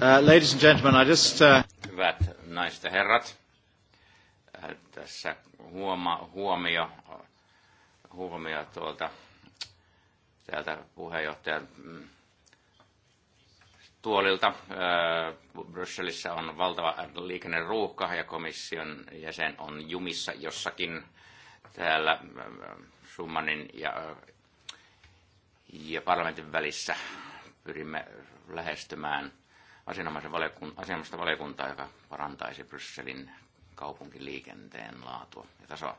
Uh, ladies and gentlemen, I just... Uh, Hyvät naiset ja herrat, uh, tässä huoma, huomio, huomio tuolta täältä puheenjohtajan mm, tuolilta. Brysselissä on valtava liikenneruuhka ja komission jäsen on jumissa jossakin täällä Summanin ja, ja parlamentin välissä. Pyrimme lähestymään asianomaisen valiokun, asianomaista valiokuntaa, joka parantaisi Brysselin kaupunkiliikenteen laatua ja tasoa.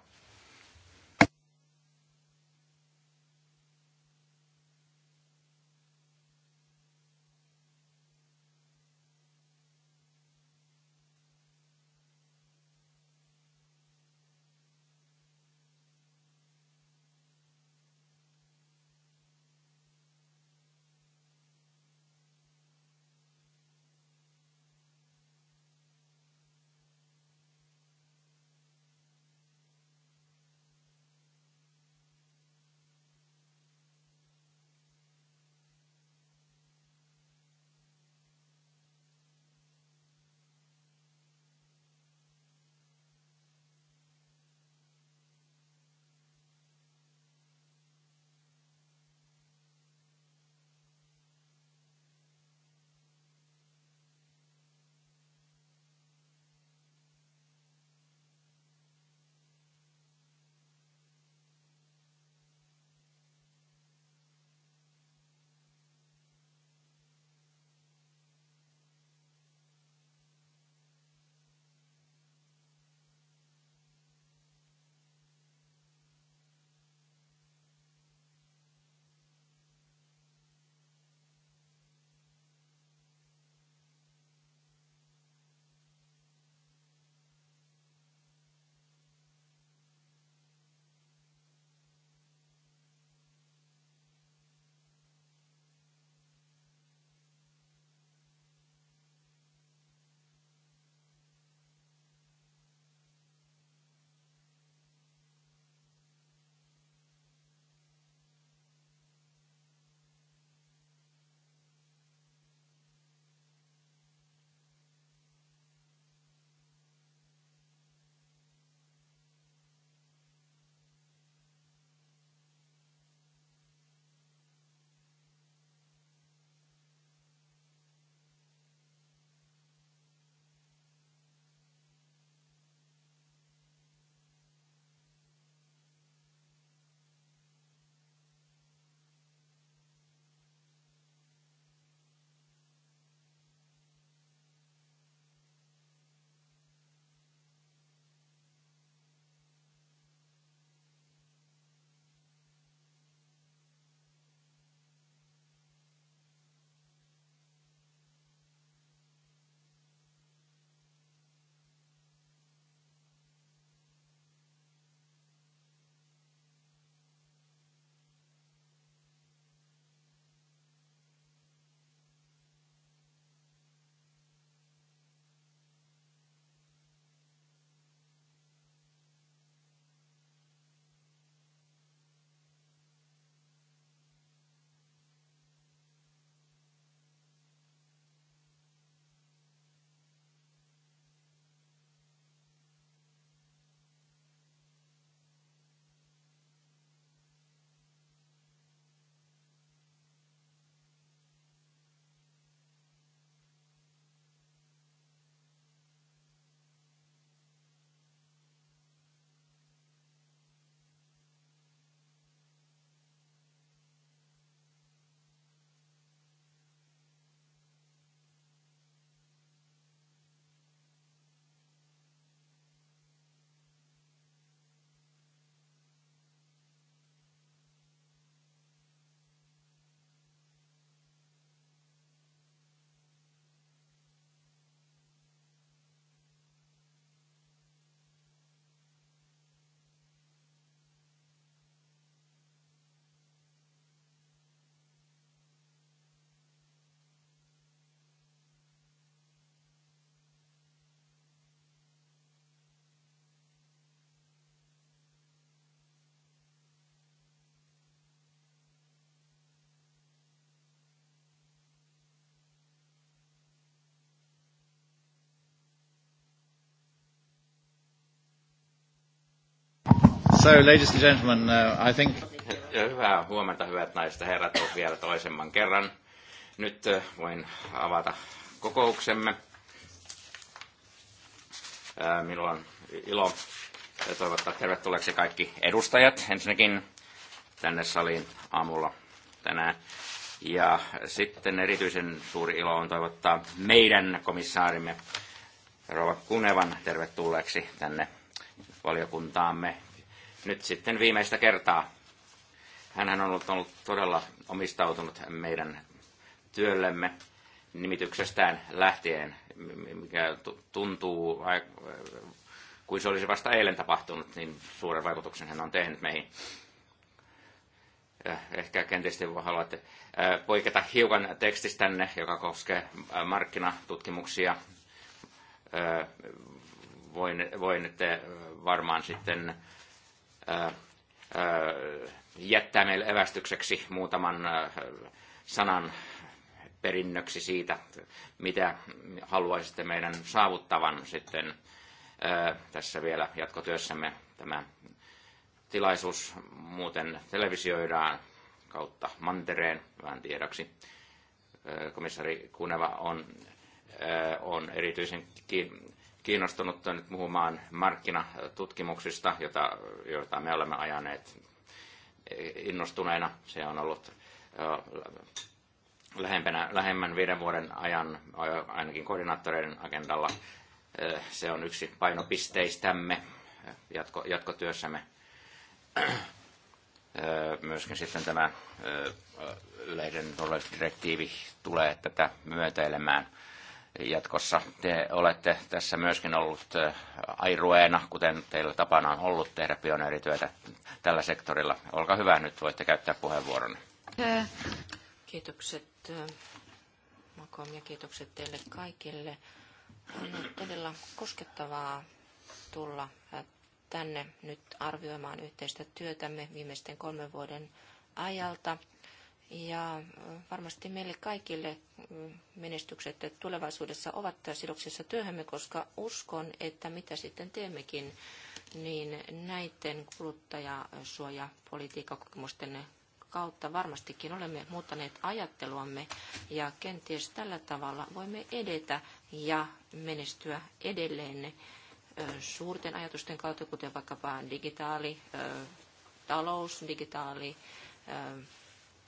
So, ladies and gentlemen, uh, I think... Hyvää huomenta, hyvät naiset ja herrat, vielä toisemman kerran. Nyt uh, voin avata kokouksemme. Uh, minulla on ilo äh, toivottaa tervetulleeksi kaikki edustajat ensinnäkin tänne saliin aamulla tänään. Ja sitten erityisen suuri ilo on toivottaa meidän komissaarimme Rova Kunevan tervetulleeksi tänne valiokuntaamme nyt sitten viimeistä kertaa. Hänhän on ollut, ollut todella omistautunut meidän työllemme nimityksestään lähtien, mikä tuntuu äh, kuin se olisi vasta eilen tapahtunut, niin suuren vaikutuksen hän on tehnyt meihin. Äh, ehkä kenties haluatte äh, poiketa hiukan tekstistänne, joka koskee markkinatutkimuksia. Voin, voin varmaan sitten jättää meille evästykseksi muutaman sanan perinnöksi siitä, mitä haluaisitte meidän saavuttavan sitten tässä vielä jatkotyössämme. Tämä tilaisuus muuten televisioidaan kautta mantereen, vähän tiedoksi. Komissari Kuneva on, on erityisen kiinnostunut nyt puhumaan markkinatutkimuksista, jota, joita me olemme ajaneet innostuneena. Se on ollut lähempänä, lähemmän viiden vuoden ajan ainakin koordinaattoreiden agendalla. Se on yksi painopisteistämme jatko, jatkotyössämme. Myöskin sitten tämä yleinen turvallisuusdirektiivi tulee tätä myötäilemään jatkossa. Te olette tässä myöskin ollut airueena, kuten teillä tapana on ollut tehdä pioneerityötä tällä sektorilla. Olkaa hyvä, nyt voitte käyttää puheenvuoron. Kiitokset Makom ja kiitokset teille kaikille. On todella koskettavaa tulla tänne nyt arvioimaan yhteistä työtämme viimeisten kolmen vuoden ajalta. Ja varmasti meille kaikille menestykset tulevaisuudessa ovat sidoksissa työhömme, koska uskon, että mitä sitten teemmekin, niin näiden kuluttajasuojapolitiikkakokemusten kautta varmastikin olemme muuttaneet ajatteluamme ja kenties tällä tavalla voimme edetä ja menestyä edelleen suurten ajatusten kautta, kuten vaikkapa digitaali talous, digitaali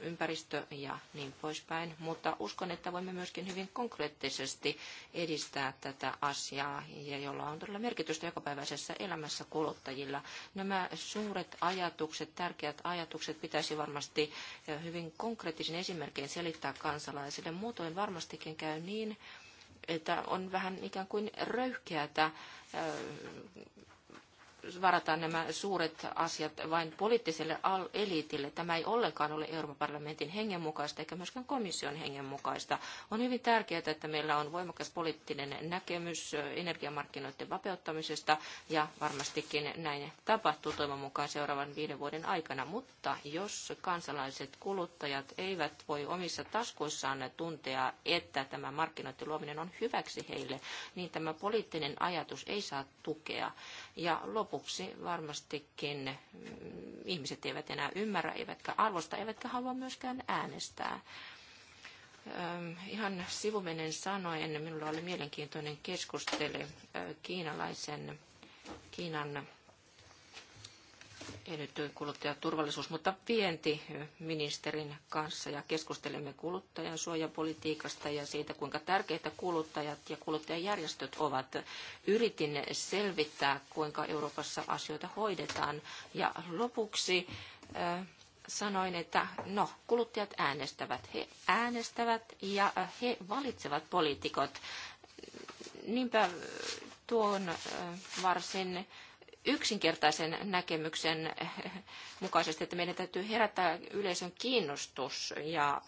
ympäristö ja niin poispäin. Mutta uskon, että voimme myöskin hyvin konkreettisesti edistää tätä asiaa, ja jolla on todella merkitystä jokapäiväisessä elämässä kuluttajilla. Nämä suuret ajatukset, tärkeät ajatukset pitäisi varmasti eh, hyvin konkreettisin esimerkkein selittää kansalaisille. Muutoin varmastikin käy niin, että on vähän ikään kuin röyhkeätä eh, Varataan nämä suuret asiat vain poliittiselle eliitille. Tämä ei ollenkaan ole Euroopan parlamentin hengen mukaista eikä myöskään komission hengen mukaista. On hyvin tärkeää, että meillä on voimakas poliittinen näkemys energiamarkkinoiden vapeuttamisesta ja varmastikin näin tapahtuu toivon mukaan seuraavan viiden vuoden aikana. Mutta jos kansalaiset kuluttajat eivät voi omissa taskuissaan tuntea, että tämä markkinoiden luominen on hyväksi heille, niin tämä poliittinen ajatus ei saa tukea. Ja lop- lopuksi varmastikin mm, ihmiset eivät enää ymmärrä, eivätkä arvosta, eivätkä halua myöskään äänestää. Ihan sivuminen sanoen, minulla oli mielenkiintoinen keskustelu kiinalaisen, Kiinan ei nyt kuluttajaturvallisuus, mutta vientiministerin kanssa ja keskustelemme kuluttajan suojapolitiikasta ja siitä, kuinka tärkeitä kuluttajat ja kuluttajajärjestöt ovat. Yritin selvittää, kuinka Euroopassa asioita hoidetaan ja lopuksi äh, sanoin, että no, kuluttajat äänestävät. He äänestävät ja he valitsevat poliitikot. Niinpä tuon äh, varsin yksinkertaisen näkemyksen mukaisesti, että meidän täytyy herättää yleisön kiinnostus ja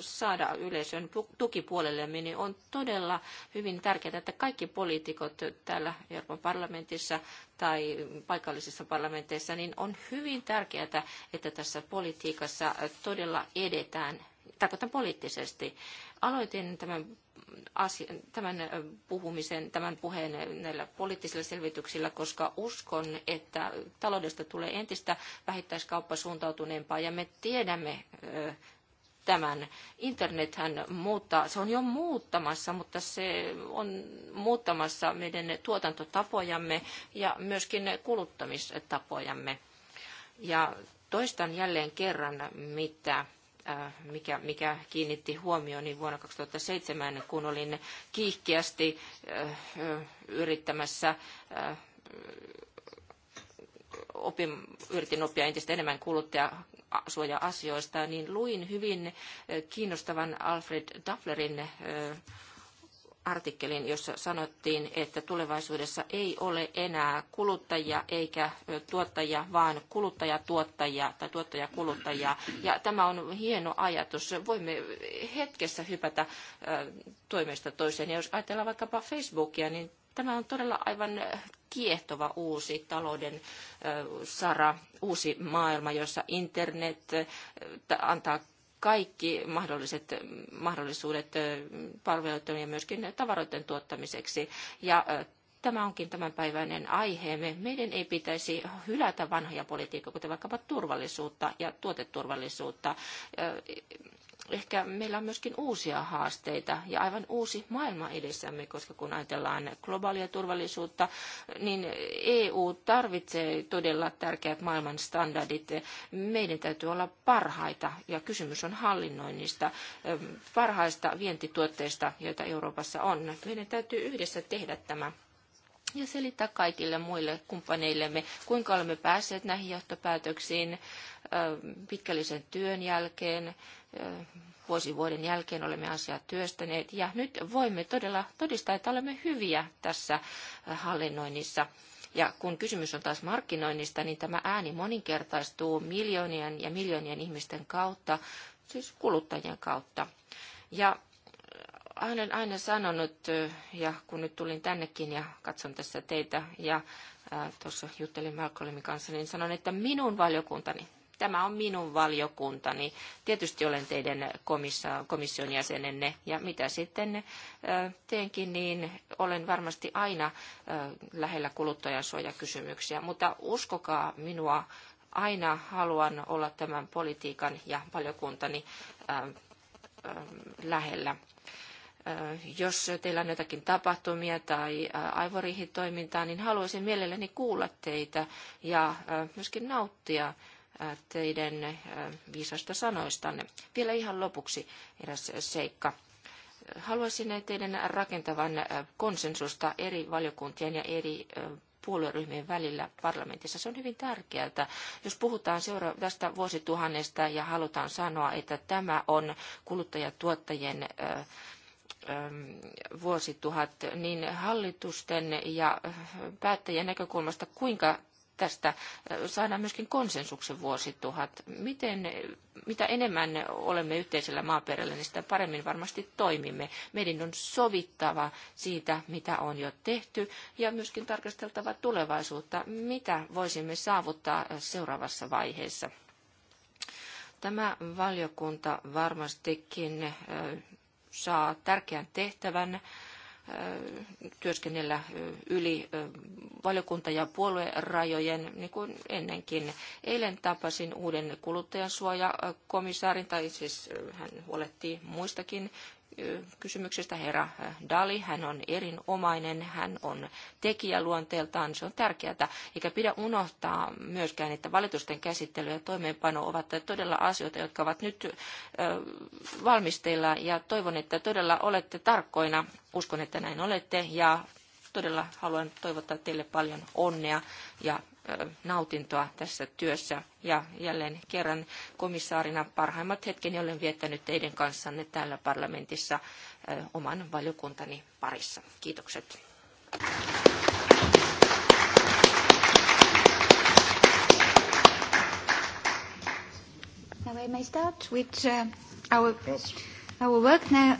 saada yleisön tukipuolellemme, niin on todella hyvin tärkeää, että kaikki poliitikot täällä Euroopan parlamentissa tai paikallisissa parlamenteissa, niin on hyvin tärkeää, että tässä politiikassa todella edetään tarkoitan poliittisesti. Aloitin tämän, asian, tämän puhumisen, tämän puheen näillä poliittisilla selvityksillä, koska uskon, että taloudesta tulee entistä vähittäiskauppa suuntautuneempaa ja me tiedämme tämän. Internethän muuttaa, se on jo muuttamassa, mutta se on muuttamassa meidän tuotantotapojamme ja myöskin kuluttamistapojamme. Ja toistan jälleen kerran, mitä Äh, mikä, mikä kiinnitti huomioni niin vuonna 2007, kun olin kiihkeästi äh, yrittämässä äh, opin, yritin oppia entistä enemmän kuluttajasuoja-asioista, niin luin hyvin kiinnostavan Alfred Dufflerin artikkelin, jossa sanottiin, että tulevaisuudessa ei ole enää kuluttajia eikä tuottajia, vaan kuluttajatuottajia tai tuottajakuluttajia. Ja tämä on hieno ajatus. Voimme hetkessä hypätä toimesta toiseen. Ja jos ajatellaan vaikkapa Facebookia, niin tämä on todella aivan kiehtova uusi talouden sara, uusi maailma, jossa internet antaa kaikki mahdolliset mahdollisuudet palveluiden ja myöskin tavaroiden tuottamiseksi. Ja tämä onkin tämänpäiväinen aiheemme. Meidän ei pitäisi hylätä vanhoja politiikkoja, kuten vaikkapa turvallisuutta ja tuoteturvallisuutta ehkä meillä on myöskin uusia haasteita ja aivan uusi maailma edessämme, koska kun ajatellaan globaalia turvallisuutta, niin EU tarvitsee todella tärkeät maailman standardit. Meidän täytyy olla parhaita ja kysymys on hallinnoinnista, ehm, parhaista vientituotteista, joita Euroopassa on. Meidän täytyy yhdessä tehdä tämä ja selittää kaikille muille kumppaneillemme, kuinka olemme päässeet näihin johtopäätöksiin ehm, pitkällisen työn jälkeen vuosi vuoden jälkeen olemme asiaa työstäneet ja nyt voimme todella todistaa, että olemme hyviä tässä hallinnoinnissa. Ja kun kysymys on taas markkinoinnista, niin tämä ääni moninkertaistuu miljoonien ja miljoonien ihmisten kautta, siis kuluttajien kautta. Ja olen aina sanonut, ja kun nyt tulin tännekin ja katson tässä teitä ja tuossa juttelin Malcolmin kanssa, niin sanon, että minun valiokuntani, tämä on minun valiokuntani. Tietysti olen teidän komission jäsenenne ja mitä sitten teenkin, niin olen varmasti aina lähellä kuluttajansuojakysymyksiä, mutta uskokaa minua, aina haluan olla tämän politiikan ja valiokuntani lähellä jos teillä on jotakin tapahtumia tai aivoriihitoimintaa, niin haluaisin mielelläni kuulla teitä ja myöskin nauttia teidän viisasta sanoistanne. Vielä ihan lopuksi eräs seikka. Haluaisin teidän rakentavan konsensusta eri valiokuntien ja eri puolueryhmien välillä parlamentissa. Se on hyvin tärkeää. Jos puhutaan seura- tästä vuosituhannesta ja halutaan sanoa, että tämä on kuluttajatuottajien vuosituhat, niin hallitusten ja päättäjien näkökulmasta, kuinka tästä saadaan myöskin konsensuksen vuosituhat. Miten, mitä enemmän olemme yhteisellä maaperällä, niin sitä paremmin varmasti toimimme. Meidän on sovittava siitä, mitä on jo tehty, ja myöskin tarkasteltava tulevaisuutta, mitä voisimme saavuttaa seuraavassa vaiheessa. Tämä valiokunta varmastikin saa tärkeän tehtävän työskennellä yli valiokunta- ja puoluerajojen, niin kuin ennenkin. Eilen tapasin uuden kuluttajansuojakomissaarin, tai siis hän huolehtii muistakin kysymyksestä herra Dali. Hän on erinomainen, hän on tekijä luonteeltaan. Se on tärkeää, eikä pidä unohtaa myöskään, että valitusten käsittely ja toimeenpano ovat todella asioita, jotka ovat nyt valmisteilla ja toivon, että todella olette tarkkoina. Uskon, että näin olette ja todella haluan toivottaa teille paljon onnea ja nautintoa tässä työssä. Ja jälleen kerran komissaarina parhaimmat hetken olen viettänyt teidän kanssanne täällä parlamentissa oman valiokuntani parissa. Kiitokset. Now I may start with uh, our, our work now.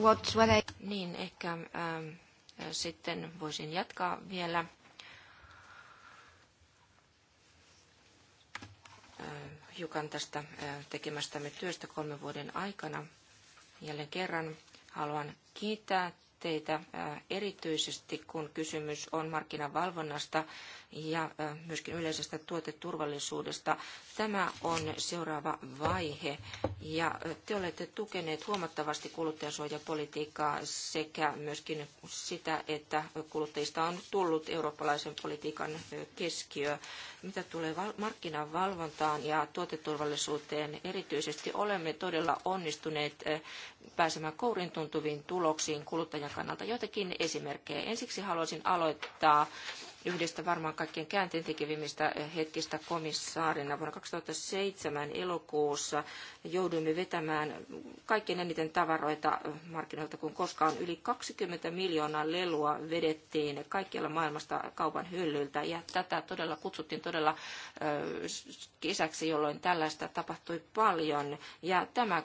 What, what I... Niin, ehkä ähm, sitten voisin jatkaa vielä Äh, hiukan tästä äh, tekemästämme työstä kolmen vuoden aikana. Jälleen kerran haluan kiittää teitä äh, erityisesti, kun kysymys on markkinavalvonnasta ja myöskin yleisestä tuoteturvallisuudesta. Tämä on seuraava vaihe ja te olette tukeneet huomattavasti kuluttajansuojapolitiikkaa sekä myöskin sitä, että kuluttajista on tullut eurooppalaisen politiikan keskiö. Mitä tulee markkinavalvontaan ja tuoteturvallisuuteen erityisesti, olemme todella onnistuneet pääsemään kourin tuntuviin tuloksiin kuluttajan kannalta. Joitakin esimerkkejä. Ensiksi haluaisin aloittaa yhdestä varmaan kaikkien käänteentekevimmistä eh, hetkistä komissaarina. Vuonna 2007 elokuussa jouduimme vetämään kaikkein eniten tavaroita eh, markkinoilta kuin koskaan. Yli 20 miljoonaa lelua vedettiin kaikkialla maailmasta kaupan hyllyltä ja tätä todella kutsuttiin todella eh, kesäksi, jolloin tällaista tapahtui paljon ja tämä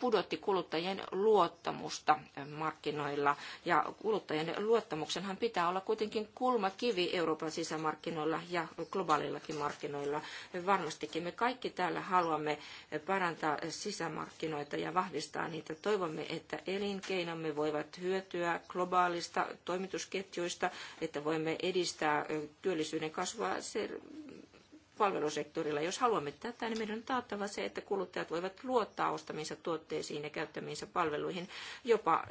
pudotti kuluttajien luottamusta markkinoilla. Ja kuluttajien luottamuksenhan pitää olla kuitenkin kulmakivi Euroopan sisämarkkinoilla ja globaalillakin markkinoilla. Varmastikin me kaikki täällä haluamme parantaa sisämarkkinoita ja vahvistaa niitä. Toivomme, että elinkeinomme voivat hyötyä globaalista toimitusketjuista, että voimme edistää työllisyyden kasvua palvelusektorilla. Jos haluamme tätä, niin meidän on taattava se, että kuluttajat voivat luottaa ostamiinsa tuotteisiin ja käyttämiinsä palveluihin jopa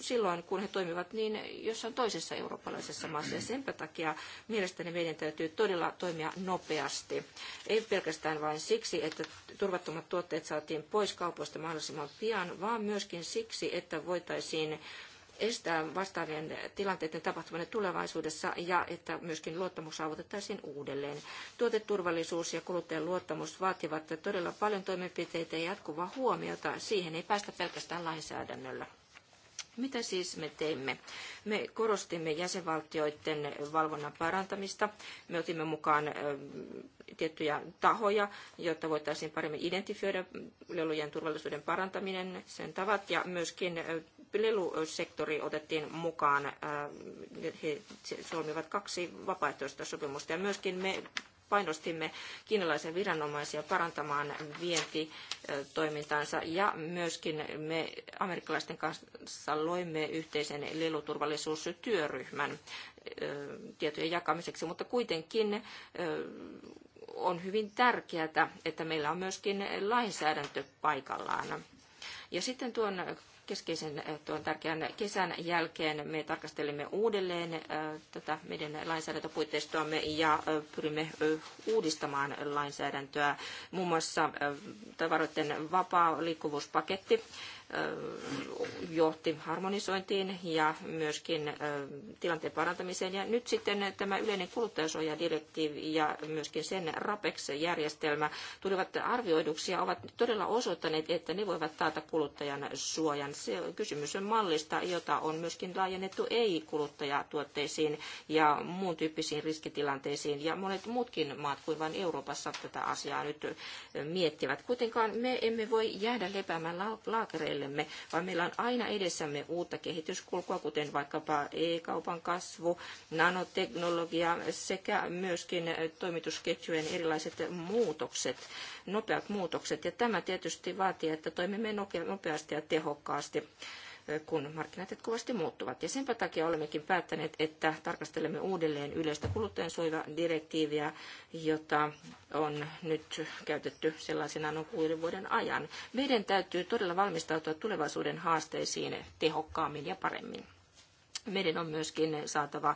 silloin, kun he toimivat niin jossain toisessa eurooppalaisessa maassa. Ja sen takia mielestäni meidän täytyy todella toimia nopeasti. Ei pelkästään vain siksi, että turvattomat tuotteet saatiin pois kaupoista mahdollisimman pian, vaan myöskin siksi, että voitaisiin estää vastaavien tilanteiden tapahtuminen tulevaisuudessa ja että myöskin luottamus saavutettaisiin uudelleen. Tuoteturvallisuus ja kuluttajan luottamus vaativat todella paljon toimenpiteitä ja jatkuvaa huomiota. Siihen ei päästä pelkästään lainsäädännöllä. Mitä siis me teimme? Me korostimme jäsenvaltioiden valvonnan parantamista. Me otimme mukaan tiettyjä tahoja, jotta voitaisiin paremmin identifioida lelujen turvallisuuden parantaminen, sen tavat ja myöskin lelusektori otettiin mukaan. He solmivat kaksi vapaaehtoista sopimusta ja myöskin me painostimme kiinalaisia viranomaisia parantamaan vientitoimintaansa ja myöskin me amerikkalaisten kanssa loimme yhteisen leluturvallisuustyöryhmän tietojen jakamiseksi, mutta kuitenkin on hyvin tärkeää, että meillä on myöskin lainsäädäntö paikallaan. Ja sitten tuon keskeisen eh, tuon tärkeän kesän jälkeen me tarkastelemme uudelleen eh, tätä meidän lainsäädäntöpuitteistoamme ja eh, pyrimme uudistamaan lainsäädäntöä. Muun muassa tavaroiden vapaa liikkuvuuspaketti johti harmonisointiin ja myöskin tilanteen parantamiseen. Ja nyt sitten tämä yleinen kuluttajasuojadirektiivi ja myöskin sen RAPEX-järjestelmä tulivat arvioiduksi ja ovat todella osoittaneet, että ne voivat taata kuluttajan suojan. Se kysymys on mallista, jota on myöskin laajennettu ei-kuluttajatuotteisiin ja muun tyyppisiin riskitilanteisiin. Ja monet muutkin maat kuin vain Euroopassa tätä asiaa nyt miettivät. Kuitenkaan me emme voi jäädä lepäämään laakereille tavoitteillemme, vaan meillä on aina edessämme uutta kehityskulkua, kuten vaikkapa e-kaupan kasvu, nanoteknologia sekä myöskin toimitusketjujen erilaiset muutokset, nopeat muutokset. Ja tämä tietysti vaatii, että toimimme nopeasti ja tehokkaasti kun markkinat jatkuvasti muuttuvat. Ja senpä takia olemmekin päättäneet, että tarkastelemme uudelleen yleistä kuluttajansuojadirektiiviä, jota on nyt käytetty sellaisena noin kuuden vuoden ajan. Meidän täytyy todella valmistautua tulevaisuuden haasteisiin tehokkaammin ja paremmin. Meidän on myöskin saatava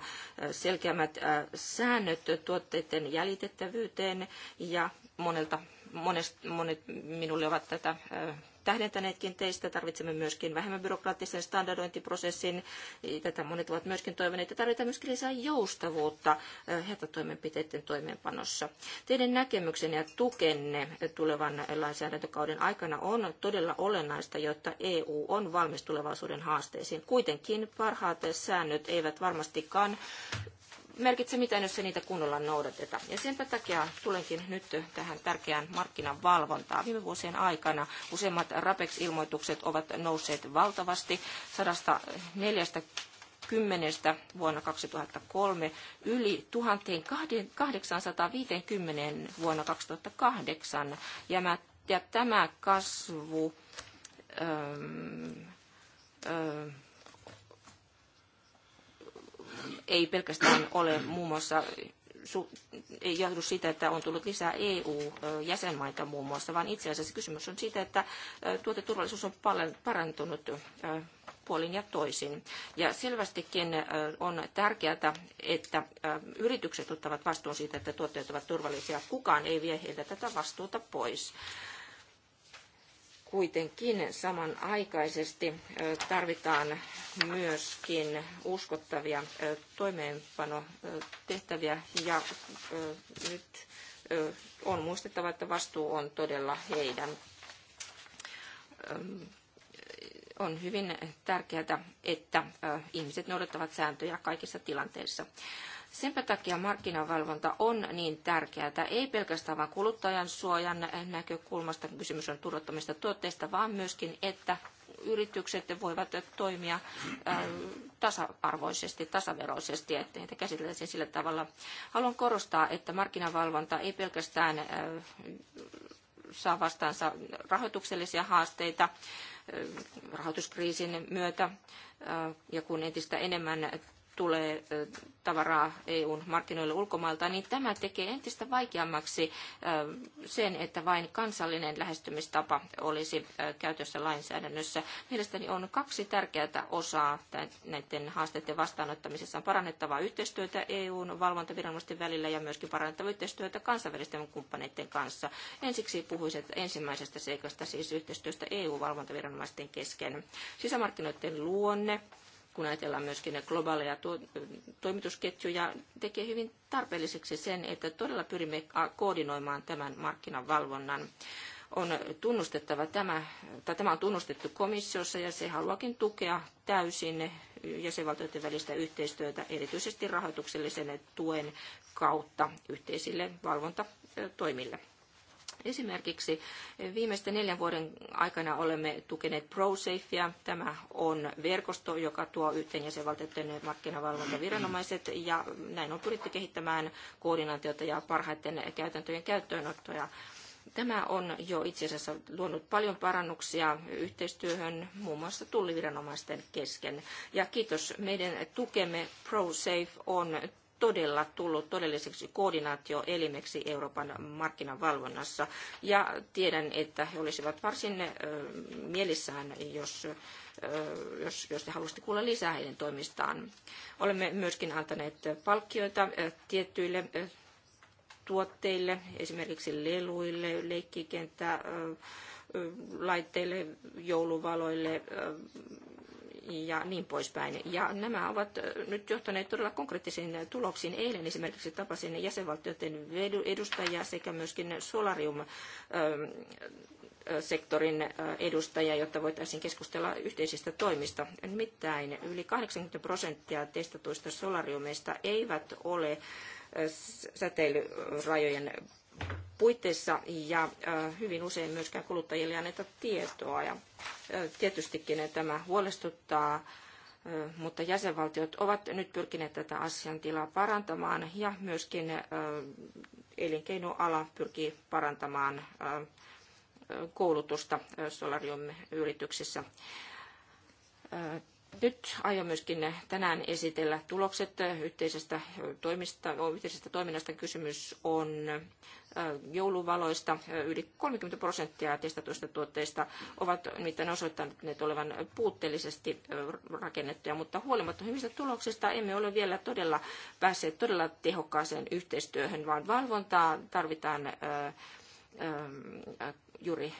selkeämmät säännöt tuotteiden jäljitettävyyteen ja monelta, monest monet minulle ovat tätä tähdentäneetkin teistä. Tarvitsemme myöskin vähemmän byrokraattisen standardointiprosessin. Tätä monet ovat myöskin toivoneet. Ja tarvitaan myöskin lisää joustavuutta hätätoimenpiteiden toimeenpanossa. Teidän näkemyksenne ja tukenne tulevan lainsäädäntökauden aikana on todella olennaista, jotta EU on valmis tulevaisuuden haasteisiin. Kuitenkin parhaat säännöt eivät varmastikaan merkitse mitään, jos ei niitä kunnolla noudateta. Ja senpä takia tulenkin nyt tähän tärkeään markkinan valvontaan. Viime vuosien aikana useimmat RAPEX-ilmoitukset ovat nousseet valtavasti 140 kymmenestä vuonna 2003 yli 1850 vuonna 2008. Ja, ja tämä kasvu öö, öö, ei pelkästään ole muun muassa ei johdu siitä, että on tullut lisää EU-jäsenmaita muun muassa, vaan itse asiassa kysymys on siitä, että tuoteturvallisuus on parantunut puolin ja toisin. Ja selvästikin on tärkeää, että yritykset ottavat vastuun siitä, että tuotteet ovat turvallisia. Kukaan ei vie heiltä tätä vastuuta pois kuitenkin samanaikaisesti tarvitaan myöskin uskottavia toimeenpanotehtäviä ja nyt on muistettava, että vastuu on todella heidän. On hyvin tärkeää, että ihmiset noudattavat sääntöjä kaikissa tilanteissa. Senpä takia markkinavalvonta on niin tärkeää. ei pelkästään vain kuluttajan suojan näkökulmasta, kysymys on turvattomista tuotteista, vaan myöskin, että yritykset voivat toimia tasa-arvoisesti, tasaveroisesti, että niitä käsiteltäisiin sillä tavalla. Haluan korostaa, että markkinavalvonta ei pelkästään saa vastaansa rahoituksellisia haasteita rahoituskriisin myötä, ja kun entistä enemmän tulee tavaraa EUn markkinoille ulkomailta, niin tämä tekee entistä vaikeammaksi sen, että vain kansallinen lähestymistapa olisi käytössä lainsäädännössä. Mielestäni on kaksi tärkeää osaa näiden haasteiden vastaanottamisessa. On parannettavaa yhteistyötä EUn valvontaviranomaisten välillä ja myöskin parannettavaa yhteistyötä kansainvälisten kumppaneiden kanssa. Ensiksi puhuisin ensimmäisestä seikasta, siis yhteistyöstä EU-valvontaviranomaisten kesken. Sisämarkkinoiden luonne kun ajatellaan myöskin globaaleja to- toimitusketjuja, tekee hyvin tarpeelliseksi sen, että todella pyrimme koordinoimaan tämän markkinavalvonnan on tunnustettava tämä, tai tämä on tunnustettu komissiossa ja se haluakin tukea täysin jäsenvaltioiden välistä yhteistyötä erityisesti rahoituksellisen tuen kautta yhteisille valvontatoimille. Esimerkiksi viimeisten neljän vuoden aikana olemme tukeneet ProSafea. Tämä on verkosto, joka tuo yhteen jäsenvaltioiden markkinavalvontaviranomaiset ja näin on pyritty kehittämään koordinaatiota ja parhaiten käytäntöjen käyttöönottoja. Tämä on jo itse asiassa luonut paljon parannuksia yhteistyöhön muun muassa tulliviranomaisten kesken. Ja kiitos meidän tukemme ProSafe on todella tullut todelliseksi koordinaatioelimeksi Euroopan markkinavalvonnassa. Ja tiedän, että he olisivat varsin mielissään, jos jos, jos te haluaisitte kuulla lisää heidän toimistaan. Olemme myöskin antaneet palkkioita tiettyille tuotteille, esimerkiksi leluille, leikkikenttä, laitteille, jouluvaloille, ja niin poispäin. Ja nämä ovat nyt johtaneet todella konkreettisiin tuloksiin. Eilen esimerkiksi tapasin jäsenvaltioiden edustajia sekä myöskin solarium sektorin edustajia, jotta voitaisiin keskustella yhteisistä toimista. Nimittäin yli 80 prosenttia testatuista solariumeista eivät ole säteilyrajojen puitteissa ja hyvin usein myöskään kuluttajille anneta tietoa. Ja tietystikin tämä huolestuttaa, mutta jäsenvaltiot ovat nyt pyrkineet tätä asiantilaa parantamaan ja myöskin elinkeinoala pyrkii parantamaan koulutusta Solarium-yrityksissä nyt aion myöskin tänään esitellä tulokset yhteisestä, toimista, yhteisestä toiminnasta. Kysymys on jouluvaloista. Yli 30 prosenttia testatuista tuotteista ovat nimittäin osoittaneet olevan puutteellisesti rakennettuja, mutta huolimatta hyvistä tuloksista emme ole vielä todella päässeet todella tehokkaaseen yhteistyöhön, vaan valvontaa tarvitaan juuri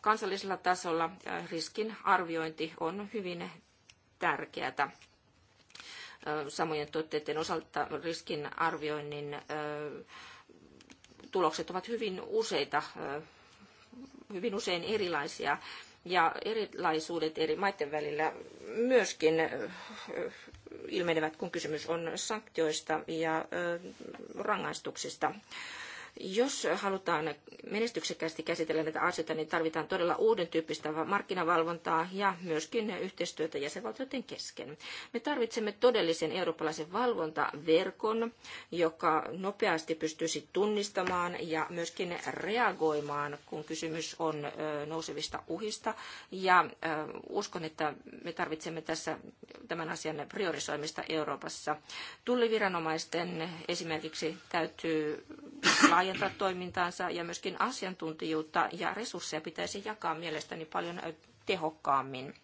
kansallisella tasolla riskin arviointi on hyvin tärkeätä. Samojen tuotteiden osalta riskin arvioinnin tulokset ovat hyvin useita, hyvin usein erilaisia ja erilaisuudet eri maiden välillä myöskin ilmenevät, kun kysymys on sanktioista ja rangaistuksista. Jos halutaan menestyksekkäästi käsitellä näitä asioita, niin tarvitaan todella uuden tyyppistä markkinavalvontaa ja myöskin yhteistyötä jäsenvaltioiden kesken. Me tarvitsemme todellisen eurooppalaisen valvontaverkon, joka nopeasti pystyisi tunnistamaan ja myöskin reagoimaan, kun kysymys on nousevista uhista. Ja uskon, että me tarvitsemme tässä tämän asian priorisoimista Euroopassa. Tulliviranomaisten esimerkiksi täytyy laajentaa toimintaansa ja myöskin asiantuntijuutta ja resursseja pitäisi jakaa mielestäni paljon tehokkaammin.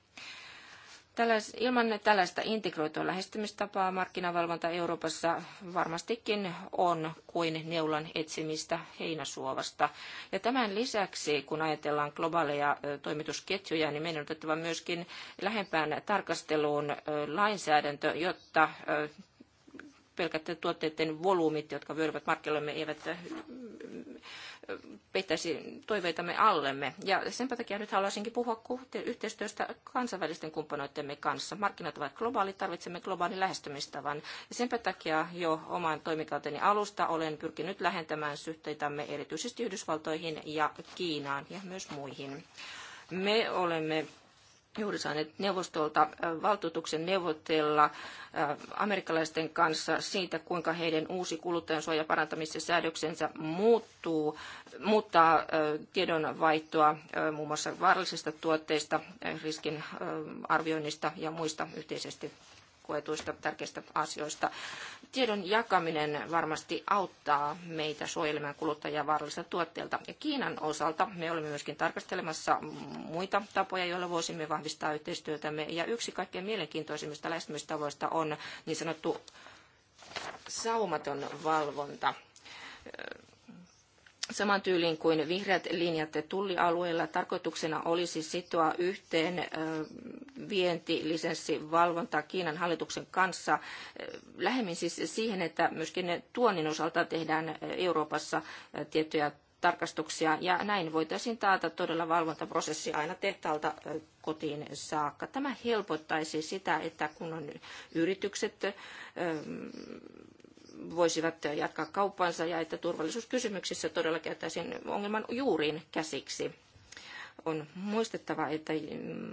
Tällais, ilman tällaista integroitua lähestymistapaa markkinavalvonta Euroopassa varmastikin on kuin neulan etsimistä heinäsuovasta. Ja tämän lisäksi, kun ajatellaan globaaleja toimitusketjuja, niin meidän on otettava myöskin lähempään tarkasteluun lainsäädäntö, jotta pelkät tuotteiden volyymit, jotka vyöryvät markkinoillemme, eivät pitäisi toiveitamme allemme. Ja sen takia nyt haluaisinkin puhua yhteistyöstä kansainvälisten kumppanoittemme kanssa. Markkinat ovat globaalit, tarvitsemme globaalin lähestymistavan. Ja sen takia jo oman toimikauteni alusta olen pyrkinyt lähentämään suhteitamme erityisesti Yhdysvaltoihin ja Kiinaan ja myös muihin. Me olemme juuri saaneet neuvostolta valtuutuksen neuvotella amerikkalaisten kanssa siitä, kuinka heidän uusi kuluttajansuojan parantamissäädöksensä muuttuu, muuttaa tiedonvaihtoa muun muassa vaarallisista tuotteista, riskin arvioinnista ja muista yhteisesti koetuista tärkeistä asioista. Tiedon jakaminen varmasti auttaa meitä suojelemaan kuluttajia vaarallisilta tuotteilta. Ja Kiinan osalta me olemme myöskin tarkastelemassa muita tapoja, joilla voisimme vahvistaa yhteistyötämme. Ja yksi kaikkein mielenkiintoisimmista lähestymistavoista on niin sanottu saumaton valvonta saman tyyliin kuin vihreät linjat tullialueilla. Tarkoituksena olisi sitoa yhteen vientilisenssivalvonta Kiinan hallituksen kanssa lähemmin siis siihen, että myöskin tuonnin osalta tehdään Euroopassa tiettyjä tarkastuksia ja näin voitaisiin taata todella valvontaprosessi aina tehtaalta kotiin saakka. Tämä helpottaisi sitä, että kun on yritykset voisivat jatkaa kauppansa ja että turvallisuuskysymyksissä todella käytäisiin ongelman juuriin käsiksi. On muistettava, että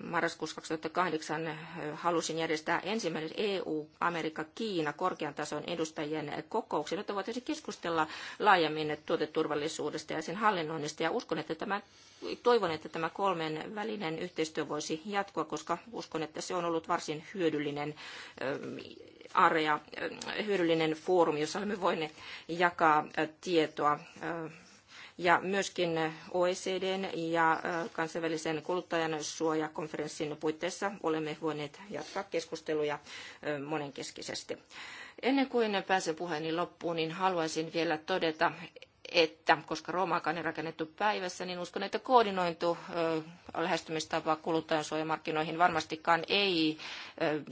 marraskuussa 2008 halusin järjestää ensimmäinen EU, Amerikka, Kiina korkean tason edustajien kokouksen, jotta voitaisiin keskustella laajemmin tuoteturvallisuudesta ja sen hallinnoinnista. Ja uskon, että tämä, toivon, että tämä kolmen välinen yhteistyö voisi jatkua, koska uskon, että se on ollut varsin hyödyllinen area, äh, hyödyllinen foorumi, jossa olemme voineet jakaa äh, tietoa äh, ja myöskin OECDn ja kansainvälisen kuluttajan suojakonferenssin puitteissa olemme voineet jatkaa keskusteluja monenkeskisesti. Ennen kuin pääsen puheeni loppuun, niin haluaisin vielä todeta, että koska Roomaakaan ei rakennettu päivässä, niin uskon, että koordinointu lähestymistapa kuluttajansuojamarkkinoihin varmastikaan ei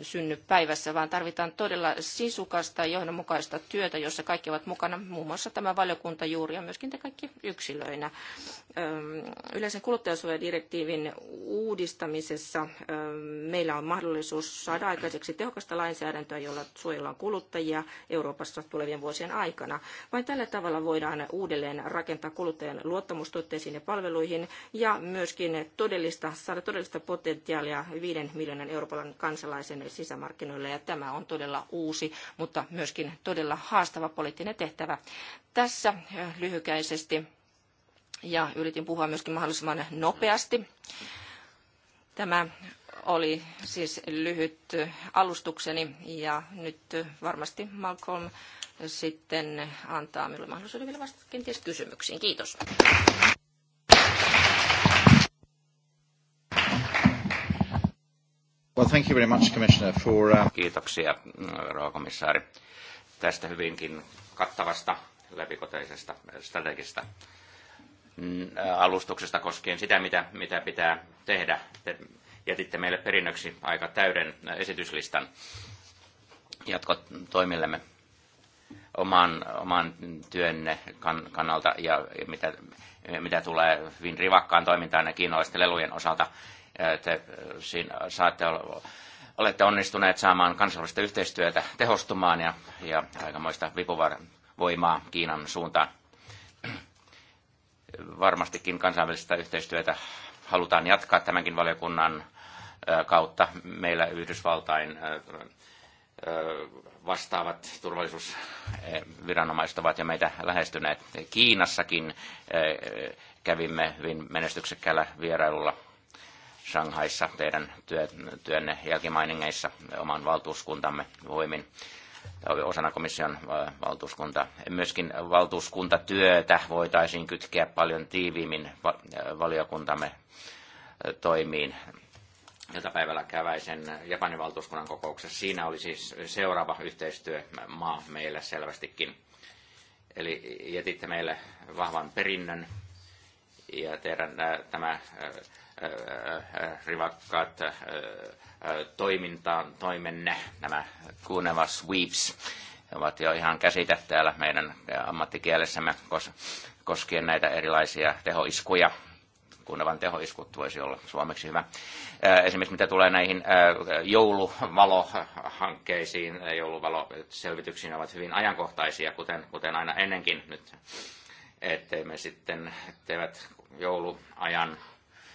synny päivässä, vaan tarvitaan todella sisukasta ja johdonmukaista työtä, jossa kaikki ovat mukana, muun muassa tämä valiokunta juuri ja myöskin te kaikki yksilöinä. Yleisen kuluttajansuojadirektiivin uudistamisessa meillä on mahdollisuus saada aikaiseksi tehokasta lainsäädäntöä, jolla suojellaan kuluttajia Euroopassa tulevien vuosien aikana. Vain tällä tavalla voidaan uudistaa uudelleen rakentaa kuluttajan luottamustuotteisiin ja palveluihin ja myöskin todellista, saada todellista potentiaalia viiden miljoonan Euroopan kansalaisen sisämarkkinoille. Ja tämä on todella uusi, mutta myöskin todella haastava poliittinen tehtävä. Tässä lyhykäisesti ja yritin puhua myöskin mahdollisimman nopeasti. Tämä oli siis lyhyt alustukseni ja nyt varmasti Malcolm sitten antaa minulle mahdollisuuden vielä vastata kenties kysymyksiin. Kiitos. Well, thank you very much, Commissioner, for, uh... Kiitoksia, rouva komissaari, tästä hyvinkin kattavasta läpikoteisesta strategista mm, äh, alustuksesta koskien sitä, mitä, mitä pitää tehdä. Te jätitte meille perinnöksi aika täyden äh, esityslistan jatkotoimillemme oman, oman työnne kan, kannalta ja, ja mitä, mitä tulee hyvin rivakkaan toimintaan ja kiinnollisten lelujen osalta. Te siinä saatte olette onnistuneet saamaan kansainvälistä yhteistyötä tehostumaan ja, ja aikamoista vipuvoimaa Kiinan suuntaan. Varmastikin kansainvälistä yhteistyötä halutaan jatkaa tämänkin valiokunnan kautta. Meillä Yhdysvaltain vastaavat turvallisuusviranomaiset ovat jo meitä lähestyneet. Kiinassakin kävimme hyvin menestyksekkäällä vierailulla Shanghaissa teidän työnne jälkimainingeissa oman valtuuskuntamme voimin osana komission valtuuskunta. Myöskin valtuuskuntatyötä voitaisiin kytkeä paljon tiiviimmin valiokuntamme toimiin iltapäivällä käväisen Japanin valtuuskunnan kokouksessa. Siinä oli siis seuraava yhteistyömaa meille selvästikin. Eli jätitte meille vahvan perinnön ja teidän äh, tämä äh, äh, rivakkaat toimintaan toimenne, nämä Kuneva Sweeps, ovat jo ihan käsitä täällä meidän ammattikielessämme koskien näitä erilaisia tehoiskuja – Kuunnevan tehoiskut voisi olla suomeksi hyvä. Äh, esimerkiksi mitä tulee näihin äh, jouluvalohankkeisiin, äh, jouluvaloselvityksiin ovat hyvin ajankohtaisia, kuten, kuten aina ennenkin nyt, ettei me sitten, etteivät jouluajan,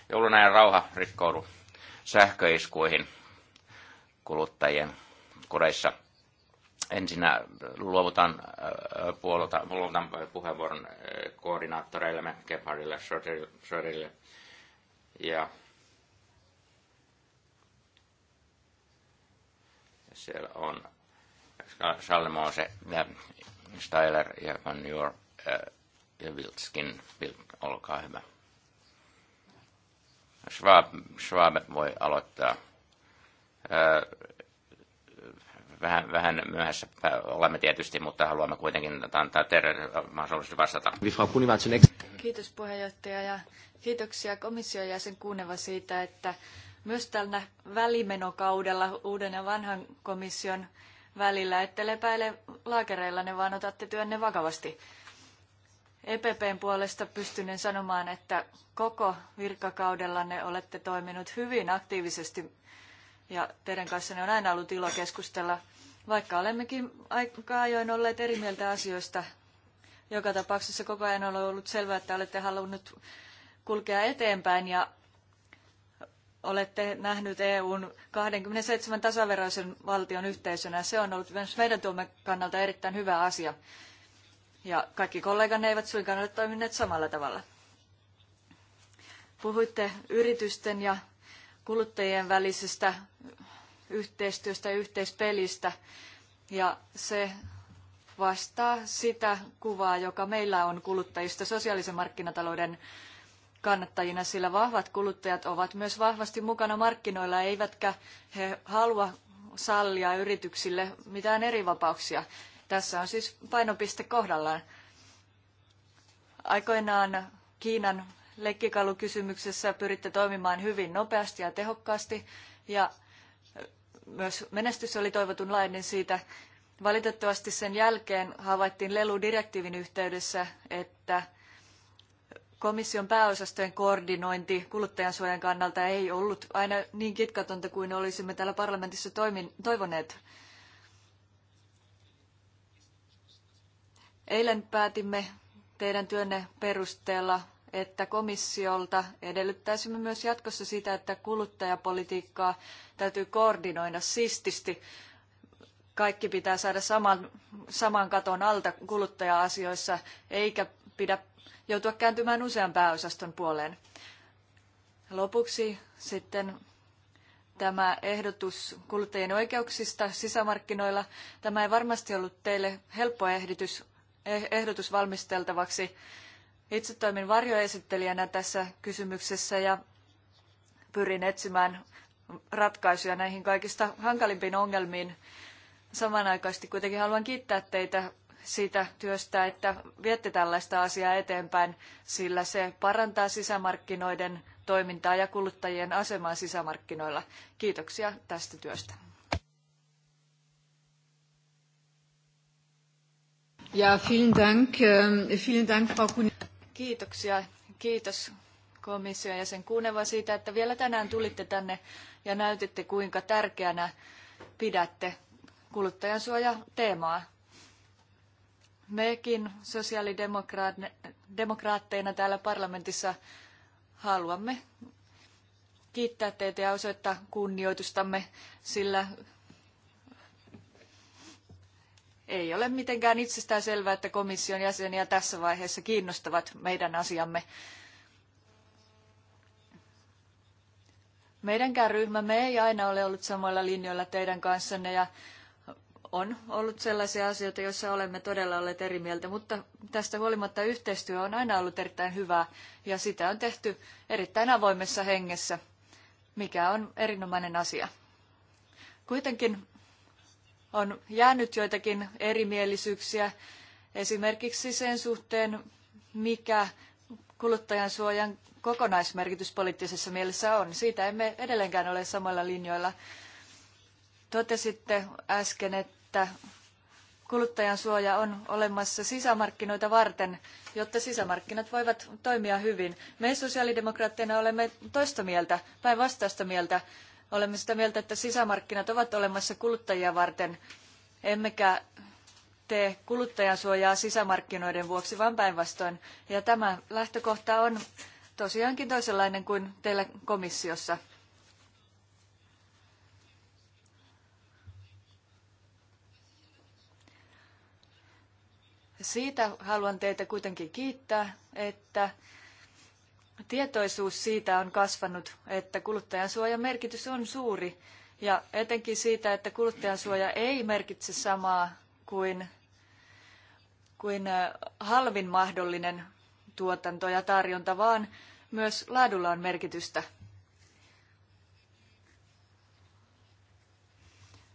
joulun ajan rauha rikkoudu sähköiskuihin kuluttajien kodeissa ensinnä luovutan, puolta, luovutan puheenvuoron koordinaattoreillemme, Gebhardille, Schröderille ja siellä on Salmo se ja Styler ja Van Your äh, ja Wiltskin. Wilt, olkaa hyvä. Schwab, Schwab voi aloittaa. Äh, vähän, vähän myöhässä äh, olemme tietysti, mutta haluamme kuitenkin antaa teille mahdollisuus vastata. Kiitos puheenjohtaja ja kiitoksia komission jäsen Kuuneva siitä, että myös tällä välimenokaudella uuden ja vanhan komission välillä, ette lepäile ne vaan otatte työnne vakavasti. EPPn puolesta pystynen sanomaan, että koko ne olette toiminut hyvin aktiivisesti ja teidän kanssanne on aina ollut ilo keskustella, vaikka olemmekin aika ajoin olleet eri mieltä asioista. Joka tapauksessa koko ajan on ollut selvää, että olette halunnut kulkea eteenpäin ja olette nähnyt EUn 27 tasaveroisen valtion yhteisönä. Se on ollut myös meidän tuomme kannalta erittäin hyvä asia. Ja kaikki kolleganne eivät suinkaan ole toimineet samalla tavalla. Puhuitte yritysten ja kuluttajien välisestä yhteistyöstä ja yhteispelistä. Ja se vastaa sitä kuvaa, joka meillä on kuluttajista sosiaalisen markkinatalouden kannattajina, sillä vahvat kuluttajat ovat myös vahvasti mukana markkinoilla, eivätkä he halua sallia yrityksille mitään erivapauksia. Tässä on siis painopiste kohdallaan. Aikoinaan Kiinan leikkikalukysymyksessä pyritte toimimaan hyvin nopeasti ja tehokkaasti ja myös menestys oli toivotunlainen siitä. Valitettavasti sen jälkeen havaittiin leludirektiivin yhteydessä, että komission pääosastojen koordinointi kuluttajansuojan kannalta ei ollut aina niin kitkatonta kuin olisimme täällä parlamentissa toimin, toivoneet. Eilen päätimme teidän työnne perusteella että komissiolta edellyttäisimme myös jatkossa sitä, että kuluttajapolitiikkaa täytyy koordinoida sististi. Kaikki pitää saada saman, saman katon alta kuluttaja-asioissa, eikä pidä joutua kääntymään usean pääosaston puoleen. Lopuksi sitten tämä ehdotus kuluttajien oikeuksista sisämarkkinoilla. Tämä ei varmasti ollut teille helppo eh, ehdotus valmisteltavaksi itse toimin varjoesittelijänä tässä kysymyksessä ja pyrin etsimään ratkaisuja näihin kaikista hankalimpiin ongelmiin. Samanaikaisesti kuitenkin haluan kiittää teitä siitä työstä, että viette tällaista asiaa eteenpäin, sillä se parantaa sisämarkkinoiden toimintaa ja kuluttajien asemaa sisämarkkinoilla. Kiitoksia tästä työstä. Ja, vielen Dank, ähm, vielen Dank, Frau Kunin kiitoksia. Kiitos komission jäsen Kuneva siitä, että vielä tänään tulitte tänne ja näytitte, kuinka tärkeänä pidätte kuluttajansuojateemaa. Mekin sosiaalidemokraatteina täällä parlamentissa haluamme kiittää teitä ja osoittaa kunnioitustamme, sillä ei ole mitenkään itsestään selvää, että komission jäseniä tässä vaiheessa kiinnostavat meidän asiamme. Meidänkään ryhmämme ei aina ole ollut samoilla linjoilla teidän kanssanne ja on ollut sellaisia asioita, joissa olemme todella olleet eri mieltä, mutta tästä huolimatta yhteistyö on aina ollut erittäin hyvää ja sitä on tehty erittäin avoimessa hengessä, mikä on erinomainen asia. Kuitenkin on jäänyt joitakin erimielisyyksiä esimerkiksi sen suhteen, mikä kuluttajan suojan kokonaismerkitys poliittisessa mielessä on. Siitä emme edelleenkään ole samalla linjoilla. Totesitte äsken, että kuluttajan suoja on olemassa sisämarkkinoita varten, jotta sisämarkkinat voivat toimia hyvin. Me sosiaalidemokraatteina olemme toista mieltä, päinvastaista mieltä. Olemme sitä mieltä, että sisämarkkinat ovat olemassa kuluttajia varten, emmekä tee kuluttajansuojaa sisämarkkinoiden vuoksi, vaan päinvastoin. Ja tämä lähtökohta on tosiaankin toisenlainen kuin teillä komissiossa. Siitä haluan teitä kuitenkin kiittää, että Tietoisuus siitä on kasvanut, että kuluttajansuojan merkitys on suuri ja etenkin siitä, että kuluttajansuoja ei merkitse samaa kuin, kuin halvin mahdollinen tuotanto ja tarjonta, vaan myös laadulla on merkitystä.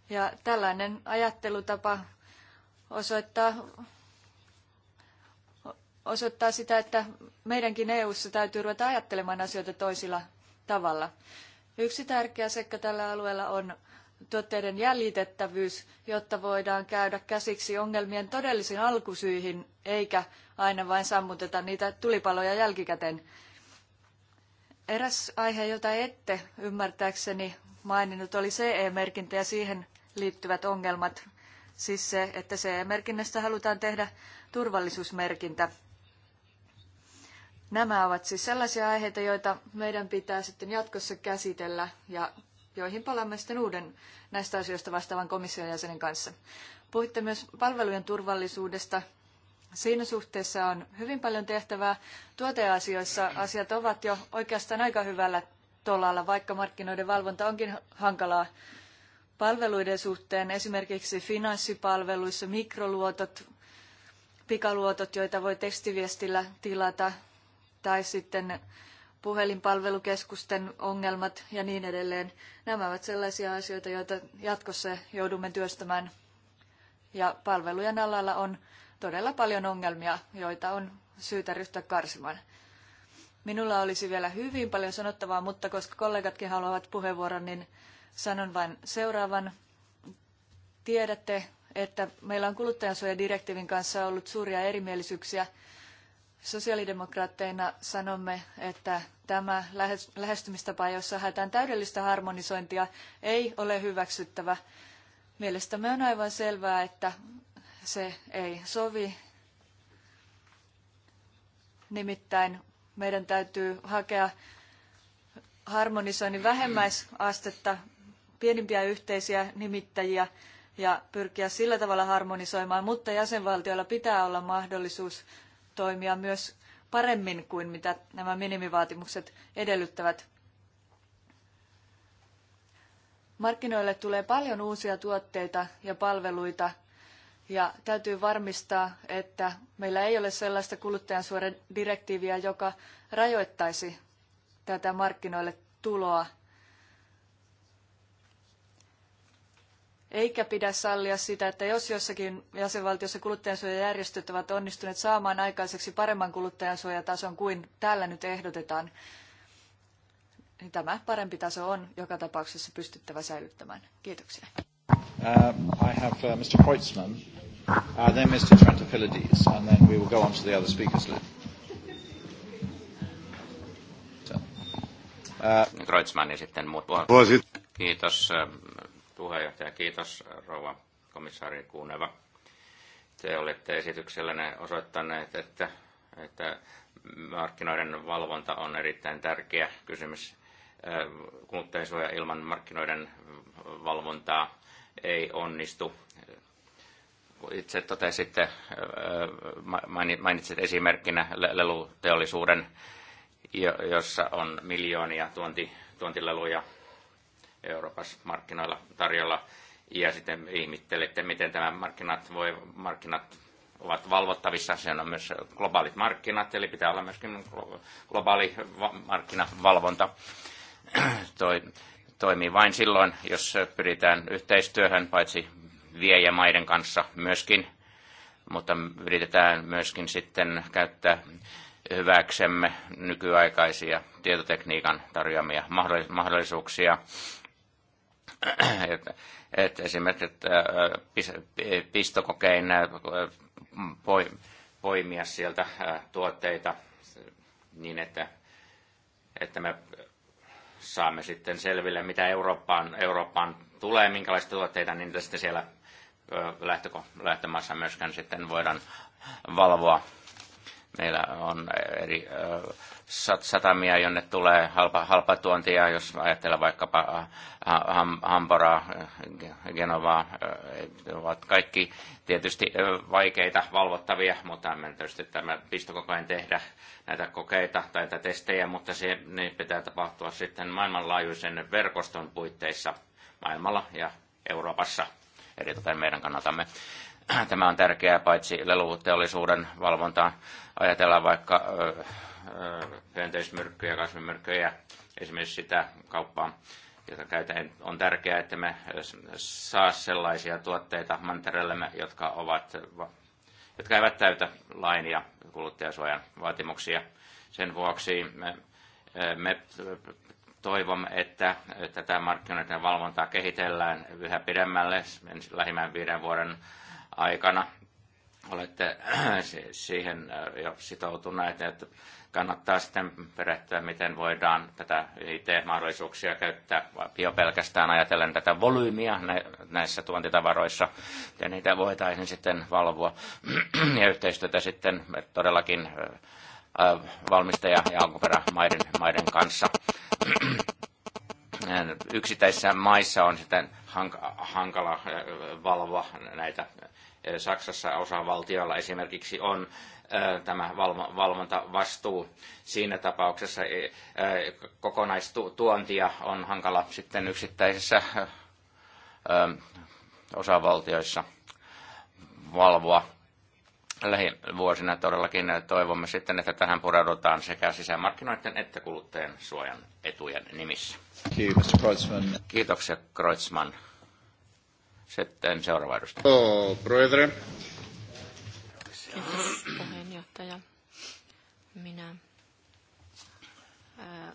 Ja tällainen ajattelutapa osoittaa osoittaa sitä, että meidänkin EU-ssa täytyy ruveta ajattelemaan asioita toisilla tavalla. Yksi tärkeä seikka tällä alueella on tuotteiden jäljitettävyys, jotta voidaan käydä käsiksi ongelmien todellisiin alkusyihin, eikä aina vain sammuteta niitä tulipaloja jälkikäteen. Eräs aihe, jota ette ymmärtääkseni maininnut, oli CE-merkintä ja siihen liittyvät ongelmat. Siis se, että CE-merkinnästä halutaan tehdä turvallisuusmerkintä. Nämä ovat siis sellaisia aiheita, joita meidän pitää sitten jatkossa käsitellä ja joihin palaamme sitten uuden näistä asioista vastaavan komission jäsenen kanssa. Puhuitte myös palvelujen turvallisuudesta. Siinä suhteessa on hyvin paljon tehtävää. Tuoteasioissa asiat ovat jo oikeastaan aika hyvällä tolalla, vaikka markkinoiden valvonta onkin hankalaa palveluiden suhteen. Esimerkiksi finanssipalveluissa mikroluotot, pikaluotot, joita voi tekstiviestillä tilata, tai sitten puhelinpalvelukeskusten ongelmat ja niin edelleen. Nämä ovat sellaisia asioita, joita jatkossa joudumme työstämään. Ja palvelujen alalla on todella paljon ongelmia, joita on syytä ryhtyä karsimaan. Minulla olisi vielä hyvin paljon sanottavaa, mutta koska kollegatkin haluavat puheenvuoron, niin sanon vain seuraavan. Tiedätte, että meillä on kuluttajansuojadirektiivin kanssa ollut suuria erimielisyyksiä Sosiaalidemokraatteina sanomme, että tämä lähestymistapa, jossa haetaan täydellistä harmonisointia, ei ole hyväksyttävä. Mielestämme on aivan selvää, että se ei sovi. Nimittäin meidän täytyy hakea harmonisoinnin vähemmäisastetta, pienimpiä yhteisiä nimittäjiä ja pyrkiä sillä tavalla harmonisoimaan, mutta jäsenvaltioilla pitää olla mahdollisuus toimia myös paremmin kuin mitä nämä minimivaatimukset edellyttävät. Markkinoille tulee paljon uusia tuotteita ja palveluita ja täytyy varmistaa, että meillä ei ole sellaista kuluttajansuojan direktiiviä, joka rajoittaisi tätä markkinoille tuloa Eikä pidä sallia sitä, että jos jossakin jäsenvaltiossa kuluttajansuojajärjestöt ovat onnistuneet saamaan aikaiseksi paremman kuluttajansuojatason kuin täällä nyt ehdotetaan, niin tämä parempi taso on joka tapauksessa pystyttävä säilyttämään. Kiitoksia. Uh, I have uh, Mr. Kreutzmann, uh, then Mr. Trantafilides, and then we will go on to the other speakers list. Uh, Kreutzmann ja sitten muut puheenvuorot. Kiitos um, puheenjohtaja. Kiitos rouva komissaari Kuuneva. Te olette esityksellänne osoittaneet, että, että markkinoiden valvonta on erittäin tärkeä kysymys. Kuluttajansuoja ilman markkinoiden valvontaa ei onnistu. Itse totesitte, mainitsit esimerkkinä leluteollisuuden, jossa on miljoonia tuonti, tuontileluja Euroopassa markkinoilla tarjolla. Ja sitten ihmittelette, miten tämä markkinat, voi, markkinat ovat valvottavissa. Se on myös globaalit markkinat, eli pitää olla myöskin globaali markkinavalvonta. Toi, toimii vain silloin, jos pyritään yhteistyöhön paitsi viejämaiden kanssa myöskin, mutta yritetään myöskin sitten käyttää hyväksemme nykyaikaisia tietotekniikan tarjoamia mahdollisuuksia että, että esimerkiksi että pistokokein poimia sieltä tuotteita niin, että, että me saamme sitten selville, mitä Eurooppaan, Eurooppaan tulee, minkälaisia tuotteita, niin sitten siellä lähtömaassa myöskään sitten voidaan valvoa Meillä on eri satamia, jonne tulee halpa, halpa tuontia, jos ajatellaan vaikkapa äh, ham, Hamporaa, Genovaa, ovat kaikki tietysti vaikeita valvottavia, mutta me tietysti tämä pisto koko ajan tehdä näitä kokeita tai näitä testejä, mutta se, ne pitää tapahtua sitten maailmanlaajuisen verkoston puitteissa maailmalla ja Euroopassa, Eri meidän kannaltamme. Tämä on tärkeää paitsi leluteollisuuden valvontaan. Ajatellaan vaikka hyönteismyrkkyjä, kasvimyrkkyjä, esimerkiksi sitä kauppaa, jota käytetään. On tärkeää, että me saa sellaisia tuotteita mantereellemme, jotka, ovat, jotka eivät täytä lain ja kuluttajasuojan vaatimuksia. Sen vuoksi me, me toivomme, että tätä markkinoiden valvontaa kehitellään yhä pidemmälle lähimmän viiden vuoden aikana olette siihen äh, jo sitoutuneet, että kannattaa sitten perehtyä, miten voidaan tätä IT-mahdollisuuksia käyttää jo pelkästään ajatellen tätä volyymia näissä tuontitavaroissa, ja niitä voitaisiin sitten valvoa ja yhteistyötä sitten todellakin äh, äh, valmistaja- ja alkuperämaiden maiden kanssa. Yksittäisissä maissa on sitten hankala valvoa näitä Saksassa osavaltioilla esimerkiksi on tämä valvontavastuu. Siinä tapauksessa e, kokonaistuontia on hankala sitten yksittäisissä osavaltioissa valvoa lähivuosina todellakin toivomme sitten, että tähän pureudutaan sekä sisämarkkinoiden että kuluttajien suojan etujen nimissä. Kiitoksia, Kreutzmann. Sitten seuraava edustaja. Oh, brother. Kiitos puheenjohtaja. Minä äh,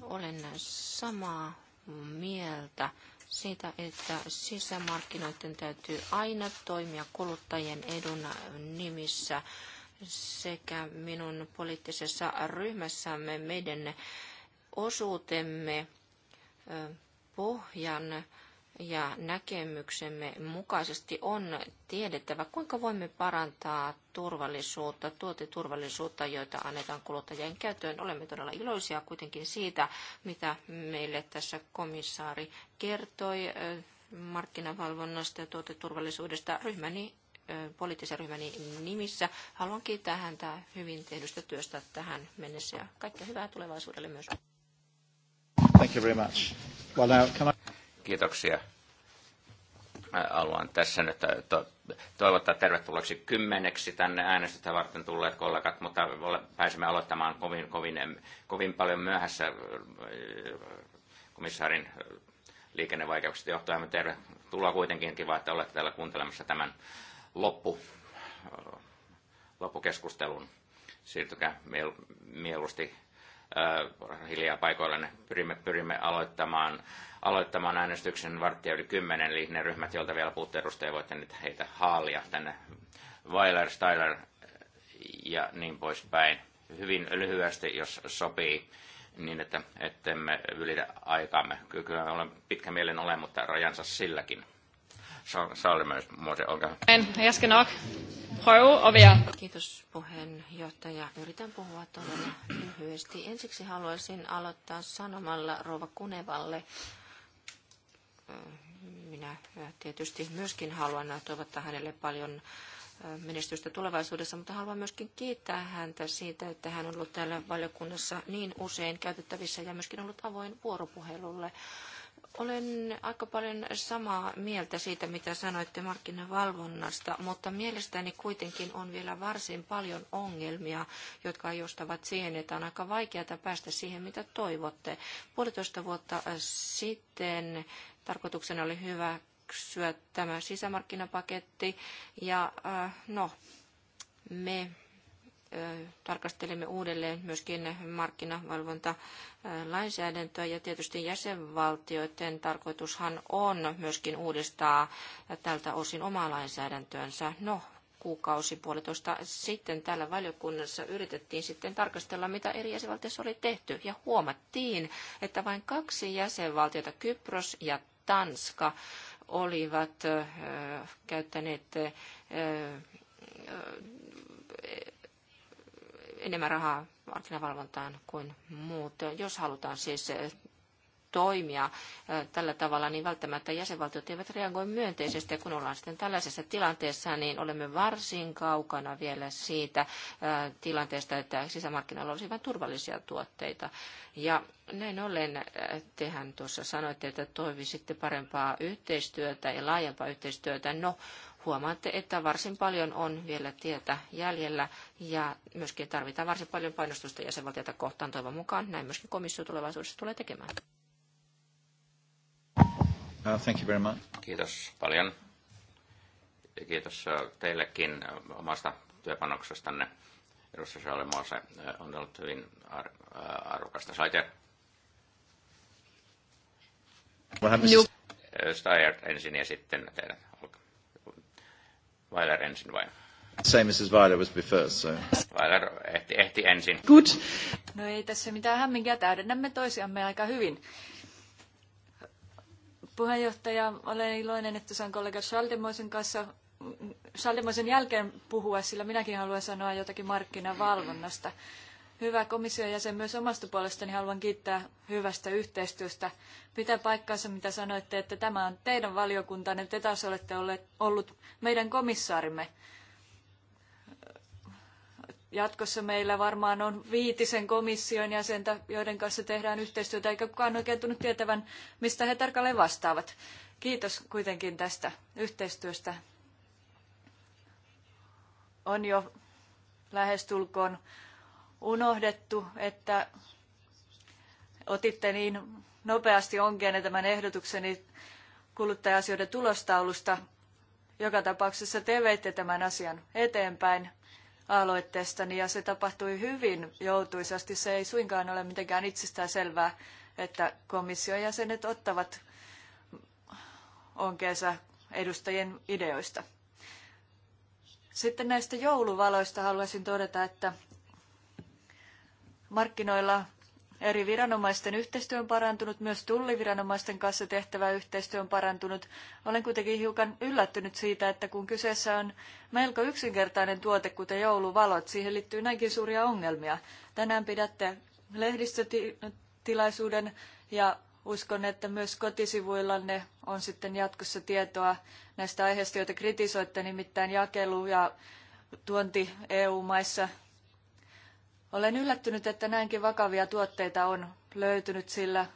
olen samaa mieltä siitä, että sisämarkkinoiden täytyy aina toimia kuluttajien edun nimissä sekä minun poliittisessa ryhmässämme meidän osuutemme äh, pohjan ja näkemyksemme mukaisesti on tiedettävä, kuinka voimme parantaa turvallisuutta, tuoteturvallisuutta, joita annetaan kuluttajien käyttöön. Olemme todella iloisia kuitenkin siitä, mitä meille tässä komissaari kertoi markkinavalvonnasta ja tuoteturvallisuudesta. Ryhmäni poliittisen ryhmäni nimissä. Haluan kiittää häntä hyvin tehdystä työstä tähän mennessä ja kaikkea hyvää tulevaisuudelle myös. Thank you very much. Well, now, can I... Kiitoksia. Haluan tässä nyt äh, toivottaa tervetulleeksi kymmeneksi tänne äänestystä varten tulleet kollegat, mutta pääsemme aloittamaan kovin, kovin, kovin paljon myöhässä äh, komissaarin äh, liikennevaikeukset johtuen. Tervetuloa kuitenkin, kiva, että olette täällä kuuntelemassa tämän loppu, loppukeskustelun. Siirtykää mieluusti Äh, hiljaa paikoilleen. Pyrimme, pyrimme aloittamaan, aloittamaan äänestyksen varttia yli kymmenen, eli ne ryhmät, joilta vielä puutte edustajia, voitte nyt heitä haalia tänne. Weiler, Steiler ja niin poispäin. Hyvin lyhyesti, jos sopii niin, että ettemme ylitä aikaamme. Kyllä olen pitkä mielen olen, mutta rajansa silläkin. Saalimäismuote, olkaa hyvä. En, äsken Kiitos puheenjohtaja. Yritän puhua todella lyhyesti. Ensiksi haluaisin aloittaa sanomalla Rova Kunevalle, minä tietysti myöskin haluan toivottaa hänelle paljon menestystä tulevaisuudessa, mutta haluan myöskin kiittää häntä siitä, että hän on ollut täällä valiokunnassa niin usein käytettävissä ja myöskin ollut avoin vuoropuhelulle. Olen aika paljon samaa mieltä siitä, mitä sanoitte markkinavalvonnasta, mutta mielestäni kuitenkin on vielä varsin paljon ongelmia, jotka joustavat siihen, että on aika vaikeaa päästä siihen, mitä toivotte. Puolitoista vuotta sitten tarkoituksena oli hyväksyä tämä sisämarkkinapaketti ja äh, no, me tarkastelemme uudelleen myöskin markkinavalvontalainsäädäntöä ja tietysti jäsenvaltioiden tarkoitushan on myöskin uudistaa tältä osin omaa lainsäädäntöönsä. No, kuukausi puolitoista sitten täällä valiokunnassa yritettiin sitten tarkastella, mitä eri jäsenvaltioissa oli tehty. Ja huomattiin, että vain kaksi jäsenvaltiota, Kypros ja Tanska, olivat käyttäneet enemmän rahaa markkinavalvontaan kuin muut. Jos halutaan siis eh, toimia eh, tällä tavalla, niin välttämättä jäsenvaltiot eivät reagoi myönteisesti. Ja kun ollaan sitten tällaisessa tilanteessa, niin olemme varsin kaukana vielä siitä eh, tilanteesta, että sisämarkkinoilla olisi vain turvallisia tuotteita. Ja näin ollen tehän tuossa sanoitte, että toivisitte parempaa yhteistyötä ja laajempaa yhteistyötä. No, huomaatte, että varsin paljon on vielä tietä jäljellä ja myöskin tarvitaan varsin paljon painostusta jäsenvaltiota kohtaan toivon mukaan. Näin myöskin komissio tulevaisuudessa tulee tekemään. Uh, thank you very much. Kiitos paljon. Ja kiitos uh, teillekin uh, omasta työpanoksestanne. Edustaja Salmo, se on ollut hyvin arvokasta. Saitte Steyer ensin ja sitten teidän. Weiler ensin vai? Same Mrs. Weiler was before, so. Weiler ehti, ehti ensin. Good. No ei tässä mitään hämminkiä, täydennämme toisiamme aika hyvin. Puheenjohtaja, olen iloinen, että saan kollega Schaldemoisen kanssa Schaldemoisen jälkeen puhua, sillä minäkin haluan sanoa jotakin markkinavalvonnasta. Mm Hyvä komission jäsen, myös omasta puolestani haluan kiittää hyvästä yhteistyöstä. Pitää paikkaansa, mitä sanoitte, että tämä on teidän valiokuntanne, te taas olette olleet, ollut meidän komissaarimme. Jatkossa meillä varmaan on viitisen komission jäsentä, joiden kanssa tehdään yhteistyötä, eikä kukaan oikein tunnu tietävän, mistä he tarkalleen vastaavat. Kiitos kuitenkin tästä yhteistyöstä. On jo lähestulkoon unohdettu, että otitte niin nopeasti onkeen tämän ehdotukseni kuluttaja-asioiden tulostaulusta. Joka tapauksessa te veitte tämän asian eteenpäin aloitteestani ja se tapahtui hyvin joutuisasti. Se ei suinkaan ole mitenkään itsestään selvää, että komission jäsenet ottavat onkeensa edustajien ideoista. Sitten näistä jouluvaloista haluaisin todeta, että Markkinoilla eri viranomaisten yhteistyö on parantunut, myös tulliviranomaisten kanssa tehtävä yhteistyö on parantunut. Olen kuitenkin hiukan yllättynyt siitä, että kun kyseessä on melko yksinkertainen tuote, kuten jouluvalot, siihen liittyy näinkin suuria ongelmia. Tänään pidätte lehdistötilaisuuden ja uskon, että myös kotisivuillanne on sitten jatkossa tietoa näistä aiheista, joita kritisoitte, nimittäin jakelu ja tuonti EU-maissa olen yllättynyt, että näinkin vakavia tuotteita on löytynyt, sillä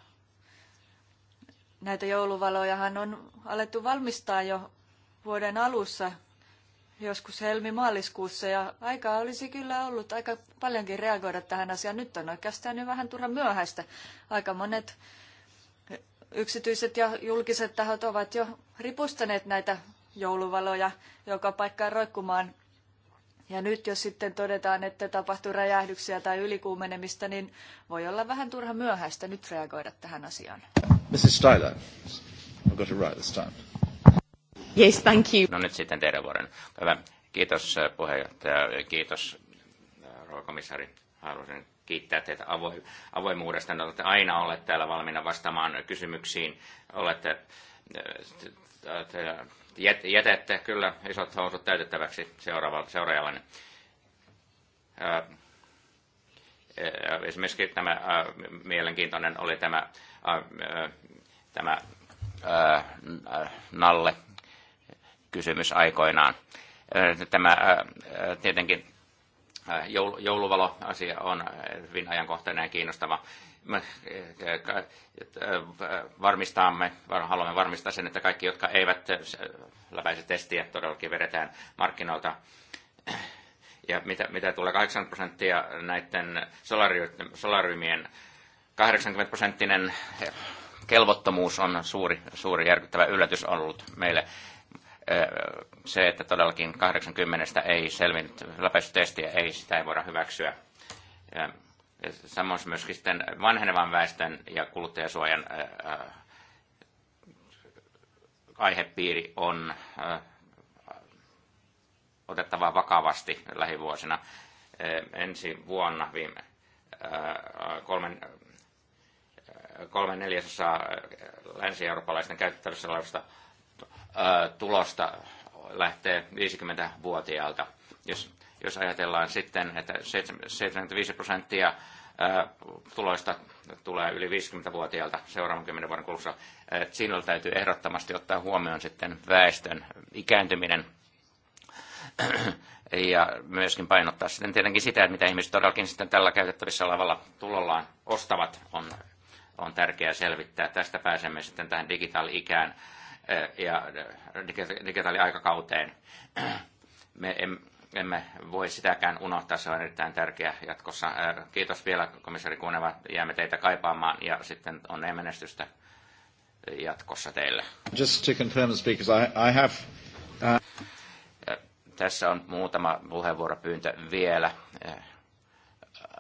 näitä jouluvalojahan on alettu valmistaa jo vuoden alussa, joskus helmi-maaliskuussa, ja aikaa olisi kyllä ollut aika paljonkin reagoida tähän asiaan. Nyt on oikeastaan jo vähän turhan myöhäistä. Aika monet yksityiset ja julkiset tahot ovat jo ripustaneet näitä jouluvaloja joka paikkaan roikkumaan ja nyt jos sitten todetaan, että tapahtuu räjähdyksiä tai ylikuumenemista, niin voi olla vähän turha myöhäistä nyt reagoida tähän asiaan. Mrs. Styler, I've got it right this time. Yes, thank you. No nyt sitten teidän vuoden. Hyvä. Kiitos äh, puheenjohtaja, kiitos äh, rouva komissaari. Haluaisin kiittää teitä avoimuudesta. No, olette aina olleet täällä valmiina vastaamaan kysymyksiin. Olette jätätte kyllä isot housut täytettäväksi seuraajalle. Esimerkiksi tämä mielenkiintoinen oli tämä, tämä nalle kysymys aikoinaan. Tämä tietenkin asia on hyvin ajankohtainen ja kiinnostava me äh, varmistamme, haluamme varmistaa sen, että kaikki, jotka eivät äh, läpäise testiä, todellakin vedetään markkinoilta. Ja mitä, mitä tulee 80 prosenttia näiden solariumien 80 prosenttinen kelvottomuus on suuri, suuri järkyttävä yllätys ollut meille. Äh, se, että todellakin 80 ei selvinnyt läpäisytestiä, ei, sitä ei voida hyväksyä samoin myöskin sitten vanhenevan väestön ja kuluttajasuojan aihepiiri on otettava vakavasti lähivuosina. Ensi vuonna viime kolmen, kolme neljäsosaa länsi-eurooppalaisten käytettävissä olevasta tulosta lähtee 50-vuotiaalta. Jos jos ajatellaan sitten, että 75 prosenttia tuloista tulee yli 50-vuotiailta seuraavan 10 vuoden kulussa. Siinä täytyy ehdottomasti ottaa huomioon sitten väestön ikääntyminen ja myöskin painottaa sitten tietenkin sitä, että mitä ihmiset todellakin sitten tällä käytettävissä olevalla tulollaan ostavat, on, on tärkeää selvittää. Tästä pääsemme sitten tähän digitaali-ikään ja digitaali-aikakauteen. Me emme emme voi sitäkään unohtaa, se on erittäin tärkeä jatkossa. Kiitos vielä komissari Kuneva, jäämme teitä kaipaamaan ja sitten onnea menestystä jatkossa teille. Just to confirm the speakers, I, I have, uh... Tässä on muutama puheenvuoropyyntö vielä.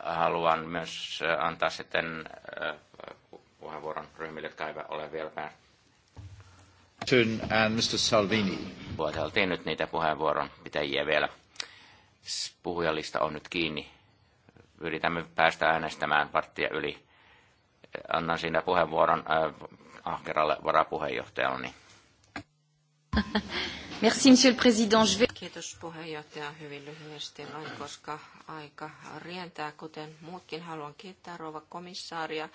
Haluan myös antaa sitten puheenvuoron ryhmille, jotka eivät ole vielä päässeet. And Mr. Salvini. Puhuteltiin nyt niitä puheenvuoron pitäjiä vielä. Puhujalista on nyt kiinni. Yritämme päästä äänestämään varttia yli. Annan siinä puheenvuoron äh, ahkeralle varapuheenjohtajalleni. Merci, monsieur le président. Je vais... Kiitos puheenjohtaja hyvin lyhyesti vain, koska aika rientää, kuten muutkin. Haluan kiittää rouva komissaaria.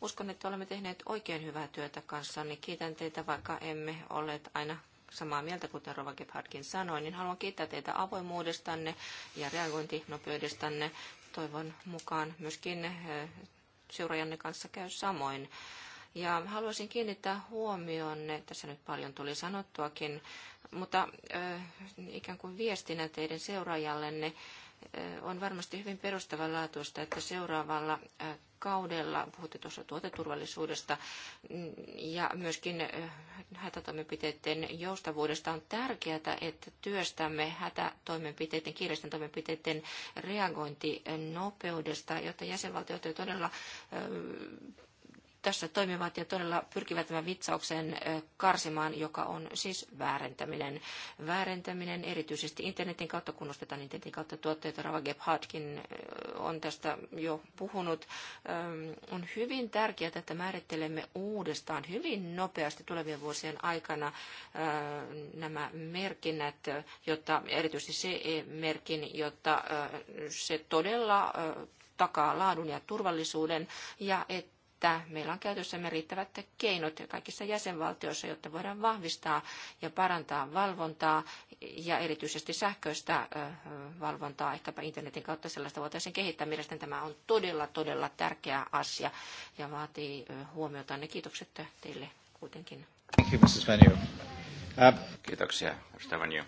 Uskon, että olemme tehneet oikein hyvää työtä kanssa, niin Kiitän teitä, vaikka emme olleet aina samaa mieltä, kuten Rova Gebhardkin sanoi, niin haluan kiittää teitä avoimuudestanne ja reagointinopeudestanne. Toivon mukaan myöskin eh, seuraajanne kanssa käy samoin. Ja haluaisin kiinnittää huomioon, että tässä nyt paljon tuli sanottuakin, mutta äh, ikään kuin viestinä teidän seuraajallenne äh, on varmasti hyvin perustavanlaatuista, että seuraavalla äh, kaudella. Puhutte tuossa tuoteturvallisuudesta mm, ja myöskin hätätoimenpiteiden joustavuudesta. On tärkeää, että työstämme hätätoimenpiteiden, kiireisten toimenpiteiden reagointinopeudesta, jotta jäsenvaltiot todella tässä toimivat ja todella pyrkivät tämän vitsauksen karsimaan, joka on siis väärentäminen. Väärentäminen erityisesti internetin kautta, kun nostetaan internetin kautta tuotteita, Rava Gebhardkin on tästä jo puhunut. On hyvin tärkeää, että määrittelemme uudestaan hyvin nopeasti tulevien vuosien aikana nämä merkinnät, jotta, erityisesti CE-merkin, jotta se todella takaa laadun ja turvallisuuden ja että että meillä on käytössämme riittävät keinot kaikissa jäsenvaltioissa, jotta voidaan vahvistaa ja parantaa valvontaa ja erityisesti sähköistä valvontaa, ehkäpä internetin kautta sellaista voitaisiin kehittää. Mielestäni tämä on todella, todella tärkeä asia ja vaatii huomiota. Ne kiitokset teille kuitenkin. Äh, Kiitoksia, Mr. Venue.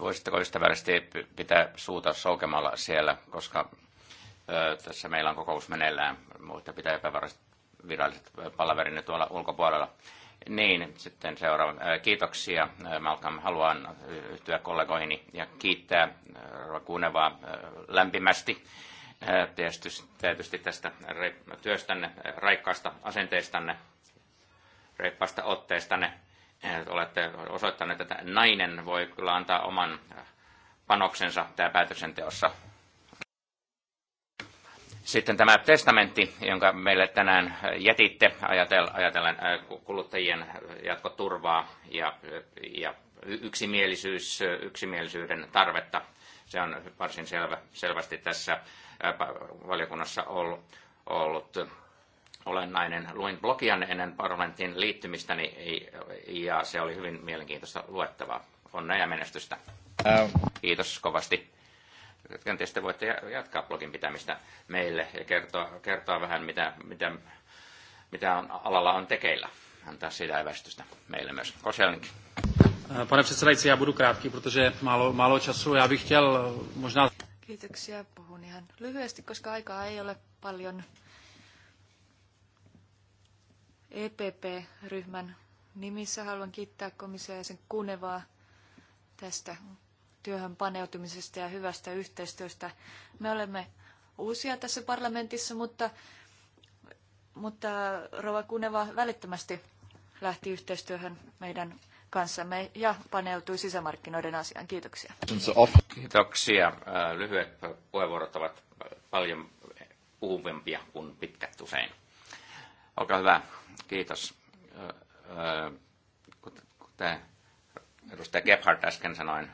Voisitteko ystävällisesti pitää suuta soukemalla siellä, koska tässä meillä on kokous meneillään, mutta pitää epävaraiset viralliset palaverinne tuolla ulkopuolella. Niin, sitten seuraava. Kiitoksia. Malcolm, haluan yhtyä kollegoihini ja kiittää Rakunevaa lämpimästi tietysti, tietysti tästä työstänne, raikkaasta asenteestanne, reippaasta otteestanne. Olette osoittaneet, että nainen voi kyllä antaa oman panoksensa tämä päätöksenteossa sitten tämä testamentti, jonka meille tänään äh, jätitte, ajatellen äh, kuluttajien äh, jatkoturvaa ja, ja yksimielisyys, yksimielisyyden tarvetta. Se on varsin selvä, selvästi tässä valiokunnassa ollut, ollut olennainen. Luin blogian ennen parlamentin liittymistäni niin ja se oli hyvin mielenkiintoista luettavaa. Onnea ja menestystä. Kiitos kovasti kenties te voitte jatkaa blogin pitämistä meille ja kertoa, kertoa vähän, mitä, mitä, mitä on, alalla on tekeillä. Antaa sitä evästystä meille myös. Koselnik. Eh, pane předsedající, já budu krátký, protože málo, málo času. Já bych chtěl eh, možná... Kiitoksia. Puhun ihan lyhyesti, koska aikaa ei ole paljon. EPP-ryhmän nimissä haluan kiittää komissio ja sen kunevaa tästä työhön paneutumisesta ja hyvästä yhteistyöstä. Me olemme uusia tässä parlamentissa, mutta, mutta Rova Kuneva välittömästi lähti yhteistyöhön meidän kanssamme ja paneutui sisämarkkinoiden asiaan. Kiitoksia. Kiitoksia. Äh, lyhyet puheenvuorot ovat paljon puhuvimpia kuin pitkät usein. Olkaa hyvä. Kiitos. Äh, äh, kuten edustaja Gebhardt äsken sanoin,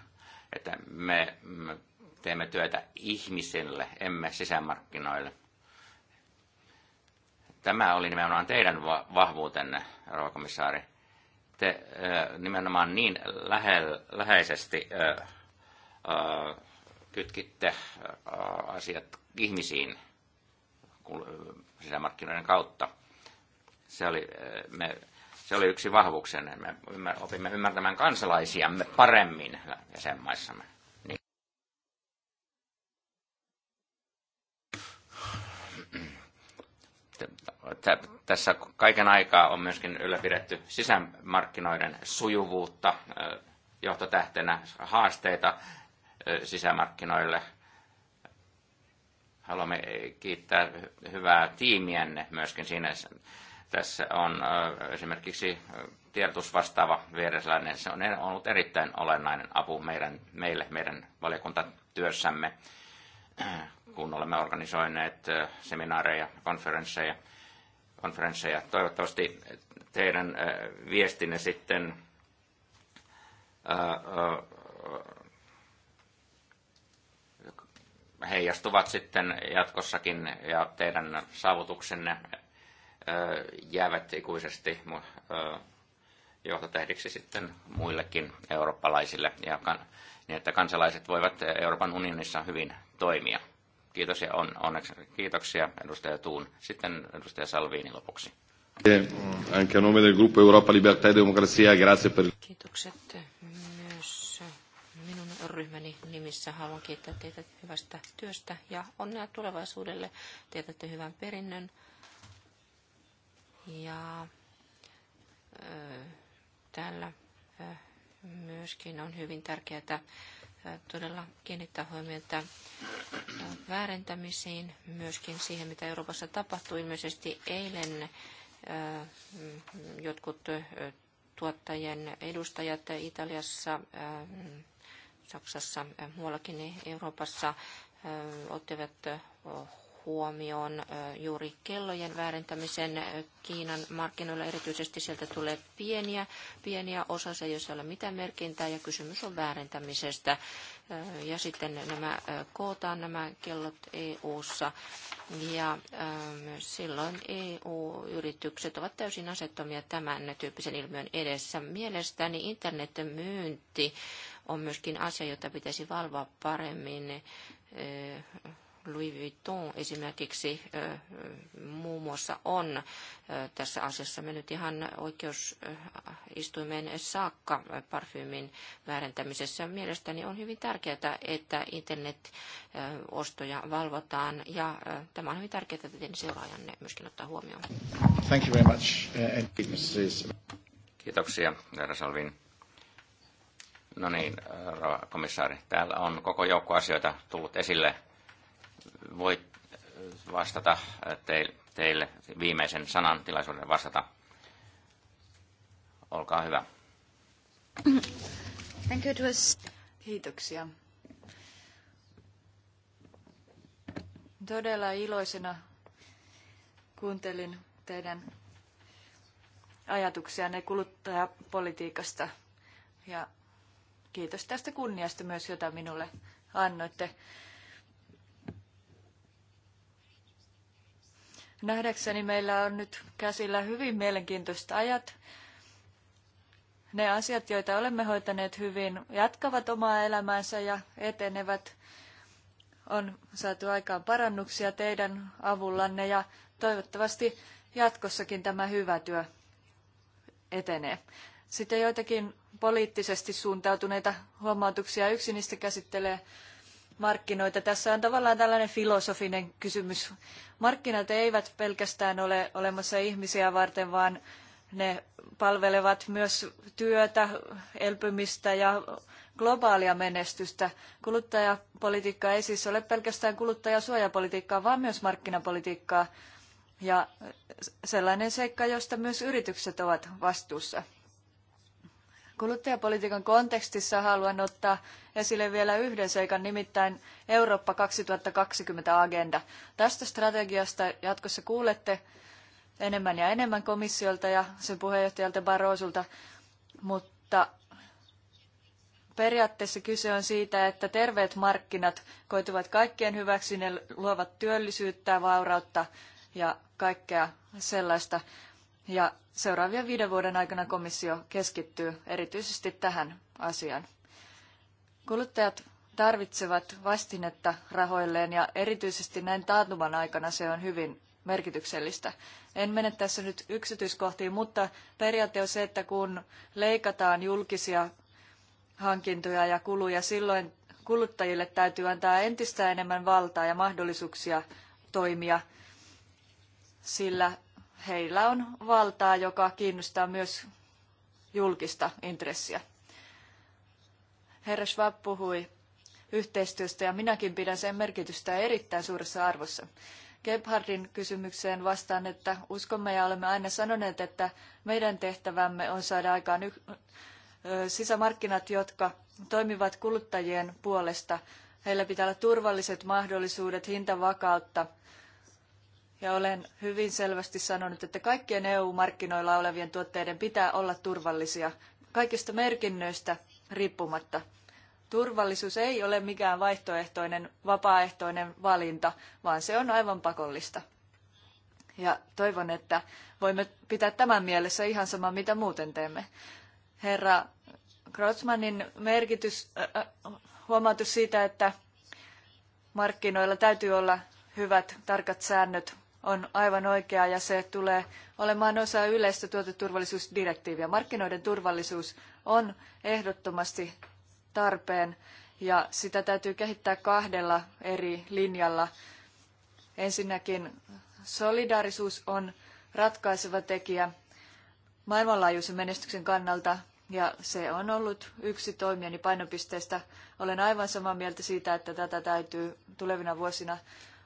että me, me teemme työtä ihmisille, emme sisämarkkinoille. Tämä oli nimenomaan teidän vahvuutenne, rouva komissaari. Te nimenomaan niin lähe, läheisesti kytkitte asiat ihmisiin sisämarkkinoiden kautta. Se oli, me se oli yksi vahvuuksen, Me ymmär, opimme ymmärtämään kansalaisiamme paremmin jäsenmaissamme. Niin. Tässä kaiken aikaa on myöskin ylläpidetty sisämarkkinoiden sujuvuutta johtotähtenä haasteita sisämarkkinoille haluamme kiittää hyvää tiimiänne myöskin siinä tässä on esimerkiksi tiedotusvastaava vieresläinen. Se on ollut erittäin olennainen apu meidän, meille, meidän valiokuntatyössämme, kun olemme organisoineet seminaareja, konferensseja. konferensseja. Toivottavasti teidän viestinne sitten heijastuvat sitten jatkossakin ja teidän saavutuksenne jäävät ikuisesti johtotähdiksi sitten muillekin eurooppalaisille ja niin, että kansalaiset voivat Euroopan unionissa hyvin toimia. Kiitos ja on, onneksi, kiitoksia edustaja Tuun. Sitten edustaja Salviini lopuksi. Anche a nome del gruppo Europa Libertà e Democrazia, grazie per... Kiitokset myös minun ryhmäni nimissä. Haluan kiittää teitä hyvästä työstä ja onnea tulevaisuudelle. Teetätte hyvän perinnön ja täällä myöskin on hyvin tärkeää todella kiinnittää huomiota väärentämisiin, myöskin siihen, mitä Euroopassa tapahtui Ilmeisesti eilen jotkut tuottajien edustajat Italiassa, Saksassa, muuallakin Euroopassa ottivat huomioon juuri kellojen väärentämisen Kiinan markkinoilla. Erityisesti sieltä tulee pieniä, pieniä osasia, joissa ei ole mitään merkintää ja kysymys on väärentämisestä. Ja sitten nämä kootaan nämä kellot EU-ssa ja silloin EU-yritykset ovat täysin asettomia tämän tyyppisen ilmiön edessä. Mielestäni internetmyynti on myöskin asia, jota pitäisi valvoa paremmin Louis Vuitton esimerkiksi muun muassa on tässä asiassa mennyt ihan oikeusistuimeen saakka parfyymin väärentämisessä. Mielestäni on hyvin tärkeää, että internet internet-ostoja valvotaan ja tämä on hyvin tärkeää, että teidän seuraajanne myöskin ottaa huomioon. Thank you very much. Uh, Kiitoksia, Herra Salvin. No niin, komissaari, täällä on koko joukko asioita tullut esille voi äh, vastata äh, teille viimeisen sanan tilaisuuden vastata. Olkaa hyvä. Thank you, Kiitoksia. Todella iloisena kuuntelin teidän ajatuksianne kuluttajapolitiikasta ja kiitos tästä kunniasta myös, jota minulle annoitte. Nähdäkseni meillä on nyt käsillä hyvin mielenkiintoiset ajat. Ne asiat, joita olemme hoitaneet hyvin, jatkavat omaa elämäänsä ja etenevät. On saatu aikaan parannuksia teidän avullanne ja toivottavasti jatkossakin tämä hyvä työ etenee. Sitten joitakin poliittisesti suuntautuneita huomautuksia. Yksi niistä käsittelee markkinoita. Tässä on tavallaan tällainen filosofinen kysymys. Markkinat eivät pelkästään ole olemassa ihmisiä varten, vaan ne palvelevat myös työtä, elpymistä ja globaalia menestystä. Kuluttajapolitiikka ei siis ole pelkästään kuluttajasuojapolitiikkaa, vaan myös markkinapolitiikkaa ja sellainen seikka, josta myös yritykset ovat vastuussa. Kuluttajapolitiikan kontekstissa haluan ottaa esille vielä yhden seikan, nimittäin Eurooppa 2020-agenda. Tästä strategiasta jatkossa kuulette enemmän ja enemmän komissiolta ja sen puheenjohtajalta Barrosulta, mutta periaatteessa kyse on siitä, että terveet markkinat koituvat kaikkien hyväksi, ne luovat työllisyyttä, vaurautta ja kaikkea sellaista. Ja seuraavien viiden vuoden aikana komissio keskittyy erityisesti tähän asiaan. Kuluttajat tarvitsevat vastinetta rahoilleen ja erityisesti näin taantuman aikana se on hyvin merkityksellistä. En mene tässä nyt yksityiskohtiin, mutta periaate on se, että kun leikataan julkisia hankintoja ja kuluja, silloin kuluttajille täytyy antaa entistä enemmän valtaa ja mahdollisuuksia toimia, sillä heillä on valtaa, joka kiinnostaa myös julkista intressiä. Herra Schwab puhui yhteistyöstä ja minäkin pidän sen merkitystä erittäin suuressa arvossa. Gebhardin kysymykseen vastaan, että uskomme ja olemme aina sanoneet, että meidän tehtävämme on saada aikaan y- sisämarkkinat, jotka toimivat kuluttajien puolesta. Heillä pitää olla turvalliset mahdollisuudet, hintavakautta, ja olen hyvin selvästi sanonut, että kaikkien EU-markkinoilla olevien tuotteiden pitää olla turvallisia kaikista merkinnöistä riippumatta. Turvallisuus ei ole mikään vaihtoehtoinen, vapaaehtoinen valinta, vaan se on aivan pakollista. Ja toivon, että voimme pitää tämän mielessä ihan sama, mitä muuten teemme. Herra Grotsmanin merkitys, äh, huomautus siitä, että markkinoilla täytyy olla hyvät, tarkat säännöt on aivan oikea ja se tulee olemaan osa yleistä tuoteturvallisuusdirektiiviä. Markkinoiden turvallisuus on ehdottomasti tarpeen ja sitä täytyy kehittää kahdella eri linjalla. Ensinnäkin solidaarisuus on ratkaiseva tekijä maailmanlaajuisen menestyksen kannalta ja se on ollut yksi toimijani painopisteistä. Olen aivan samaa mieltä siitä, että tätä täytyy tulevina vuosina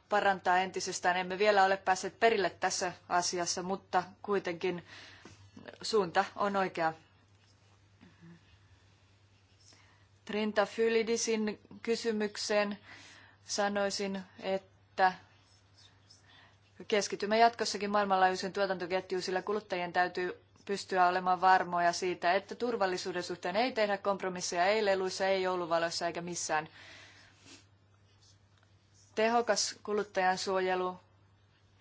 parantaa entisestään. Emme vielä ole päässeet perille tässä asiassa, mutta kuitenkin suunta on oikea. Trinta Fylidisin kysymykseen sanoisin, että keskitymme jatkossakin maailmanlaajuisen tuotantoketjuun, sillä kuluttajien täytyy pystyä olemaan varmoja siitä, että turvallisuuden suhteen ei tehdä kompromisseja, ei leluissa, ei jouluvaloissa eikä missään Tehokas kuluttajansuojelu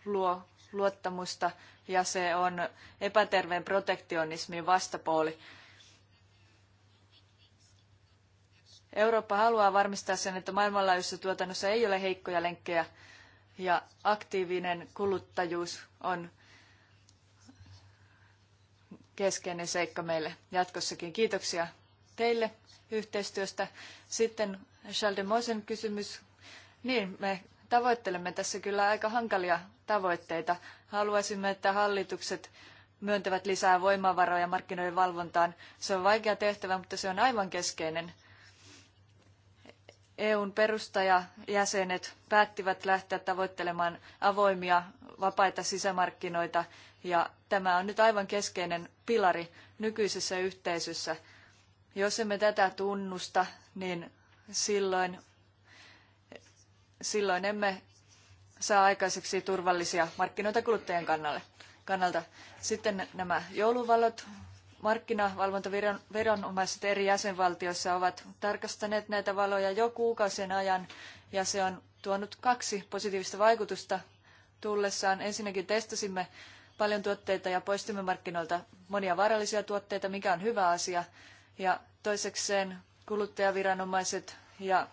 luo luottamusta ja se on epäterveen protektionismin vastapuoli. Eurooppa haluaa varmistaa sen, että maailmanlaajuisessa tuotannossa ei ole heikkoja lenkkejä ja aktiivinen kuluttajuus on keskeinen seikka meille jatkossakin. Kiitoksia teille yhteistyöstä. Sitten Charles de Mosen kysymys niin, me tavoittelemme tässä kyllä aika hankalia tavoitteita. Haluaisimme, että hallitukset myöntävät lisää voimavaroja markkinoiden valvontaan. Se on vaikea tehtävä, mutta se on aivan keskeinen. EUn perustajajäsenet päättivät lähteä tavoittelemaan avoimia, vapaita sisämarkkinoita, ja tämä on nyt aivan keskeinen pilari nykyisessä yhteisössä. Jos emme tätä tunnusta, niin silloin silloin emme saa aikaiseksi turvallisia markkinoita kuluttajien kannalle, kannalta. Sitten nämä jouluvalot, markkinavalvontaviranomaiset eri jäsenvaltioissa ovat tarkastaneet näitä valoja jo kuukausien ajan ja se on tuonut kaksi positiivista vaikutusta tullessaan. Ensinnäkin testasimme paljon tuotteita ja poistimme markkinoilta monia vaarallisia tuotteita, mikä on hyvä asia. Ja toisekseen kuluttajaviranomaiset ja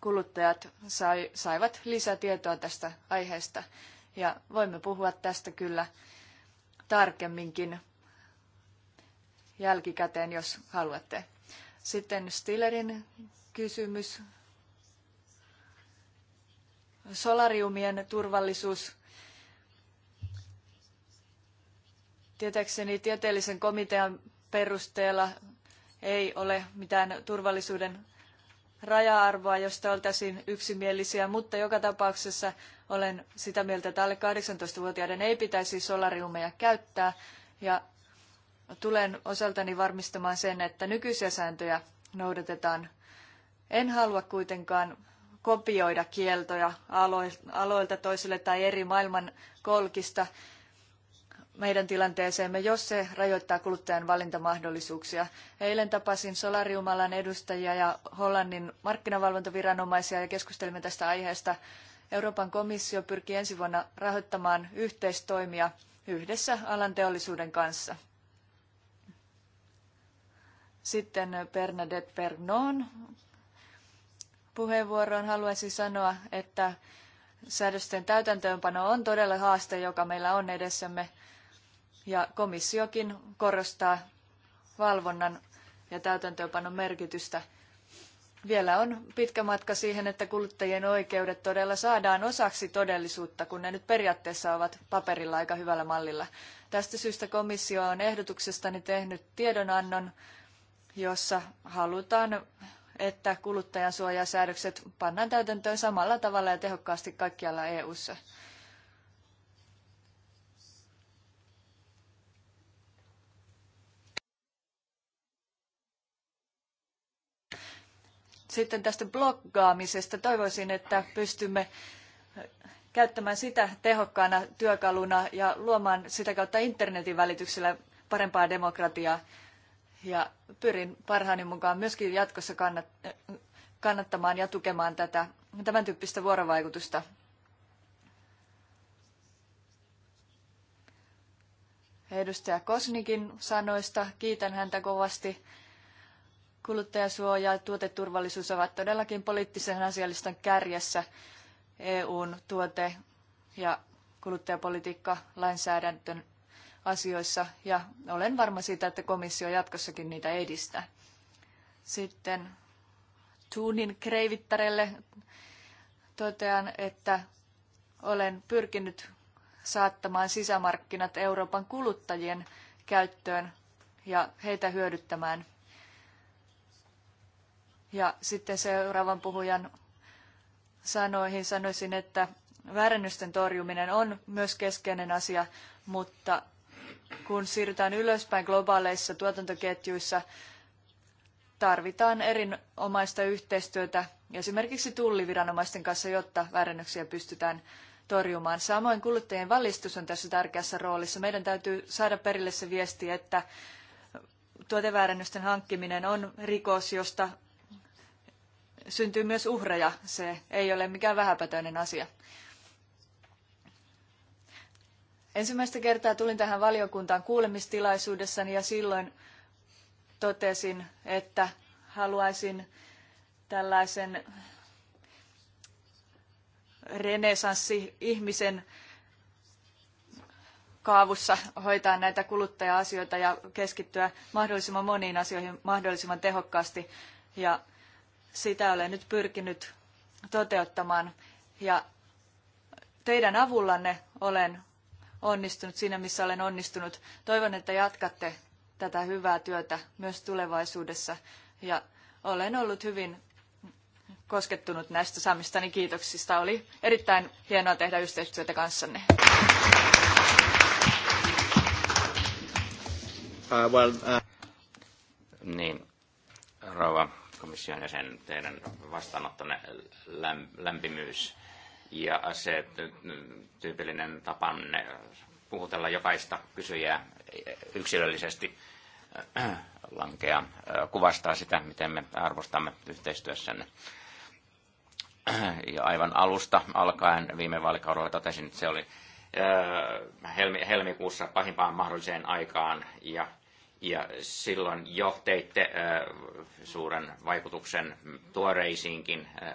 kuluttajat sai, saivat lisätietoa tästä aiheesta. Ja voimme puhua tästä kyllä tarkemminkin jälkikäteen, jos haluatte. Sitten Stillerin kysymys. Solariumien turvallisuus. Tietääkseni tieteellisen komitean perusteella ei ole mitään turvallisuuden raja-arvoa, josta oltaisiin yksimielisiä, mutta joka tapauksessa olen sitä mieltä, että alle 18-vuotiaiden ei pitäisi solariumeja käyttää ja tulen osaltani varmistamaan sen, että nykyisiä sääntöjä noudatetaan. En halua kuitenkaan kopioida kieltoja aloilta toiselle tai eri maailman kolkista meidän tilanteeseemme, jos se rajoittaa kuluttajan valintamahdollisuuksia. Eilen tapasin Solariumalan edustajia ja Hollannin markkinavalvontaviranomaisia ja keskustelimme tästä aiheesta. Euroopan komissio pyrkii ensi vuonna rahoittamaan yhteistoimia yhdessä alan teollisuuden kanssa. Sitten Bernadette Vernon puheenvuoroon haluaisin sanoa, että säädösten täytäntöönpano on todella haaste, joka meillä on edessämme. Ja komissiokin korostaa valvonnan ja täytäntöönpanon merkitystä. Vielä on pitkä matka siihen, että kuluttajien oikeudet todella saadaan osaksi todellisuutta, kun ne nyt periaatteessa ovat paperilla aika hyvällä mallilla. Tästä syystä komissio on ehdotuksestani tehnyt tiedonannon, jossa halutaan, että kuluttajansuojasäädökset pannaan täytäntöön samalla tavalla ja tehokkaasti kaikkialla EU-ssa. Sitten tästä bloggaamisesta toivoisin, että pystymme käyttämään sitä tehokkaana työkaluna ja luomaan sitä kautta internetin välityksellä parempaa demokratiaa. Ja pyrin parhaani mukaan myöskin jatkossa kannattamaan ja tukemaan tätä, tämän tyyppistä vuorovaikutusta. Edustaja Kosnikin sanoista kiitän häntä kovasti. Kuluttajasuoja ja tuoteturvallisuus ovat todellakin poliittisen asialistan kärjessä EUn tuote- ja kuluttajapolitiikka lainsäädäntön asioissa ja olen varma siitä, että komissio jatkossakin niitä edistää. Sitten Tuunin Kreivittarelle totean, että olen pyrkinyt saattamaan sisämarkkinat Euroopan kuluttajien käyttöön ja heitä hyödyttämään – ja sitten seuraavan puhujan sanoihin sanoisin, että väärennösten torjuminen on myös keskeinen asia, mutta kun siirrytään ylöspäin globaaleissa tuotantoketjuissa, tarvitaan erinomaista yhteistyötä esimerkiksi tulliviranomaisten kanssa, jotta väärennöksiä pystytään torjumaan. Samoin kuluttajien valistus on tässä tärkeässä roolissa. Meidän täytyy saada perille se viesti, että tuoteväärennösten hankkiminen on rikos, josta syntyy myös uhreja. Se ei ole mikään vähäpätöinen asia. Ensimmäistä kertaa tulin tähän valiokuntaan kuulemistilaisuudessani ja silloin totesin, että haluaisin tällaisen renesanssi-ihmisen kaavussa hoitaa näitä kuluttaja-asioita ja keskittyä mahdollisimman moniin asioihin mahdollisimman tehokkaasti. Ja sitä olen nyt pyrkinyt toteuttamaan ja teidän avullanne olen onnistunut siinä, missä olen onnistunut. Toivon, että jatkatte tätä hyvää työtä myös tulevaisuudessa ja olen ollut hyvin koskettunut näistä saamistani kiitoksista. Oli erittäin hienoa tehdä yhteistyötä kanssanne. Uh, well, uh... Niin, rouva komission jäsen, teidän vastaanottonne lämpimyys ja se tyypillinen tapanne puhutella jokaista kysyjää yksilöllisesti äh, lankea äh, kuvastaa sitä, miten me arvostamme yhteistyössänne. Ja aivan alusta alkaen viime vaalikaudella totesin, että se oli äh, helmikuussa pahimpaan mahdolliseen aikaan ja ja silloin jo teitte äh, suuren vaikutuksen tuoreisiinkin äh,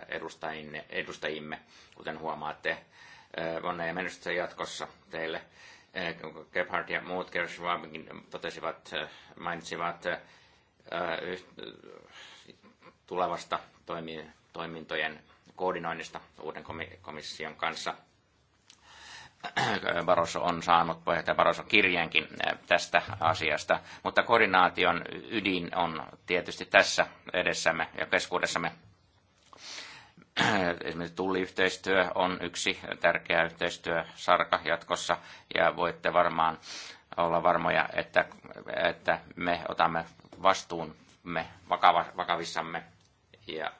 edustajimme, kuten huomaatte. Äh, onnea ja menestystä jatkossa teille. Gebhardt ja muut Gershwabinkin totesivat, mainitsivat tulevasta toimintojen koordinoinnista uuden komission kanssa. Äh, Barroso on saanut puheenjohtaja Barroso kirjeenkin äh, tästä asiasta, mutta koordinaation ydin on tietysti tässä edessämme ja keskuudessamme. Äh, esimerkiksi tulliyhteistyö on yksi tärkeä sarka jatkossa ja voitte varmaan olla varmoja, että, että me otamme vastuumme vakava, vakavissamme ja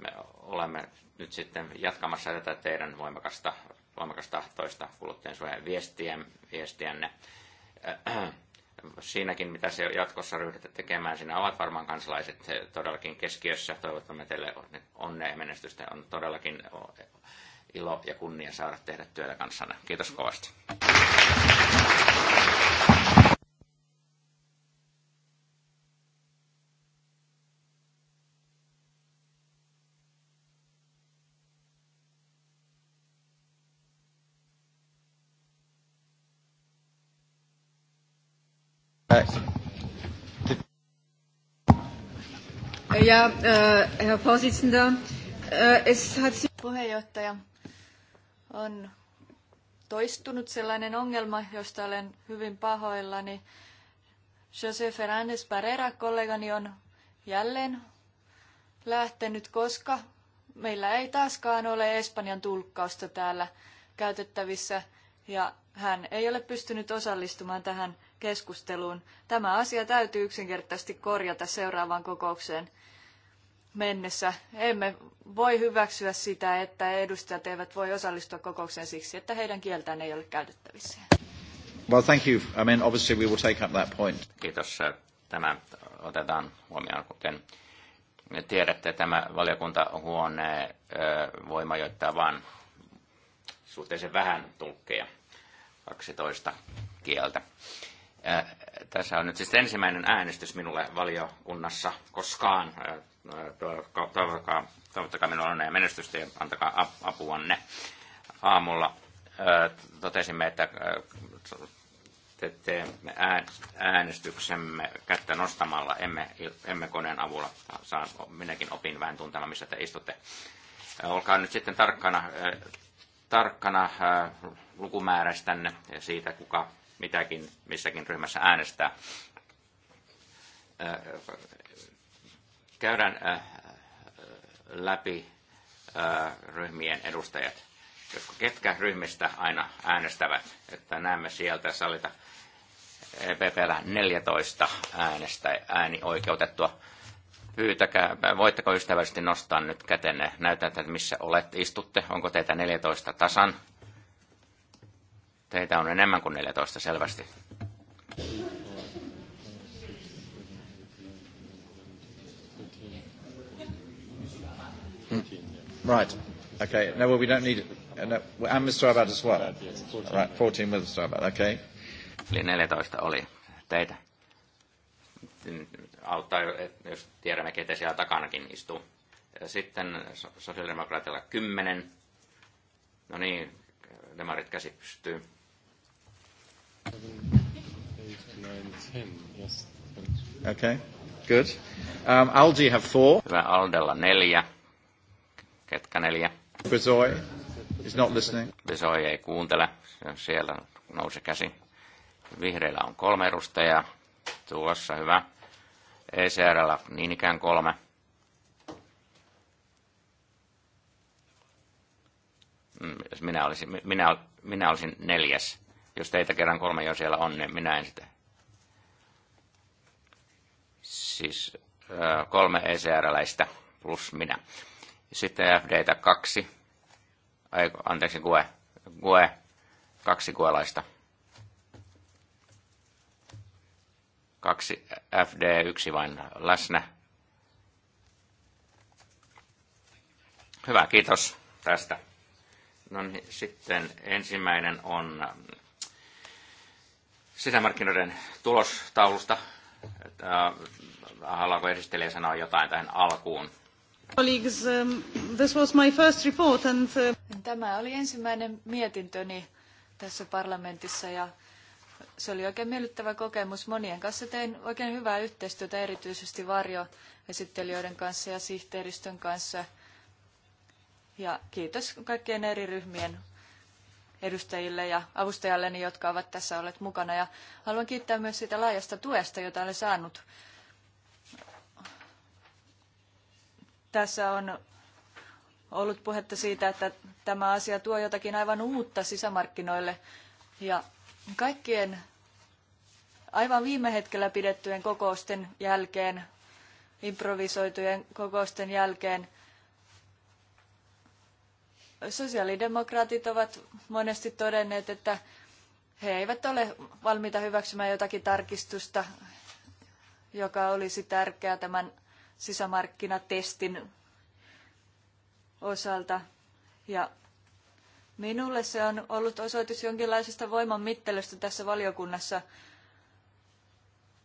me olemme nyt sitten jatkamassa tätä teidän voimakasta voimakastahtoista kuluttajansuojan viestiä, viestiänne. Äh, siinäkin, mitä se jatkossa ryhdytte tekemään, siinä ovat varmaan kansalaiset todellakin keskiössä. Toivottamme teille onnea ja menestystä. On todellakin ilo ja kunnia saada tehdä työtä kanssanne. Kiitos kovasti. Ja, äh, herra Vorsitzender, äh, es hat... Puheenjohtaja, on toistunut sellainen ongelma, josta olen hyvin pahoillani. Jose Fernández Barrera, kollegani, on jälleen lähtenyt, koska meillä ei taaskaan ole Espanjan tulkkausta täällä käytettävissä ja hän ei ole pystynyt osallistumaan tähän keskusteluun. Tämä asia täytyy yksinkertaisesti korjata seuraavaan kokoukseen mennessä. Emme voi hyväksyä sitä, että edustajat eivät voi osallistua kokoukseen siksi, että heidän kieltään ei ole käytettävissä. Well, thank you. I mean, obviously we will take up that point. Kiitos. Tämä otetaan huomioon, kuten tiedätte, tämä valiokuntahuone eh, voi majoittaa vain suhteellisen vähän tulkkeja, 12 kieltä tässä on nyt siis ensimmäinen äänestys minulle valiokunnassa koskaan. Toivottakaa, toivottakaa minulle onnea menestystä ja antakaa apuanne. Aamulla totesimme, että teette äänestyksemme kättä nostamalla, emme, emme koneen avulla. Saan, minäkin opin vähän tuntella, missä te istutte. Olkaa nyt sitten tarkkana, tarkkana lukumäärästänne ja siitä, kuka mitäkin missäkin ryhmässä äänestää. Käydään läpi ryhmien edustajat, ketkä ryhmistä aina äänestävät, että näemme sieltä salita EPPllä 14 äänestä, äänioikeutettua. Pyytäkää, voitteko ystävällisesti nostaa nyt kätenne, näytät, että missä olet, istutte, onko teitä 14 tasan, Teitä on enemmän kuin 14 selvästi. Hmm. Right. Okay. No, well, we don't need it. Uh, no, and Mr. Abad as well. Right, 14 with Mr. Abad. Okay. Eli 14 oli teitä. Auttaa, jos tiedämme, ketä siellä takanakin istuu. Sitten sosiaalidemokraatilla 10. No niin, demarit käsi pystyy. Okay, good. Um, Aldi have four. Hyvä, Aldella neljä. Ketkä neljä? Bezoi is not listening. Bezoi ei kuuntele, siellä nousi käsi. Vihreillä on kolme edustajaa. Tuossa hyvä. ECRllä niin ikään kolme. Mm, jos minä olisin, minä, minä olisin neljäs. Jos teitä kerran kolme jo siellä on, niin minä en sitä. Siis kolme ECR-läistä plus minä. Sitten FDtä kaksi. Ai, anteeksi, kue. Kue. Kaksi kuelaista. Kaksi FD, yksi vain läsnä. Hyvä, kiitos tästä. No niin, sitten ensimmäinen on sisämarkkinoiden tulostaulusta. Äh, haluaako esittelijä sanoa jotain tähän alkuun? Colleagues, um, this was my first report and... Uh, Tämä oli ensimmäinen mietintöni tässä parlamentissa ja se oli oikein miellyttävä kokemus. Monien kanssa tein oikein hyvää yhteistyötä, erityisesti varjoesittelijöiden kanssa ja sihteeristön kanssa. Ja kiitos kaikkien eri ryhmien edustajille ja avustajalleni, jotka ovat tässä olleet mukana. Ja haluan kiittää myös siitä laajasta tuesta, jota olen saanut. Tässä on ollut puhetta siitä, että tämä asia tuo jotakin aivan uutta sisämarkkinoille. Ja kaikkien aivan viime hetkellä pidettyjen kokousten jälkeen, improvisoitujen kokousten jälkeen – Sosiaalidemokraatit ovat monesti todenneet, että he eivät ole valmiita hyväksymään jotakin tarkistusta, joka olisi tärkeää tämän sisämarkkinatestin osalta. Ja minulle se on ollut osoitus jonkinlaisesta voiman tässä valiokunnassa.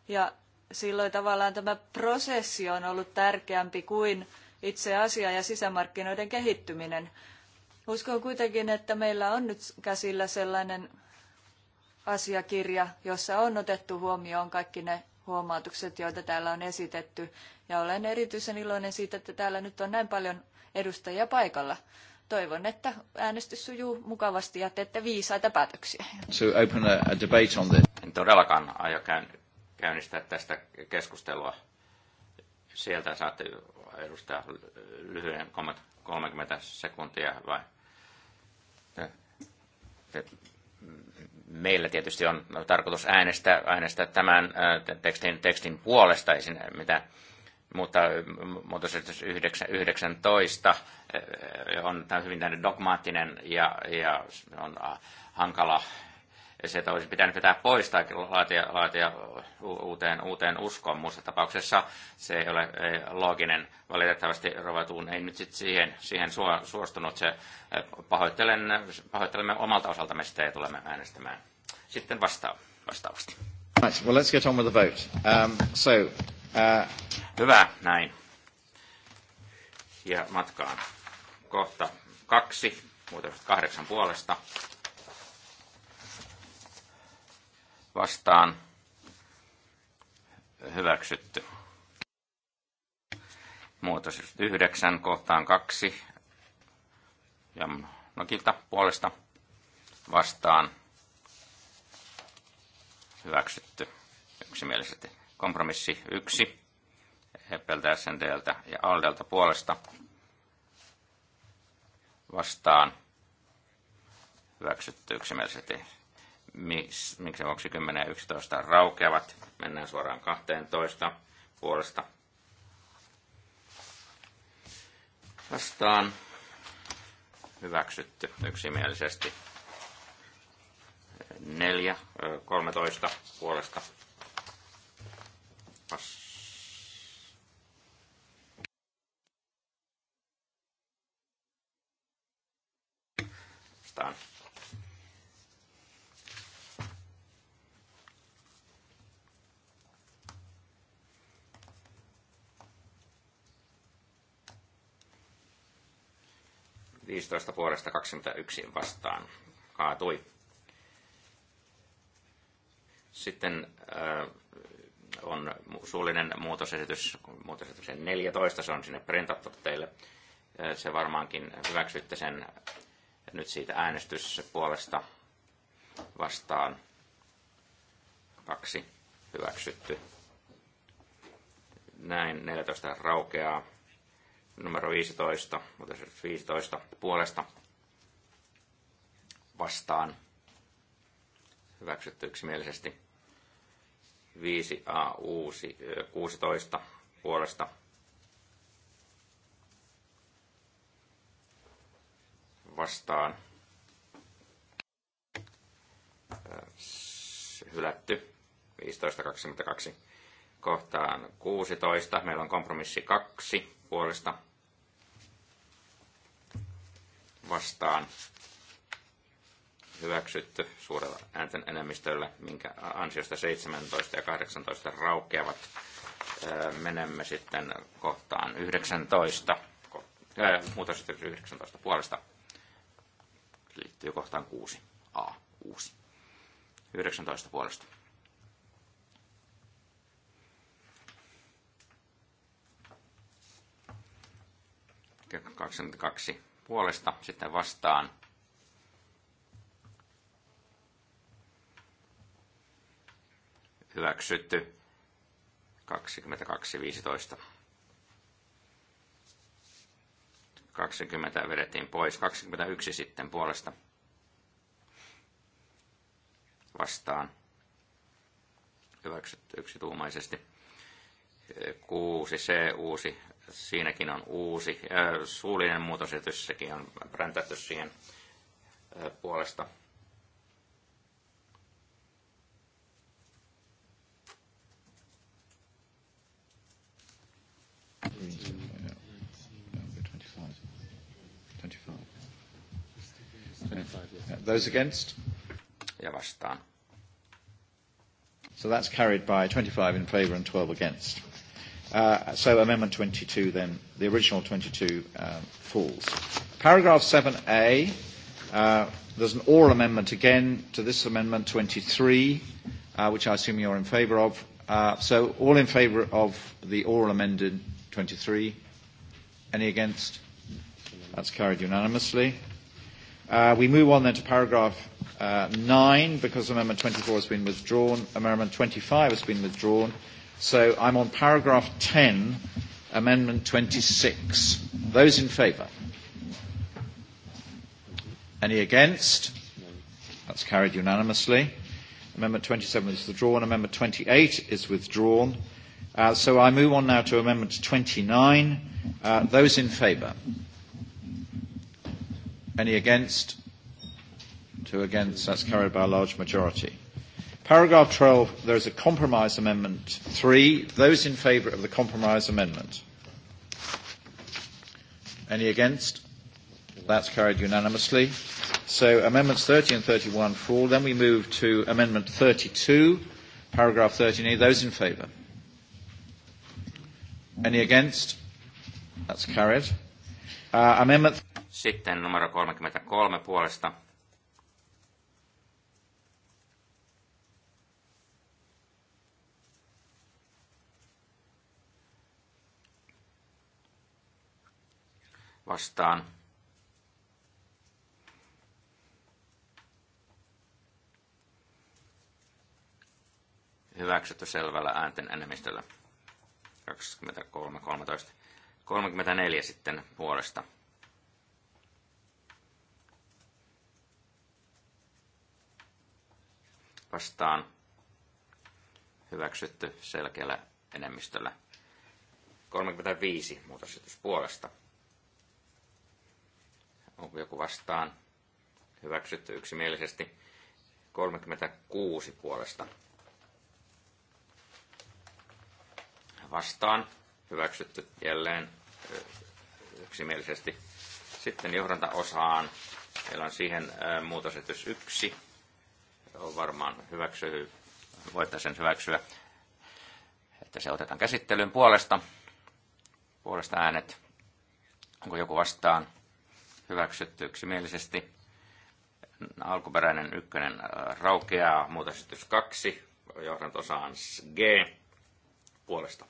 Ja silloin tavallaan tämä prosessi on ollut tärkeämpi kuin itse asia ja sisämarkkinoiden kehittyminen. Uskon kuitenkin, että meillä on nyt käsillä sellainen asiakirja, jossa on otettu huomioon kaikki ne huomautukset, joita täällä on esitetty. Ja olen erityisen iloinen siitä, että täällä nyt on näin paljon edustajia paikalla. Toivon, että äänestys sujuu mukavasti ja teette viisaita päätöksiä. To open a, a debate on this. En todellakaan aio käynnistää tästä keskustelua. Sieltä saatte edustaa lyhyen 30 sekuntia vai meillä tietysti on tarkoitus äänestää, äänestää tämän tekstin, tekstin puolesta, ei mitään, mutta muutosesitys 19 on hyvin dogmaattinen ja, ja on hankala sieltä olisi pitänyt vetää pois tai laatia, laatia uuteen, uuteen uskoon. Muussa tapauksessa se ei ole ei, looginen. Valitettavasti Rovatuun ei nyt sit siihen, siihen suostunut. Se, pahoittelen, pahoittelemme omalta osaltamme sitä ja tulemme äänestämään sitten vasta, vastaavasti. Right, well let's get on with the vote. Um, so, uh... Hyvä, näin. Ja matkaan. Kohta kaksi, muuten kahdeksan puolesta vastaan hyväksytty. Muutos 9 kohtaan 2 ja nokilta puolesta vastaan hyväksytty yksimielisesti. Kompromissi 1 Heppeltä, SNDltä ja Aldelta puolesta vastaan hyväksytty yksimielisesti miksi vuoksi 10 ja 11 raukeavat. Mennään suoraan 12 puolesta vastaan. Hyväksytty yksimielisesti. 4, 13 puolesta vastaan. vastaan. 15 puolesta 21 vastaan kaatui. Sitten äh, on suullinen muutosesitys, muutosesitys 14, se on sinne printattu teille. Äh, se varmaankin hyväksytte sen nyt siitä äänestyspuolesta vastaan. Kaksi hyväksytty. Näin 14 raukeaa numero 15, mutta 15 puolesta vastaan hyväksytty yksimielisesti. 5A uusi 16 puolesta vastaan hylätty 15.22 kohtaan 16. Meillä on kompromissi 2 puolesta 15.22 vastaan hyväksytty suurella äänten enemmistöllä, minkä ansiosta 17 ja 18 raukeavat. Öö, menemme sitten kohtaan 19, öö, muutosesitys 19 puolesta liittyy kohtaan 6, A, 6, 19 puolesta. Kaksikymmentäkaksi puolesta sitten vastaan. Hyväksytty 22.15. 20 vedettiin pois, 21 sitten puolesta vastaan. Hyväksytty yksituumaisesti. 6C uusi Siinäkin on uusi äh, suullinen muutosesitys, sekin on präntätty siihen äh, puolesta. Those against? Ja vastaan. So that's carried by 25 in favour and 12 against. Uh, so Amendment 22 then, the original 22 uh, falls. Paragraph 7A, uh, there's an oral amendment again to this amendment 23, uh, which I assume you're in favour of. Uh, so all in favour of the oral amended 23? Any against? That's carried unanimously. Uh, we move on then to paragraph uh, 9 because Amendment 24 has been withdrawn. Amendment 25 has been withdrawn. So I'm on paragraph 10, amendment 26. Those in favour? Any against? That's carried unanimously. Amendment 27 is withdrawn. Amendment 28 is withdrawn. Uh, so I move on now to Amendment 29. Uh, those in favour? Any against? Two against. That's carried by a large majority. Paragraph 12, there is a compromise amendment 3. Those in favour of the compromise amendment? Any against? That's carried unanimously. So amendments 30 and 31 fall. Then we move to amendment 32, paragraph 13A. Those in favour? Any against? That's carried. Uh, amendment... Sitten numero 33 puolesta vastaan. Hyväksytty selvällä äänten enemmistöllä. 23, 13. 34 sitten puolesta. Vastaan hyväksytty selkeällä enemmistöllä. 35 muutosesitys puolesta. Onko joku vastaan? Hyväksytty yksimielisesti. 36 puolesta. Vastaan. Hyväksytty jälleen yksimielisesti. Sitten johdantaosaan. Meillä on siihen muutosetys 1. On varmaan voitte sen hyväksyä, että se otetaan käsittelyyn puolesta. Puolesta äänet. Onko joku vastaan? hyväksytty yksimielisesti. Alkuperäinen ykkönen äh, raukeaa, muutosesitys kaksi, johdantosaan G puolesta.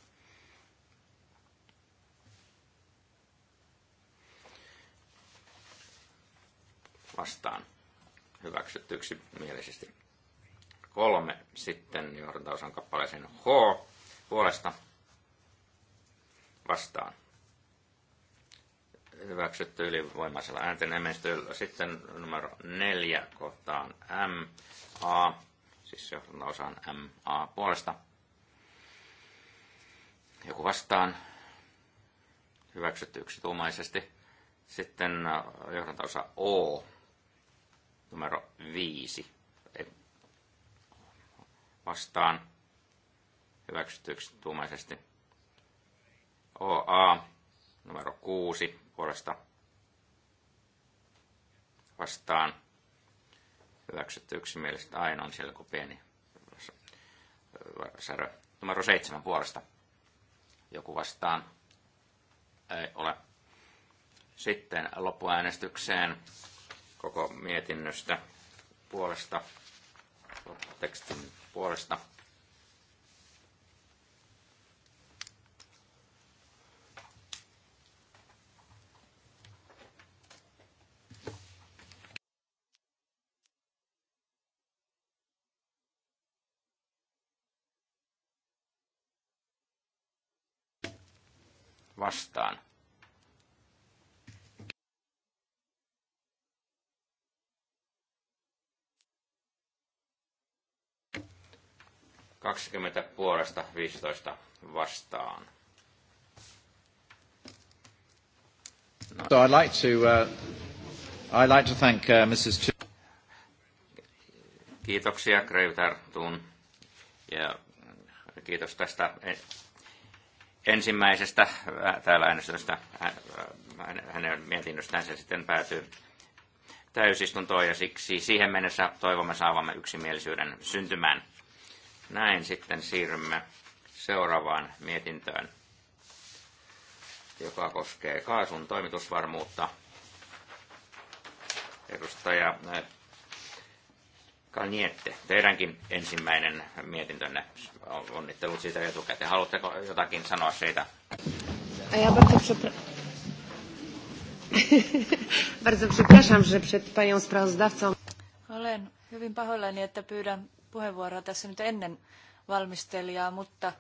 Vastaan hyväksytty yksimielisesti. Kolme sitten johdantaosan kappaleeseen H puolesta vastaan hyväksytty ylivoimaisella ääntenemistöllä. Sitten numero neljä kohtaan M, A, siis johdanto osaan M, A puolesta. Joku vastaan. Hyväksytty yksituumaisesti. Sitten äh, johdantaosa O, numero 5. Vastaan. Hyväksytty yksituumaisesti. OA, numero 6 puolesta vastaan hyväksytty yksimielisesti. ainoa on siellä kuin pieni särö. Numero seitsemän puolesta. Joku vastaan ei ole. Sitten loppuäänestykseen koko mietinnöstä puolesta, tekstin puolesta vastaan. Kaksikymmentä puolesta 15 vastaan. No. So I'd like to, uh, I'd like to thank uh, Mrs. Ch- Kiitoksia Grevtar Tuun ja kiitos tästä ensimmäisestä täällä äänestöstä, hänen mietinnöstään se sitten päätyy täysistuntoon ja siksi siihen mennessä toivomme saavamme yksimielisyyden syntymään. Näin sitten siirrymme seuraavaan mietintöön, joka koskee kaasun toimitusvarmuutta. Edustaja Kalniette, teidänkin ensimmäinen mietintönne. Onnittelut siitä etukäteen. Haluatteko jotakin sanoa siitä? Olen hyvin pahoillani, että pyydän puheenvuoroa tässä nyt ennen valmistelijaa, mutta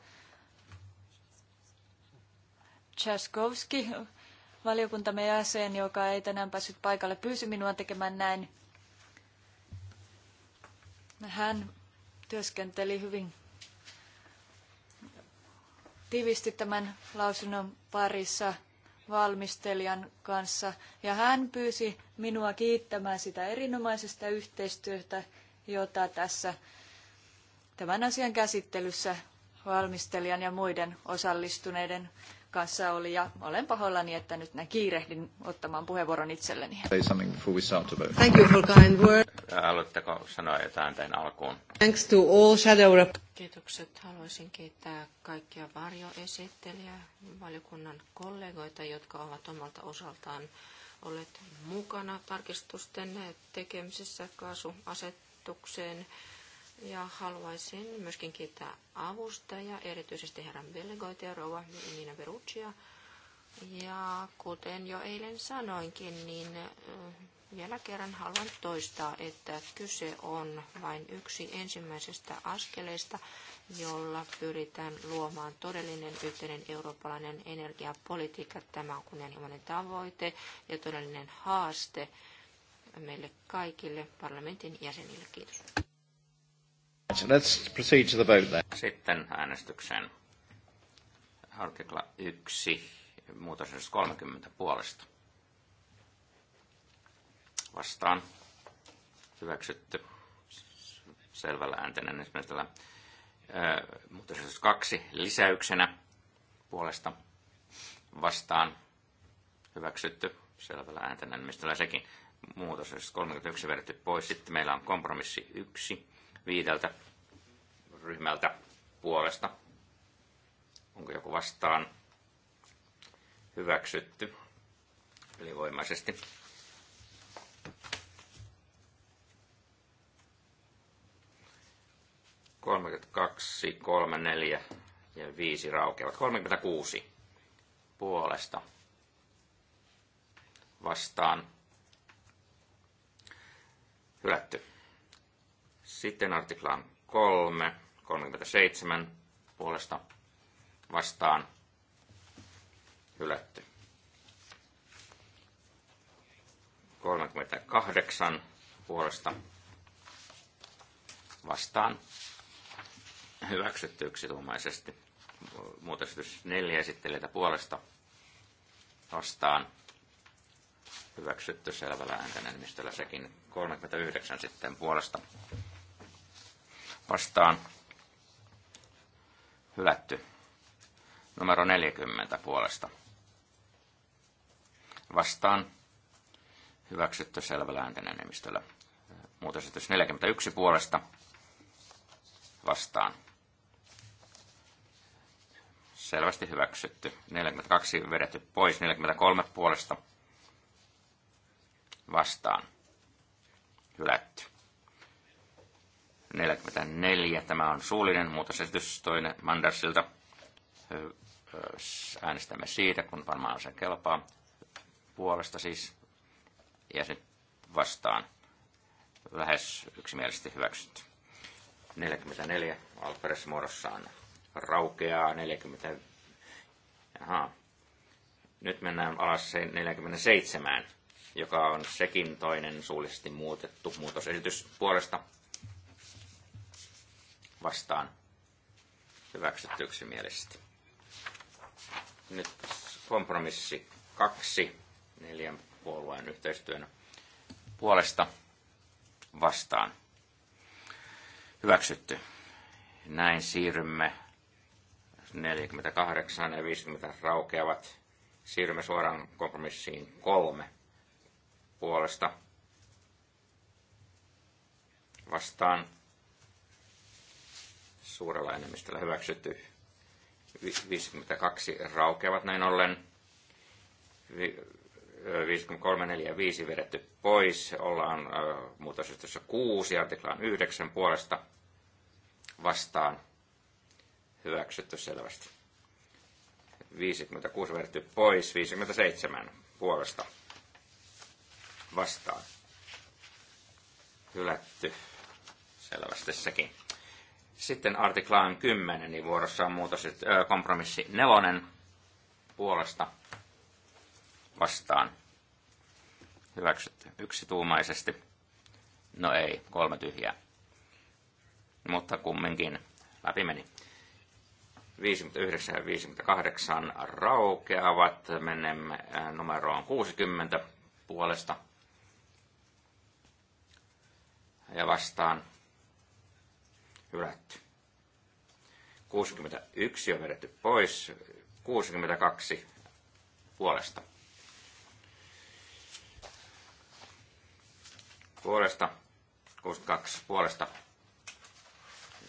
Chaskowski, valiokuntamme jäsen, joka ei tänään päässyt paikalle, pyysi minua tekemään näin. Hän työskenteli hyvin tiivisti tämän lausunnon parissa valmistelijan kanssa ja hän pyysi minua kiittämään sitä erinomaisesta yhteistyötä, jota tässä tämän asian käsittelyssä valmistelijan ja muiden osallistuneiden kanssa oli ja olen pahoillani, että nyt näin kiirehdin ottamaan puheenvuoron itselleni. Thank you for kind words. Haluatteko sanoa jotain tein alkuun? Thanks to all shadow Kiitokset. Haluaisin kiittää kaikkia varjoesittelijä, valiokunnan kollegoita, jotka ovat omalta osaltaan olleet mukana tarkistusten tekemisessä kaasuasetukseen. Ja haluaisin myöskin kiittää avustajia, erityisesti herran Bellegoita ja rouva Niina Beruccia. Ja kuten jo eilen sanoinkin, niin vielä kerran haluan toistaa, että kyse on vain yksi ensimmäisestä askeleesta, jolla pyritään luomaan todellinen yhteinen eurooppalainen energiapolitiikka. Tämä on kunnianhimoinen tavoite ja todellinen haaste meille kaikille parlamentin jäsenille. Kiitos. Let's proceed to the vote then. Sitten äänestykseen. Artikla 1, muutos 30 puolesta. Vastaan. Hyväksytty. Selvällä ääntenä ensimmäisellä. Muutos 2 lisäyksenä puolesta. Vastaan. Hyväksytty. Selvällä ääntenä enemmistöllä sekin. Muutos 31 verty pois. Sitten meillä on kompromissi 1 viideltä ryhmältä puolesta. Onko joku vastaan hyväksytty ylivoimaisesti? Kolmekymmentäkaksi, kolme, neljä ja viisi raukeavat. 36 puolesta vastaan hylätty. Sitten artiklaan 3, 37 puolesta vastaan hylätty. 38 puolesta vastaan hyväksytty yksituumaisesti. Muutosesitys 4 esittelijätä puolesta vastaan hyväksytty selvällä äänten enemmistöllä sekin 39 sitten puolesta vastaan hylätty. Numero 40 puolesta vastaan hyväksytty selvällä äänten enemmistöllä. Muutosesitys 41 puolesta vastaan selvästi hyväksytty. 42 vedetty pois, 43 puolesta vastaan hylätty. 44. Tämä on suullinen muutosesitys toinen Mandersilta. Äänestämme siitä, kun varmaan se kelpaa. Puolesta siis. Ja sitten vastaan. Lähes yksimielisesti hyväksytty. 44 alkuperäisessä muodossaan raukeaa. 40... Aha. Nyt mennään alas 47, joka on sekin toinen suullisesti muutettu muutosesitys puolesta vastaan hyväksytty yksimielisesti. Nyt kompromissi kaksi neljän puolueen yhteistyön puolesta vastaan hyväksytty. Näin siirrymme 48 ja 50 raukeavat. Siirrymme suoraan kompromissiin kolme puolesta vastaan suurella enemmistöllä hyväksytty. 52 raukeavat näin ollen. 53, 4 5 vedetty pois. Ollaan äh, muutosyhtiössä 6, artiklaan 9 puolesta vastaan hyväksytty selvästi. 56 vedetty pois, 57 puolesta vastaan hylätty selvästi sekin. Sitten artiklaan 10, niin vuorossa on muutos, kompromissi nelonen puolesta vastaan. Hyväksyt yksituumaisesti. No ei, kolme tyhjää. Mutta kumminkin läpi meni. 59 ja 58 raukeavat. Menemme numeroon 60 puolesta. Ja vastaan hylätty. 61 on vedetty pois, 62 puolesta. Puolesta, 62 puolesta.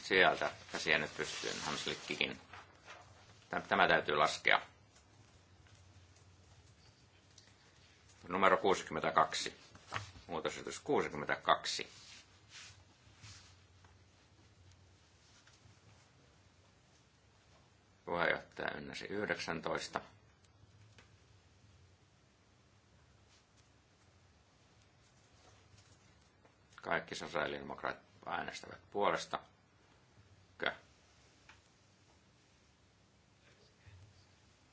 Sieltä käsiä nyt pystyyn, Hanslikkikin. Tämä täytyy laskea. Numero 62. Muutosytys 62 puheenjohtaja ynnäsi 19. Kaikki sosiaalidemokraatit äänestävät puolesta. Kö?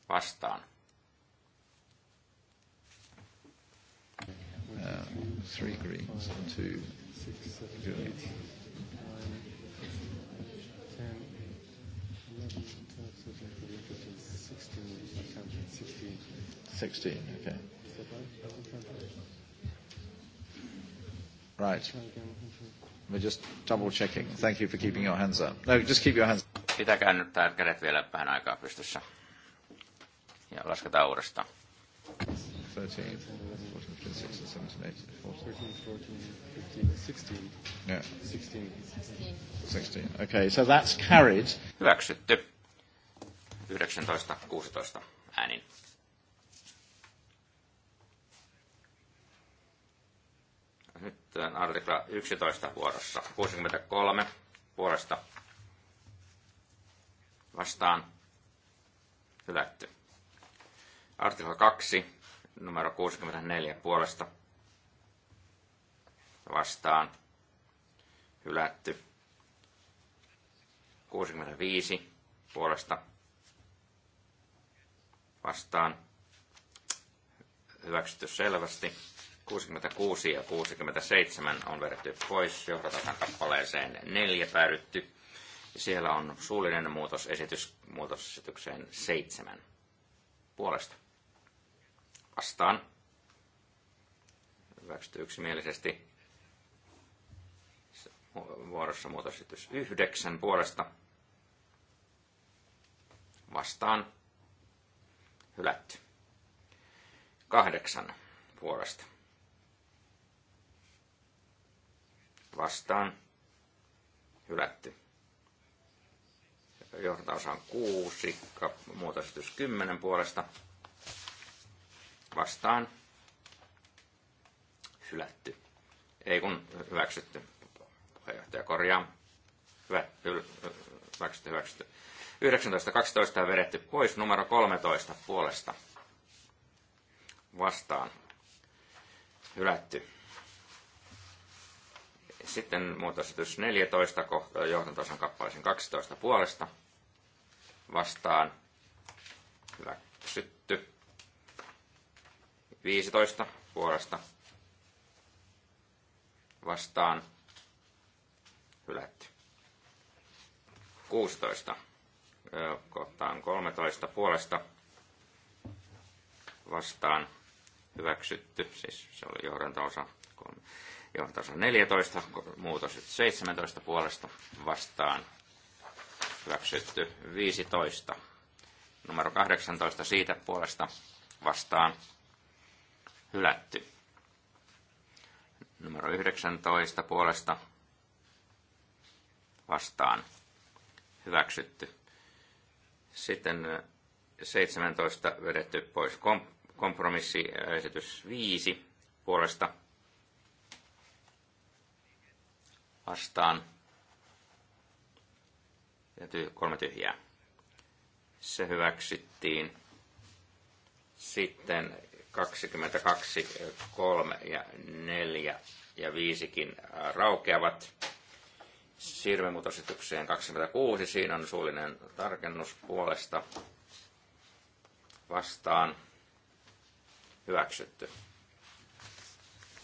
Vastaan. Uh, three greens and two. Six, seven, eight, nine, 16, okay. Right. We're just double checking. Thank you for keeping your hands up. No, just keep your hands Pitäkää nyt tää kädet vielä vähän aikaa pystyssä. Ja lasketaan uudestaan. 13 and 6 and 7 and 8 and 14. 13, 14, 15, 16. Yeah. 16. 16. Okay, so that's carried. Hyväksytty. 19-16 äänin. Nyt on artikla 11 vuorossa. 63 puolesta vastaan hylätty. Artikla 2 numero 64 puolesta vastaan hylätty. 65 puolesta vastaan hyväksytty selvästi. 66 ja 67 on vedetty pois johdatakan kappaleeseen neljä päädytty. Siellä on suullinen muutosesitys muutosesitykseen 7 puolesta vastaan. Hyväksytty yksimielisesti. Vuorossa muutosesitys 9 puolesta vastaan. Hylätty. Kahdeksan puolesta. Vastaan. Hylätty. Johtaosa on kuusi, muutosesitys kymmenen puolesta vastaan hylätty. Ei kun hyväksytty. Puheenjohtaja korjaa. Hyvä, hyväksytty, hyväksytty. 19.12 on vedetty pois. Numero 13 puolesta vastaan hylätty. Sitten muutosetys 14 johdantosan kappaleisen 12 puolesta vastaan hyväksytty. 15 puolesta vastaan hylätty. 16 kohtaan 13 puolesta vastaan hyväksytty, siis se oli johdantaosa, johdantaosa 14, muutos 17 puolesta vastaan hyväksytty 15, numero 18 siitä puolesta vastaan hylätty. Numero 19 puolesta vastaan hyväksytty. Sitten 17 vedetty pois kompromissiesitys 5 puolesta vastaan ja kolme tyhjää. Se hyväksyttiin. Sitten 22, 3 ja 4 ja 5kin äh, raukeavat. Siirrymme 26. Siinä on suullinen tarkennus puolesta vastaan hyväksytty.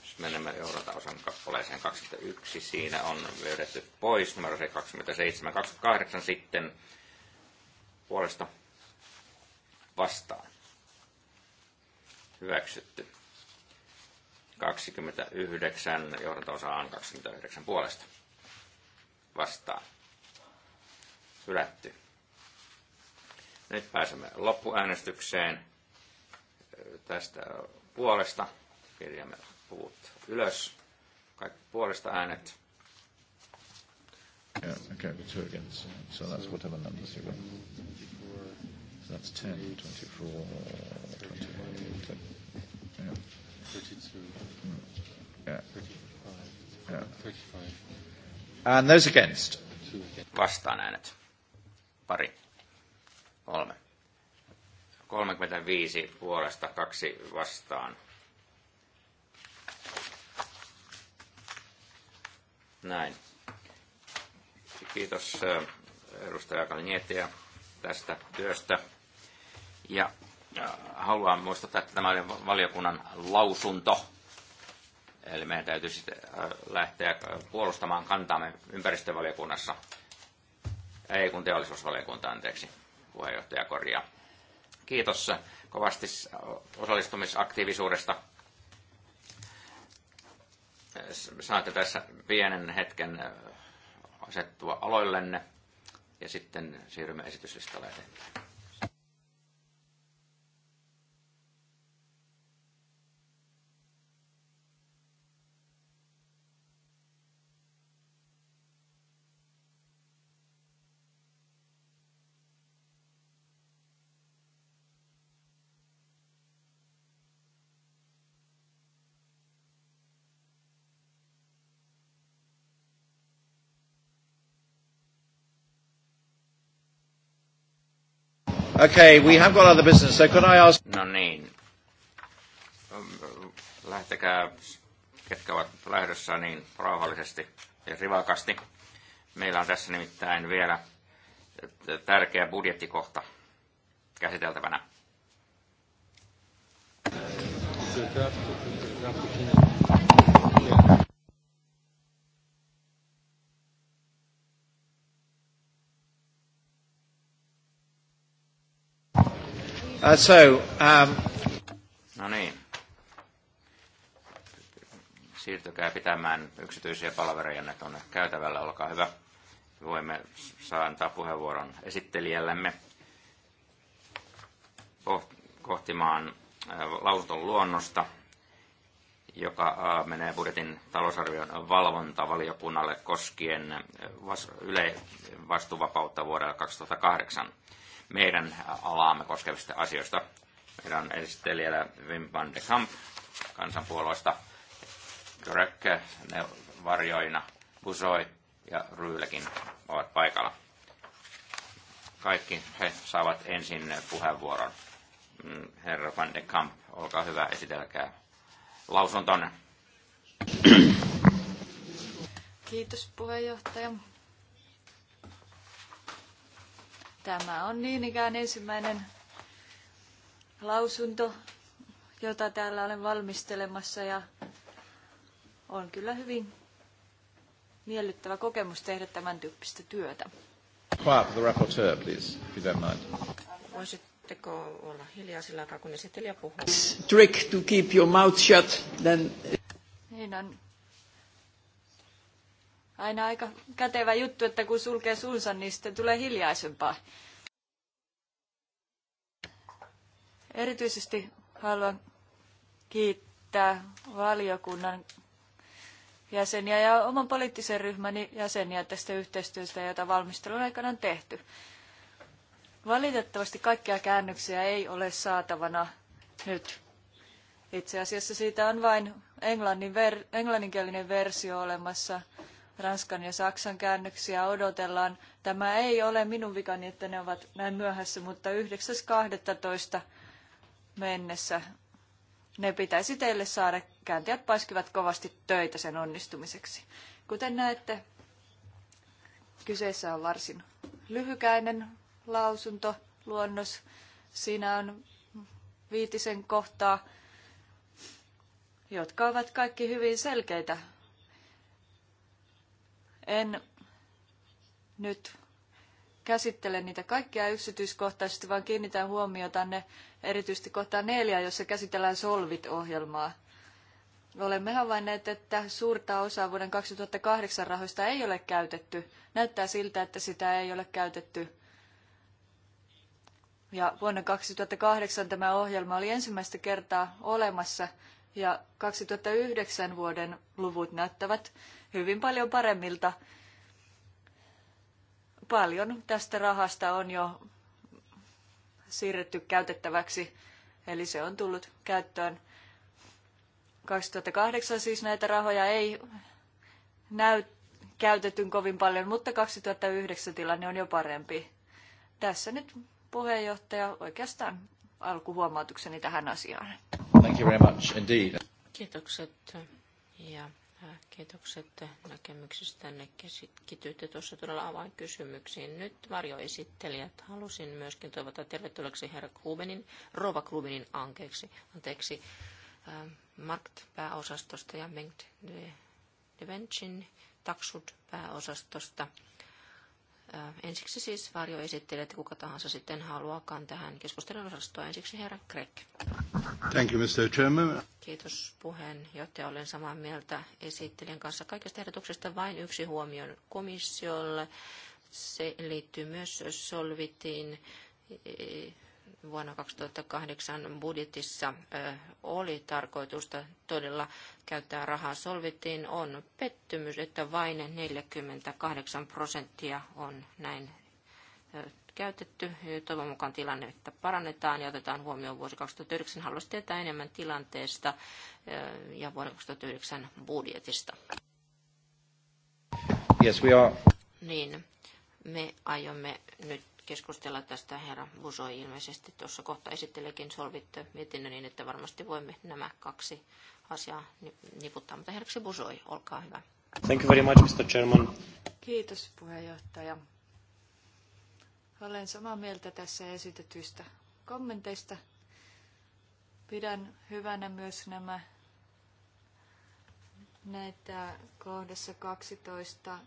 Jos menemme osan kappaleeseen 21, siinä on löydetty pois numero 27, 28 sitten puolesta vastaan hyväksytty. 29, johdanto on 29 puolesta vastaan. Hylätty. Nyt pääsemme loppuäänestykseen tästä puolesta. Kirjaamme puut ylös. Kaikki puolesta äänet. Yeah, okay, So that's whatever numbers you got. That's 10, 24, 28. 30, yeah. 32. Yeah. 35. 35. And those against? Vastaan äänet. Pari. Kolme. 35 puolesta, kaksi vastaan. Näin. Kiitos edustaja Kalnietiä tästä työstä. Ja haluan muistuttaa, että tämä oli valiokunnan lausunto. Eli meidän täytyy sitten äh, lähteä äh, puolustamaan kantaamme ympäristövaliokunnassa. Ei kun teollisuusvaliokunta, anteeksi, puheenjohtaja korjaa. Kiitos äh, kovasti osallistumisaktiivisuudesta. Saatte tässä pienen hetken asettua aloillenne ja sitten siirrymme esityslistalle eteenpäin. Okay, we have got other business, so could I ask... No niin. Mm, Lähtekää, ketkä ovat lähdössä, niin rauhallisesti ja rivakasti. Meillä on tässä nimittäin vielä tärkeä budjettikohta käsiteltävänä. Uh, so, um... No niin. Siirtykää pitämään yksityisiä palverejanne tuonne käytävällä, olkaa hyvä. Voimme saa antaa puheenvuoron esittelijällemme kohtimaan äh, lauton luonnosta, joka äh, menee budjetin talousarvion valvontavaliokunnalle koskien äh, yle vastuuvapautta vuodelle 2008 meidän alaamme koskevista asioista. meidän esittelijä esittelijällä Wim van de Kamp kansanpuolueesta, Gröcke varjoina, Busoi ja Ryylekin ovat paikalla. Kaikki he saavat ensin puheenvuoron. Mm, Herra van de Kamp, olkaa hyvä, esitelkää lausuntonne. Kiitos puheenjohtaja. Tämä on niin ikään ensimmäinen lausunto, jota täällä olen valmistelemassa ja on kyllä hyvin miellyttävä kokemus tehdä tämän tyyppistä työtä. Quiet for the rapporteur, please, if you don't mind. Voisitteko olla hiljaa sillä aikaa, kun esittelijä puhuu? Trick to keep your mouth shut, then... Niin on aina aika kätevä juttu, että kun sulkee suunsa, niin sitten tulee hiljaisempaa. Erityisesti haluan kiittää valiokunnan jäseniä ja oman poliittisen ryhmäni jäseniä tästä yhteistyöstä, jota valmistelun aikana on tehty. Valitettavasti kaikkia käännöksiä ei ole saatavana nyt. Itse asiassa siitä on vain englannin ver- englanninkielinen versio olemassa Ranskan ja Saksan käännöksiä odotellaan. Tämä ei ole minun vikani, että ne ovat näin myöhässä, mutta 9.12. mennessä ne pitäisi teille saada. Kääntäjät paiskivat kovasti töitä sen onnistumiseksi. Kuten näette, kyseessä on varsin lyhykäinen lausunto, luonnos. Siinä on viitisen kohtaa, jotka ovat kaikki hyvin selkeitä en nyt käsittele niitä kaikkia yksityiskohtaisesti, vaan kiinnitän huomiota ne erityisesti kohtaan neljä, jossa käsitellään Solvit-ohjelmaa. Olemme havainneet, että suurta osaa vuoden 2008 rahoista ei ole käytetty. Näyttää siltä, että sitä ei ole käytetty. Ja vuonna 2008 tämä ohjelma oli ensimmäistä kertaa olemassa ja 2009 vuoden luvut näyttävät hyvin paljon paremmilta. Paljon tästä rahasta on jo siirretty käytettäväksi, eli se on tullut käyttöön. 2008 siis näitä rahoja ei näy käytetyn kovin paljon, mutta 2009 tilanne on jo parempi. Tässä nyt puheenjohtaja oikeastaan alkuhuomautukseni tähän asiaan. Thank you very much indeed. Kiitokset ja Äh, kiitokset näkemyksistänne. Kityitte tuossa todella kysymyksiin Nyt varjoesittelijät. Halusin myöskin toivottaa tervetulleeksi herra Klubenin, Rova Klubenin ankeeksi, anteeksi, äh, Markt-pääosastosta ja de Devenchin Taksud-pääosastosta. Ensiksi siis varjoesittelijät, kuka tahansa sitten haluaakaan tähän keskustelun osastoon. Ensiksi herra Greg. Thank you, Mr. Chairman. Kiitos puheenjohtaja. Olen samaa mieltä esittelijän kanssa kaikista ehdotuksista. Vain yksi huomio komissiolle. Se liittyy myös Solvitiin vuonna 2008 budjetissa oli tarkoitusta todella käyttää rahaa solvittiin, on pettymys, että vain 48 prosenttia on näin käytetty. Toivon mukaan tilannetta parannetaan ja otetaan huomioon vuosi 2009. Haluaisin tietää enemmän tilanteesta ja vuoden 2009 budjetista. Yes, we are. Niin, me aiomme nyt keskustella tästä. Herra Busoi ilmeisesti tuossa kohta esittelekin solvit mietinnön niin, että varmasti voimme nämä kaksi asiaa niputtaa. Mutta herraksi Busoi, olkaa hyvä. Thank you very much, Mr. Chairman. Kiitos puheenjohtaja. Olen samaa mieltä tässä esitetyistä kommenteista. Pidän hyvänä myös nämä näitä kohdassa 12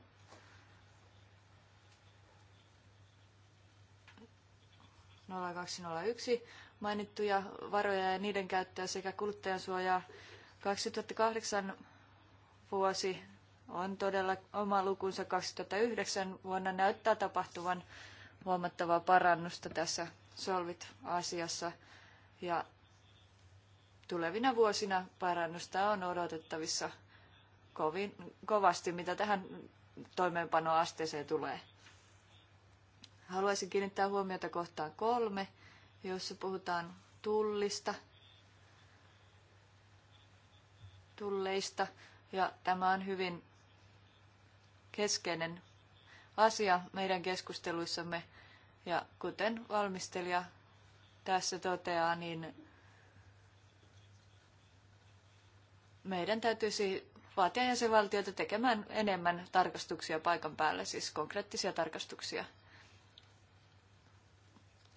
0201 mainittuja varoja ja niiden käyttöä sekä kuluttajansuojaa. 2008 vuosi on todella oma lukunsa 2009 vuonna näyttää tapahtuvan huomattavaa parannusta tässä Solvit-asiassa ja tulevina vuosina parannusta on odotettavissa kovin, kovasti, mitä tähän toimeenpanoasteeseen tulee. Haluaisin kiinnittää huomiota kohtaan kolme, jossa puhutaan tullista, tulleista, ja tämä on hyvin keskeinen asia meidän keskusteluissamme. Ja kuten valmistelija tässä toteaa, niin meidän täytyisi vaatia jäsenvaltioita tekemään enemmän tarkastuksia paikan päällä, siis konkreettisia tarkastuksia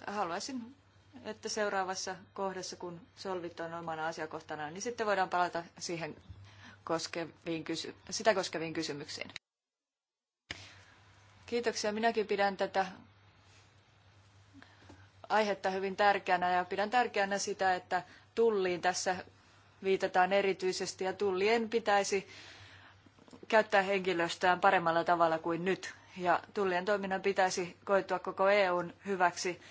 Haluaisin, että seuraavassa kohdassa, kun solvit on omana asiakohtana, niin sitten voidaan palata siihen koskeviin kysy- sitä koskeviin kysymyksiin. Kiitoksia. Minäkin pidän tätä aihetta hyvin tärkeänä ja pidän tärkeänä sitä, että tulliin tässä viitataan erityisesti ja tullien pitäisi käyttää henkilöstöään paremmalla tavalla kuin nyt. Ja tullien toiminnan pitäisi koitua koko EUn hyväksi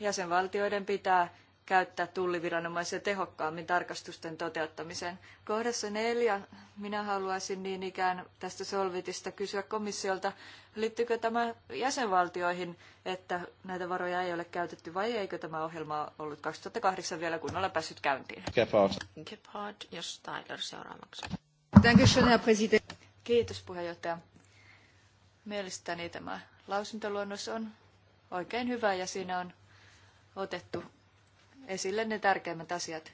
jäsenvaltioiden pitää käyttää tulliviranomaisia tehokkaammin tarkastusten toteuttamiseen. Kohdassa neljä minä haluaisin niin ikään tästä solvitista kysyä komissiolta, liittyykö tämä jäsenvaltioihin, että näitä varoja ei ole käytetty vai eikö tämä ohjelma ollut 2008 vielä kunnolla päässyt käyntiin? Gebhard, jos Tyler seuraavaksi. Kiitos puheenjohtaja. Mielestäni tämä lausuntoluonnos on oikein hyvä ja siinä on otettu esille ne tärkeimmät asiat.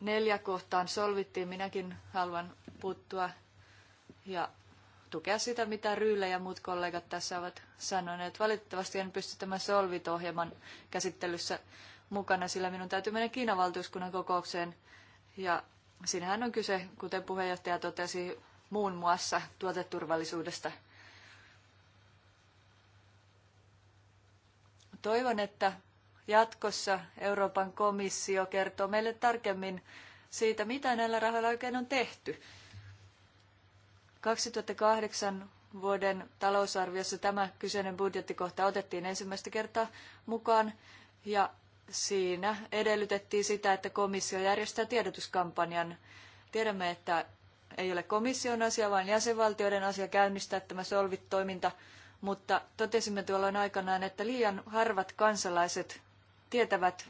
Neljä kohtaan solvittiin. Minäkin haluan puuttua ja tukea sitä, mitä Ryyle ja muut kollegat tässä ovat sanoneet. Valitettavasti en pysty tämän solvitohjelman käsittelyssä mukana, sillä minun täytyy mennä Kiinan valtuuskunnan kokoukseen. Ja siinähän on kyse, kuten puheenjohtaja totesi, muun muassa tuoteturvallisuudesta. Toivon, että jatkossa Euroopan komissio kertoo meille tarkemmin siitä, mitä näillä rahoilla oikein on tehty. 2008 vuoden talousarviossa tämä kyseinen budjettikohta otettiin ensimmäistä kertaa mukaan ja siinä edellytettiin sitä, että komissio järjestää tiedotuskampanjan. Tiedämme, että ei ole komission asia, vaan jäsenvaltioiden asia käynnistää tämä solvit-toiminta, mutta totesimme tuolloin aikanaan, että liian harvat kansalaiset tietävät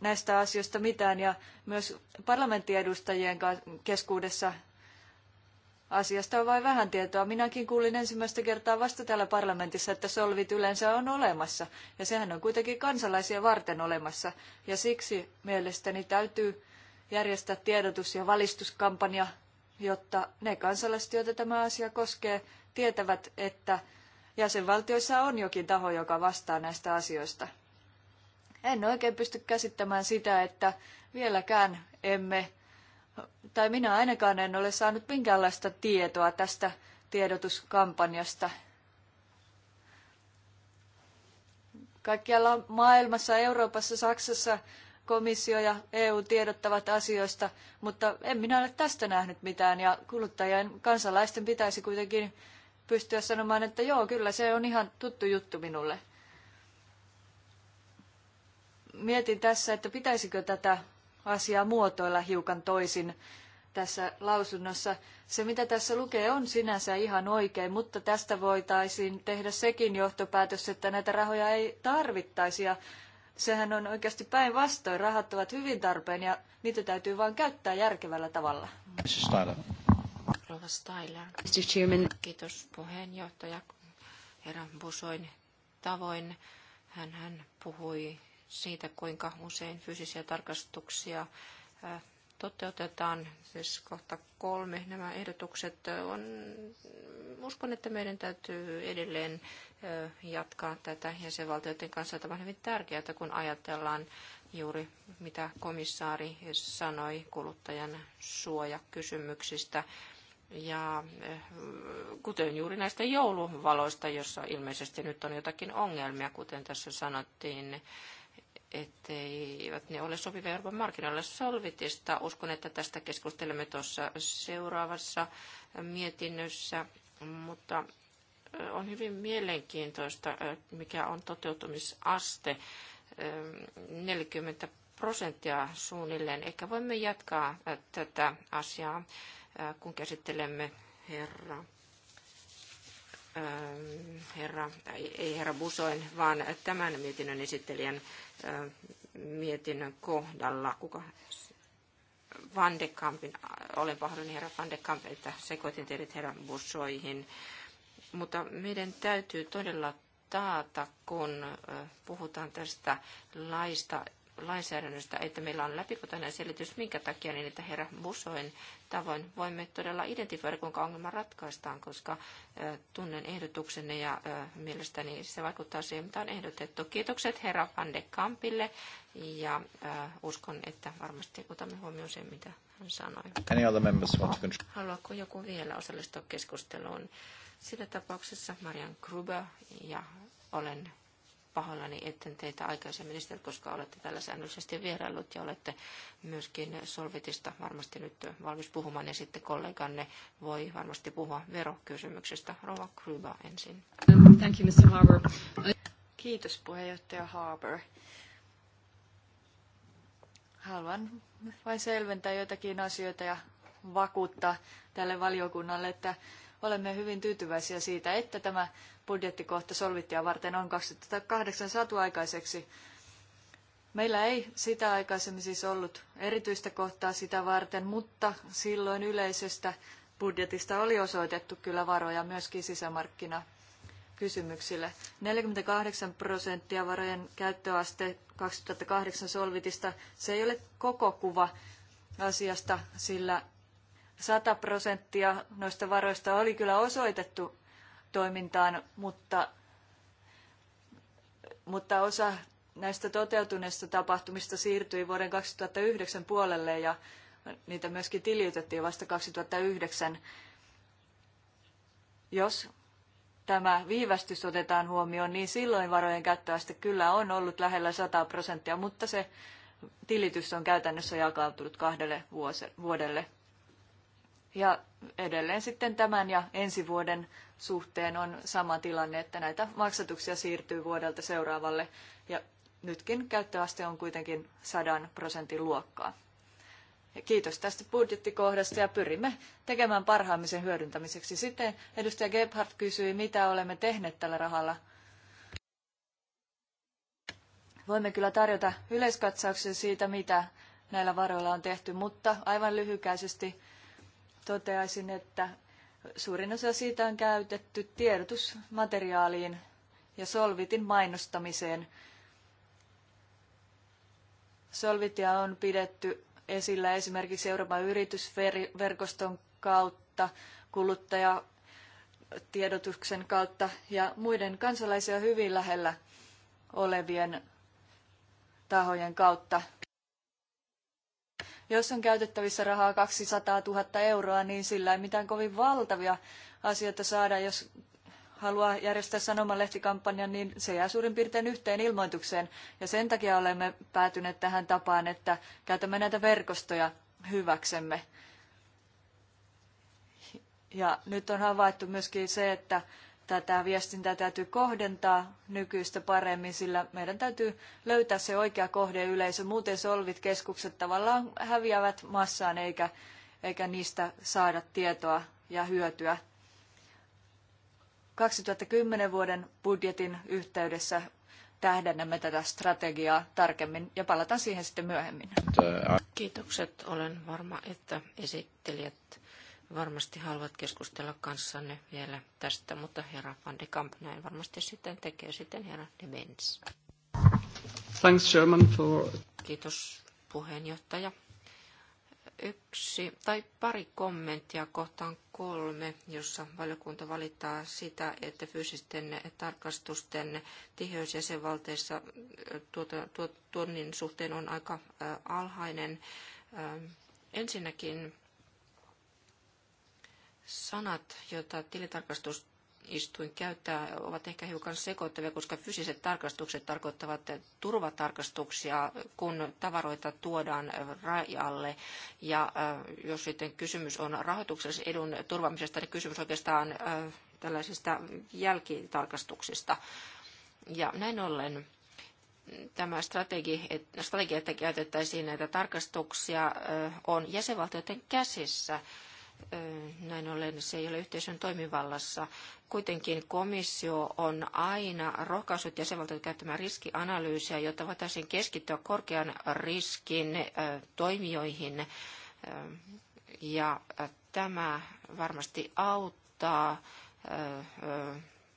näistä asioista mitään ja myös parlamenttiedustajien keskuudessa asiasta on vain vähän tietoa. Minäkin kuulin ensimmäistä kertaa vasta täällä parlamentissa, että solvit yleensä on olemassa ja sehän on kuitenkin kansalaisia varten olemassa ja siksi mielestäni täytyy järjestää tiedotus- ja valistuskampanja, jotta ne kansalaiset, joita tämä asia koskee, tietävät, että jäsenvaltioissa on jokin taho, joka vastaa näistä asioista. En oikein pysty käsittämään sitä, että vieläkään emme, tai minä ainakaan en ole saanut minkäänlaista tietoa tästä tiedotuskampanjasta. Kaikkialla maailmassa, Euroopassa, Saksassa komissio ja EU tiedottavat asioista, mutta en minä ole tästä nähnyt mitään ja kuluttajien kansalaisten pitäisi kuitenkin pystyä sanomaan, että joo, kyllä se on ihan tuttu juttu minulle. Mietin tässä, että pitäisikö tätä asiaa muotoilla hiukan toisin tässä lausunnossa. Se, mitä tässä lukee, on sinänsä ihan oikein, mutta tästä voitaisiin tehdä sekin johtopäätös, että näitä rahoja ei tarvittaisi. Ja sehän on oikeasti päinvastoin. Rahat ovat hyvin tarpeen ja niitä täytyy vain käyttää järkevällä tavalla. Rova Mr. Chairman. Kiitos puheenjohtaja. Herra Busoin tavoin hän, hän puhui siitä, kuinka usein fyysisiä tarkastuksia toteutetaan. Siis kohta kolme nämä ehdotukset on, uskon, että meidän täytyy edelleen jatkaa tätä jäsenvaltioiden kanssa. Tämä on hyvin tärkeää, kun ajatellaan juuri mitä komissaari sanoi kuluttajan suojakysymyksistä. kysymyksistä ja eh, kuten juuri näistä jouluvaloista, jossa ilmeisesti nyt on jotakin ongelmia, kuten tässä sanottiin, etteivät ne ole sopivia Euroopan markkinoille solvitista. Uskon, että tästä keskustelemme tuossa seuraavassa mietinnössä, mutta eh, on hyvin mielenkiintoista, eh, mikä on toteutumisaste. 40 prosenttia suunnilleen. Ehkä voimme jatkaa tätä asiaa kun käsittelemme herra herra, ei herra Busoin, vaan tämän mietinnön esittelijän mietinnön kohdalla. Kuka? Van de Kampin, olen pahoillani herra Van de Kamp, että sekoitin teidät herra Busoihin. Mutta meidän täytyy todella taata, kun puhutaan tästä laista, lainsäädännöstä, että meillä on läpikotainen selitys, minkä takia niin, että herra Busoin tavoin voimme todella identifioida, kuinka ongelma ratkaistaan, koska tunnen ehdotuksenne ja mielestäni se vaikuttaa siihen, mitä on ehdotettu. Kiitokset herra Van de Kampille ja uskon, että varmasti otamme huomioon sen, mitä hän sanoi. Haluaako joku vielä osallistua keskusteluun? Sillä tapauksessa Marian Gruber ja olen pahoillani, etten teitä aikaisemmin ministeri, koska olette täällä säännöllisesti vieraillut ja olette myöskin Solvitista varmasti nyt valmis puhumaan ja sitten kolleganne voi varmasti puhua verokysymyksestä. Rova Kryba ensin. Thank you, Mr. Harbour. Kiitos puheenjohtaja Harbour. Haluan vain selventää jotakin asioita ja vakuuttaa tälle valiokunnalle, että Olemme hyvin tyytyväisiä siitä, että tämä budjettikohta solvittia varten on 2008 saatu aikaiseksi. Meillä ei sitä aikaisemmin siis ollut erityistä kohtaa sitä varten, mutta silloin yleisestä budjetista oli osoitettu kyllä varoja myöskin sisämarkkina kysymyksille. 48 prosenttia varojen käyttöaste 2008 solvitista, se ei ole koko kuva asiasta, sillä 100 prosenttia noista varoista oli kyllä osoitettu toimintaan, mutta, mutta osa näistä toteutuneista tapahtumista siirtyi vuoden 2009 puolelle ja niitä myöskin tiliytettiin vasta 2009. Jos tämä viivästys otetaan huomioon, niin silloin varojen käyttöaste kyllä on ollut lähellä 100 prosenttia, mutta se tilitys on käytännössä jakautunut kahdelle vuodelle. Ja edelleen sitten tämän ja ensi vuoden suhteen on sama tilanne, että näitä maksatuksia siirtyy vuodelta seuraavalle ja nytkin käyttöaste on kuitenkin 100 prosentin luokkaa. Ja kiitos tästä budjettikohdasta ja pyrimme tekemään parhaamme sen hyödyntämiseksi. Sitten edustaja Gebhardt kysyi, mitä olemme tehneet tällä rahalla. Voimme kyllä tarjota yleiskatsauksen siitä, mitä näillä varoilla on tehty, mutta aivan lyhykäisesti toteaisin, että suurin osa siitä on käytetty tiedotusmateriaaliin ja solvitin mainostamiseen. Solvitia on pidetty esillä esimerkiksi Euroopan yritysverkoston kautta, kuluttajatiedotuksen kautta ja muiden kansalaisia hyvin lähellä olevien tahojen kautta. Jos on käytettävissä rahaa 200 000 euroa, niin sillä ei mitään kovin valtavia asioita saada. Jos haluaa järjestää sanomalehtikampanjan, niin se jää suurin piirtein yhteen ilmoitukseen. Ja sen takia olemme päätyneet tähän tapaan, että käytämme näitä verkostoja hyväksemme. Ja nyt on havaittu myöskin se, että tätä viestintää täytyy kohdentaa nykyistä paremmin, sillä meidän täytyy löytää se oikea kohdeyleisö. Muuten solvit keskukset tavallaan häviävät massaan eikä, eikä niistä saada tietoa ja hyötyä. 2010 vuoden budjetin yhteydessä tähdennämme tätä strategiaa tarkemmin ja palataan siihen sitten myöhemmin. Kiitokset. Olen varma, että esittelijät varmasti haluat keskustella kanssanne vielä tästä, mutta herra Van de Kamp näin varmasti sitten tekee sitten herra de Benz. Thanks, Chairman, for... Kiitos puheenjohtaja. Yksi tai pari kommenttia kohtaan kolme, jossa valiokunta valittaa sitä, että fyysisten tarkastusten tiheys jäsenvalteissa äh, tuota, tuo, tuonnin suhteen on aika äh, alhainen. Ähm, ensinnäkin sanat, joita tilintarkastusistuin istuin käyttää, ovat ehkä hiukan sekoittavia, koska fyysiset tarkastukset tarkoittavat turvatarkastuksia, kun tavaroita tuodaan rajalle. Ja jos sitten kysymys on rahoituksellisen edun turvaamisesta, niin kysymys oikeastaan tällaisista jälkitarkastuksista. Ja näin ollen tämä strategia, strategia, että käytettäisiin näitä tarkastuksia, on jäsenvaltioiden käsissä näin ollen se ei ole yhteisön toimivallassa. Kuitenkin komissio on aina rohkaissut jäsenvaltiot käyttämään riskianalyysiä, jotta voitaisiin keskittyä korkean riskin toimijoihin. Ja tämä varmasti auttaa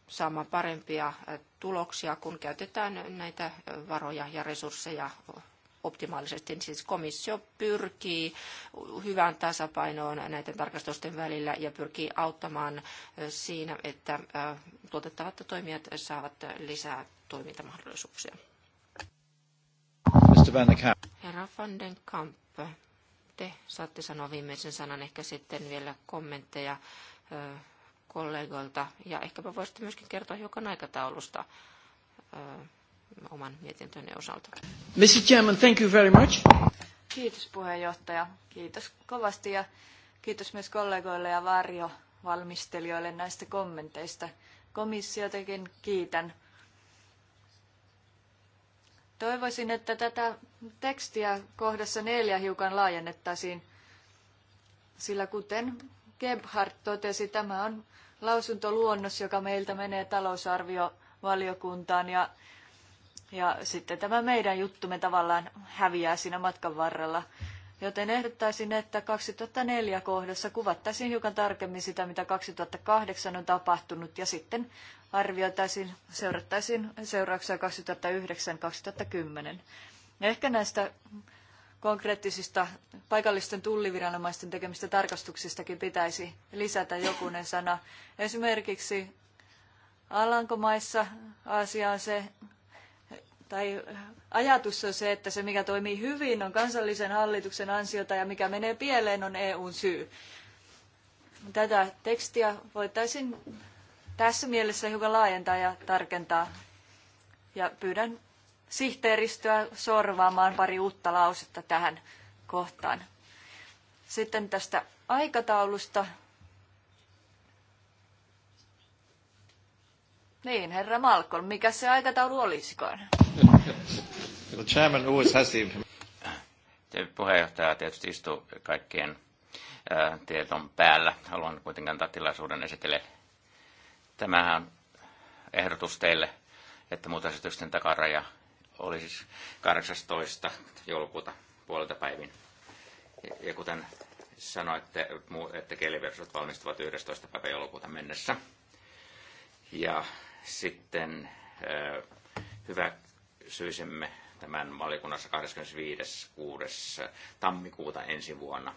saamaan parempia tuloksia, kun käytetään näitä varoja ja resursseja optimaalisesti. Siis komissio pyrkii hyvään tasapainoon näiden tarkastusten välillä ja pyrkii auttamaan siinä, että tuotettavat toimijat saavat lisää toimintamahdollisuuksia. Mr. Van den Kamp. Herra Van den Kamp, te saatte sanoa viimeisen sanan, ehkä sitten vielä kommentteja kollegoilta ja ehkäpä voisitte myöskin kertoa hiukan aikataulusta oman mietintöni osalta. Mr. Chairman, thank you very much. Kiitos puheenjohtaja. Kiitos kovasti ja kiitos myös kollegoille ja varjovalmistelijoille näistä kommenteista. Komissiotakin kiitän. Toivoisin, että tätä tekstiä kohdassa neljä hiukan laajennettaisiin, sillä kuten Gebhardt totesi, tämä on lausuntoluonnos, joka meiltä menee talousarviovaliokuntaan ja ja sitten tämä meidän juttumme tavallaan häviää siinä matkan varrella. Joten ehdottaisin, että 2004 kohdassa kuvattaisiin hiukan tarkemmin sitä, mitä 2008 on tapahtunut, ja sitten arvioitaisiin, seurattaisiin seurauksia 2009-2010. Ehkä näistä konkreettisista paikallisten tulliviranomaisten tekemistä tarkastuksistakin pitäisi lisätä jokunen sana. Esimerkiksi Alankomaissa asia on se, tai ajatus on se, että se mikä toimii hyvin on kansallisen hallituksen ansiota ja mikä menee pieleen on EUn syy. Tätä tekstiä voitaisiin tässä mielessä hiukan laajentaa ja tarkentaa. Ja pyydän sihteeristöä sorvaamaan pari uutta lausetta tähän kohtaan. Sitten tästä aikataulusta Niin, herra Malcolm, mikä se aikataulu olisikaan? The chairman always has the Puheenjohtaja tietysti istuu kaikkien ää, tieton päällä. Haluan kuitenkin antaa tilaisuuden esitellä Tämähän on ehdotus teille, että muutosesitysten takaraja olisi 18. joulukuuta puolelta päivin. Ja, ja kuten sanoitte, että kieliversiot valmistuvat 11. päivä joulukuuta mennessä. Ja sitten hyväksyisimme tämän valiokunnassa 25.6. tammikuuta ensi vuonna,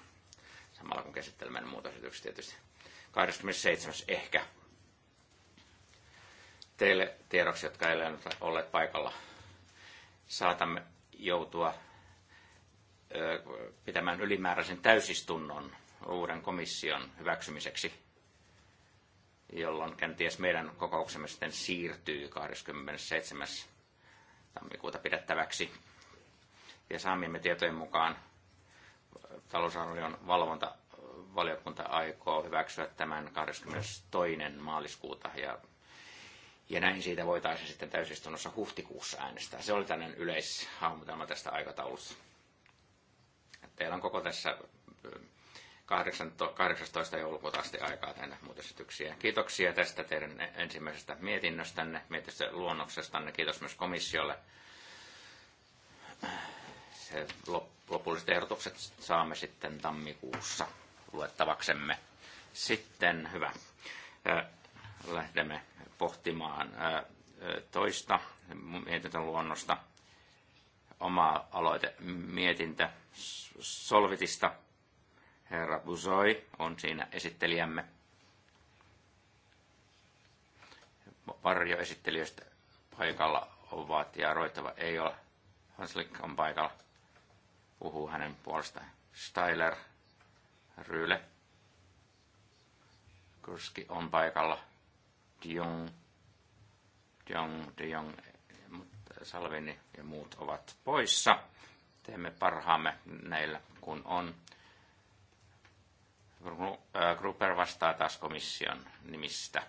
samalla kun käsittelemme muutosesitykset tietysti. 27. ehkä teille tiedoksi, jotka eilen olleet paikalla, saatamme joutua pitämään ylimääräisen täysistunnon uuden komission hyväksymiseksi jolloin kenties meidän kokouksemme sitten siirtyy 27. tammikuuta pidettäväksi. Ja saamiemme tietojen mukaan talousarvion valvonta valiokunta aikoo hyväksyä tämän 22. maaliskuuta ja, ja näin siitä voitaisiin sitten täysistunnossa huhtikuussa äänestää. Se oli tämmöinen yleishahmotelma tästä aikataulusta. Teillä on koko tässä 18. joulukuuta asti aikaa tänne muutosesityksiä. Kiitoksia tästä teidän ensimmäisestä mietinnöstänne, mietistä luonnoksestanne. Kiitos myös komissiolle. Se lopulliset ehdotukset saamme sitten tammikuussa luettavaksemme. Sitten hyvä. Lähdemme pohtimaan toista mietintöluonnosta. Oma aloite mietintö Solvitista – Herra Buzoi on siinä esittelijämme. Varjoesittelijöistä paikalla ovat ja Roitava ei ole. Hanslik on paikalla. Puhuu hänen puolestaan. Steiler, Ryle. Kurski on paikalla. Dion, Dion, Dion, Salvini ja muut ovat poissa. Teemme parhaamme näillä, kun on Äh, Gruber vastaa taas komission nimistä.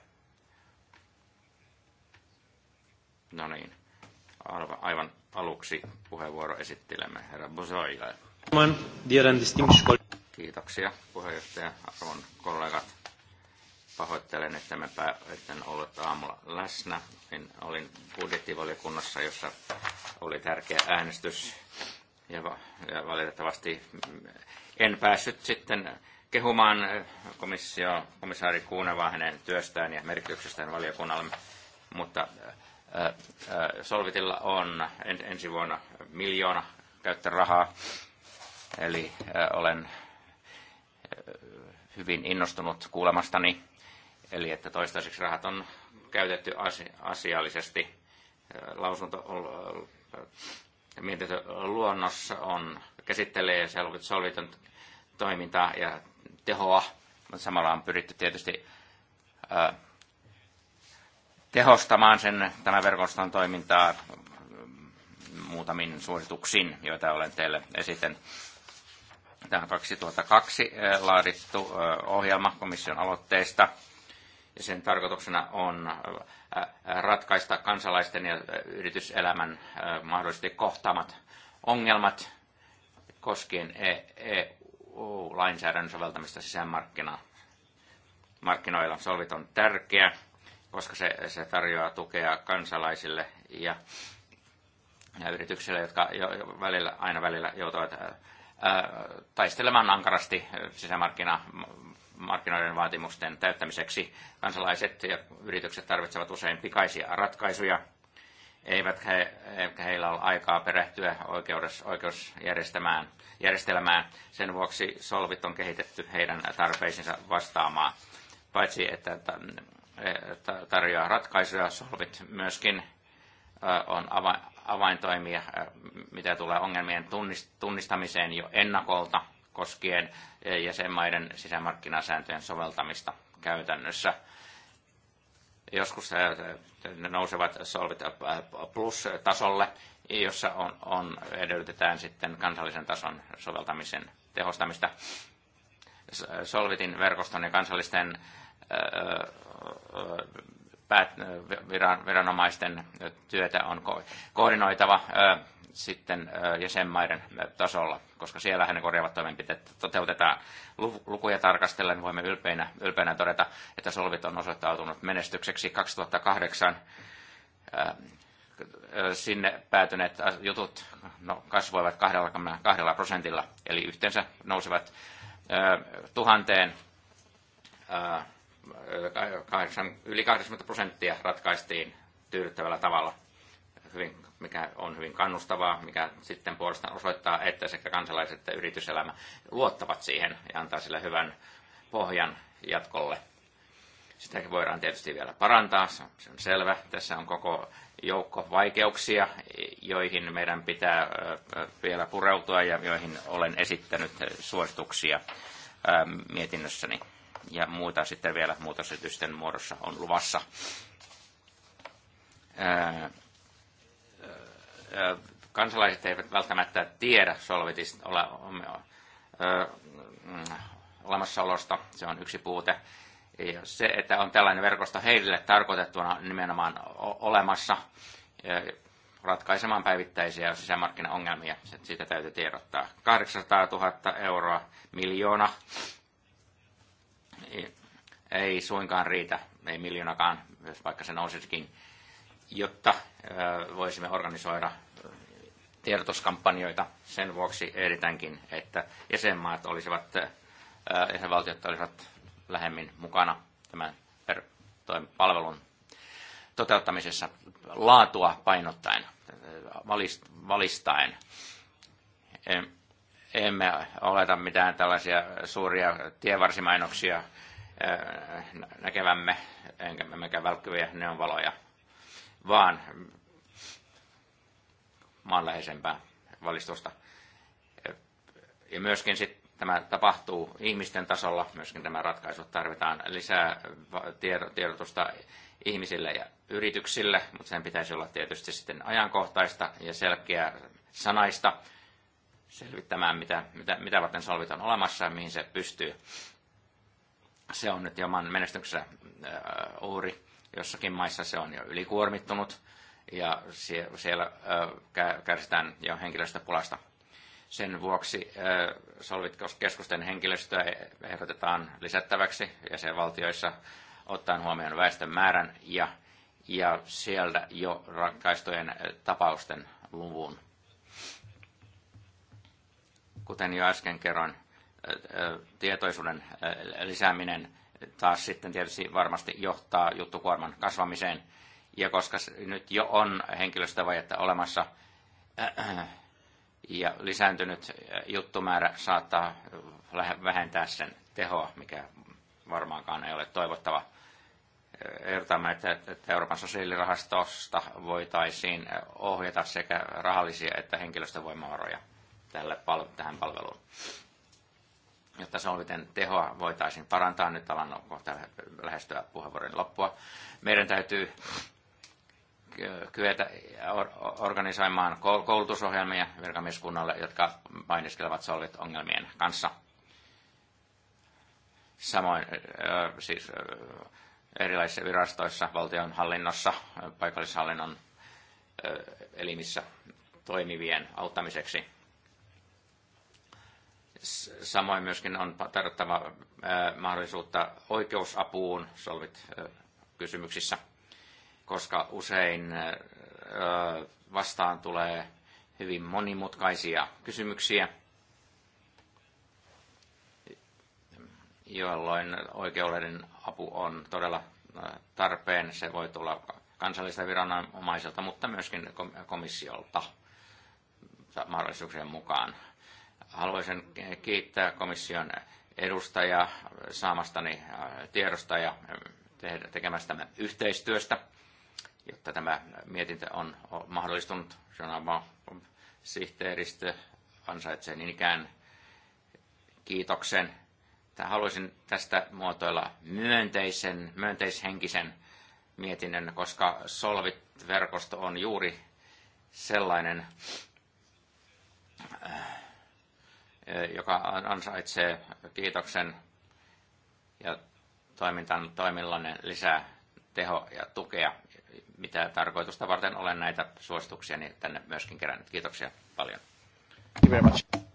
No niin, aivan aluksi puheenvuoro esittelemme herra Busoille. Kiitoksia puheenjohtaja, arvon kollegat. Pahoittelen, että me pää, ollut aamulla läsnä. Olin, olin budjettivaliokunnassa, jossa oli tärkeä äänestys ja, ja valitettavasti en päässyt sitten kehumaan eh, komissio, komissaari Kuunevaa hänen työstään ja merkityksestään valiokunnalle, mutta eh, eh, Solvitilla on ensi vuonna miljoona käyttörahaa, eli olen hyvin innostunut kuulemastani, eli että toistaiseksi rahat on käytetty asiallisesti. Lausunto mietintö luonnossa on, käsittelee Solviton toimintaa ja tehoa, mutta samalla on pyritty tietysti ää, tehostamaan sen, tämän verkoston toimintaa muutamin suosituksin, joita olen teille esitän. Tämä on 2002 laadittu ohjelma komission aloitteesta, ja sen tarkoituksena on ratkaista kansalaisten ja yrityselämän mahdollisesti kohtaamat ongelmat koskien e- e- EU-lainsäädännön soveltamista sisämarkkinoilla. Solvit on tärkeä, koska se, se tarjoaa tukea kansalaisille ja, ja yrityksille, jotka jo, jo välillä, aina välillä joutuvat ää, taistelemaan ankarasti sisämarkkina markkinoiden vaatimusten täyttämiseksi. Kansalaiset ja yritykset tarvitsevat usein pikaisia ratkaisuja eivät he, eivätkä heillä ole aikaa perehtyä oikeudessa, oikeusjärjestelmään. Järjestelmään. Sen vuoksi solvit on kehitetty heidän tarpeisinsa vastaamaan. Paitsi että e, tarjoaa ratkaisuja, solvit myöskin on avaintoimia, mitä tulee ongelmien tunnistamiseen jo ennakolta koskien e, jäsenmaiden sisämarkkinasääntöjen soveltamista käytännössä – joskus ne nousevat solvit plus-tasolle, jossa on, on, edellytetään sitten kansallisen tason soveltamisen tehostamista. Solvitin verkoston ja kansallisten viranomaisten työtä on koordinoitava sitten jäsenmaiden tasolla, koska siellä hänen korjaavat toimenpiteet toteutetaan. Lukuja tarkastellen voimme ylpeinä, ylpeinä todeta, että solvit on osoittautunut menestykseksi 2008 sinne päätyneet jutut no, kasvoivat 22 prosentilla, eli yhteensä nousivat tuhanteen yli 80 prosenttia ratkaistiin tyydyttävällä tavalla hyvin, mikä on hyvin kannustavaa, mikä sitten puolestaan osoittaa, että sekä kansalaiset että yrityselämä luottavat siihen ja antaa sille hyvän pohjan jatkolle. Sitäkin voidaan tietysti vielä parantaa, se on selvä. Tässä on koko joukko vaikeuksia, joihin meidän pitää vielä pureutua ja joihin olen esittänyt suosituksia mietinnössäni. Ja muuta sitten vielä muutosesitysten muodossa on luvassa kansalaiset eivät välttämättä tiedä solvitista ole, mm, olemassaolosta. Se on yksi puute. Se, että on tällainen verkosto heille tarkoitettuna nimenomaan olemassa ratkaisemaan päivittäisiä sisämarkkinaongelmia. Siitä täytyy tiedottaa. 800 000 euroa, miljoona, ei suinkaan riitä, ei miljoonakaan, jos vaikka se nousisikin jotta voisimme organisoida tiedotuskampanjoita. Sen vuoksi ehditänkin, että jäsenmaat olisivat, jäsenvaltiot olisivat lähemmin mukana tämän palvelun toteuttamisessa laatua painottaen, valistaen. Emme oleta mitään tällaisia suuria tievarsimainoksia näkevämme, enkä mekä välkkyviä neonvaloja vaan maanläheisempää valistusta. Ja myöskin sit tämä tapahtuu ihmisten tasolla, myöskin tämä ratkaisu tarvitaan lisää tiedotusta ihmisille ja yrityksille, mutta sen pitäisi olla tietysti sitten ajankohtaista ja selkeää sanaista selvittämään, mitä, mitä, mitä varten solvit on olemassa ja mihin se pystyy. Se on nyt joman menestyksessä äh, uhri Jossakin maissa se on jo ylikuormittunut ja siellä kärsitään jo henkilöstöpulasta. Sen vuoksi Solvit-keskusten henkilöstöä ehdotetaan lisättäväksi jäsenvaltioissa ottaen huomioon väestön määrän ja, ja sieltä jo rakkaistojen tapausten luvun. Kuten jo äsken kerroin, tietoisuuden lisääminen taas sitten tietysti varmasti johtaa juttukuorman kasvamiseen. Ja koska nyt jo on henkilöstövajetta olemassa äh, ja lisääntynyt äh, juttumäärä saattaa äh, vähentää sen tehoa, mikä varmaankaan ei ole toivottava. Ehdotamme, että Euroopan sosiaalirahastosta voitaisiin ohjata sekä rahallisia että henkilöstövoimavaroja tälle, tähän palveluun jotta solviten tehoa voitaisiin parantaa. Nyt alan kohta lähestyä puheenvuoron loppua. Meidän täytyy kyetä organisoimaan koulutusohjelmia virkamieskunnalle, jotka painiskelevat solvit ongelmien kanssa. Samoin siis erilaisissa virastoissa, valtionhallinnossa, paikallishallinnon elimissä toimivien auttamiseksi Samoin myöskin on tarjottava mahdollisuutta oikeusapuun solvit kysymyksissä, koska usein vastaan tulee hyvin monimutkaisia kysymyksiä, jolloin oikeudellinen apu on todella tarpeen. Se voi tulla kansallista viranomaiselta, mutta myöskin komissiolta mahdollisuuksien mukaan Haluaisin kiittää komission edustajaa saamastani äh, tiedosta ja äh, tekemästämme yhteistyöstä, jotta tämä mietintö on mahdollistunut. Jonava sihteeristö ansaitsee niin ikään kiitoksen. Haluaisin tästä muotoilla myönteisen, myönteishenkisen mietinnön, koska Solvit-verkosto on juuri sellainen äh, Eh, joka ansaitsee kiitoksen ja toimintan toimillanne lisää teho ja tukea, mitä tarkoitusta varten olen näitä suosituksia niin tänne myöskin kerännyt. Kiitoksia paljon.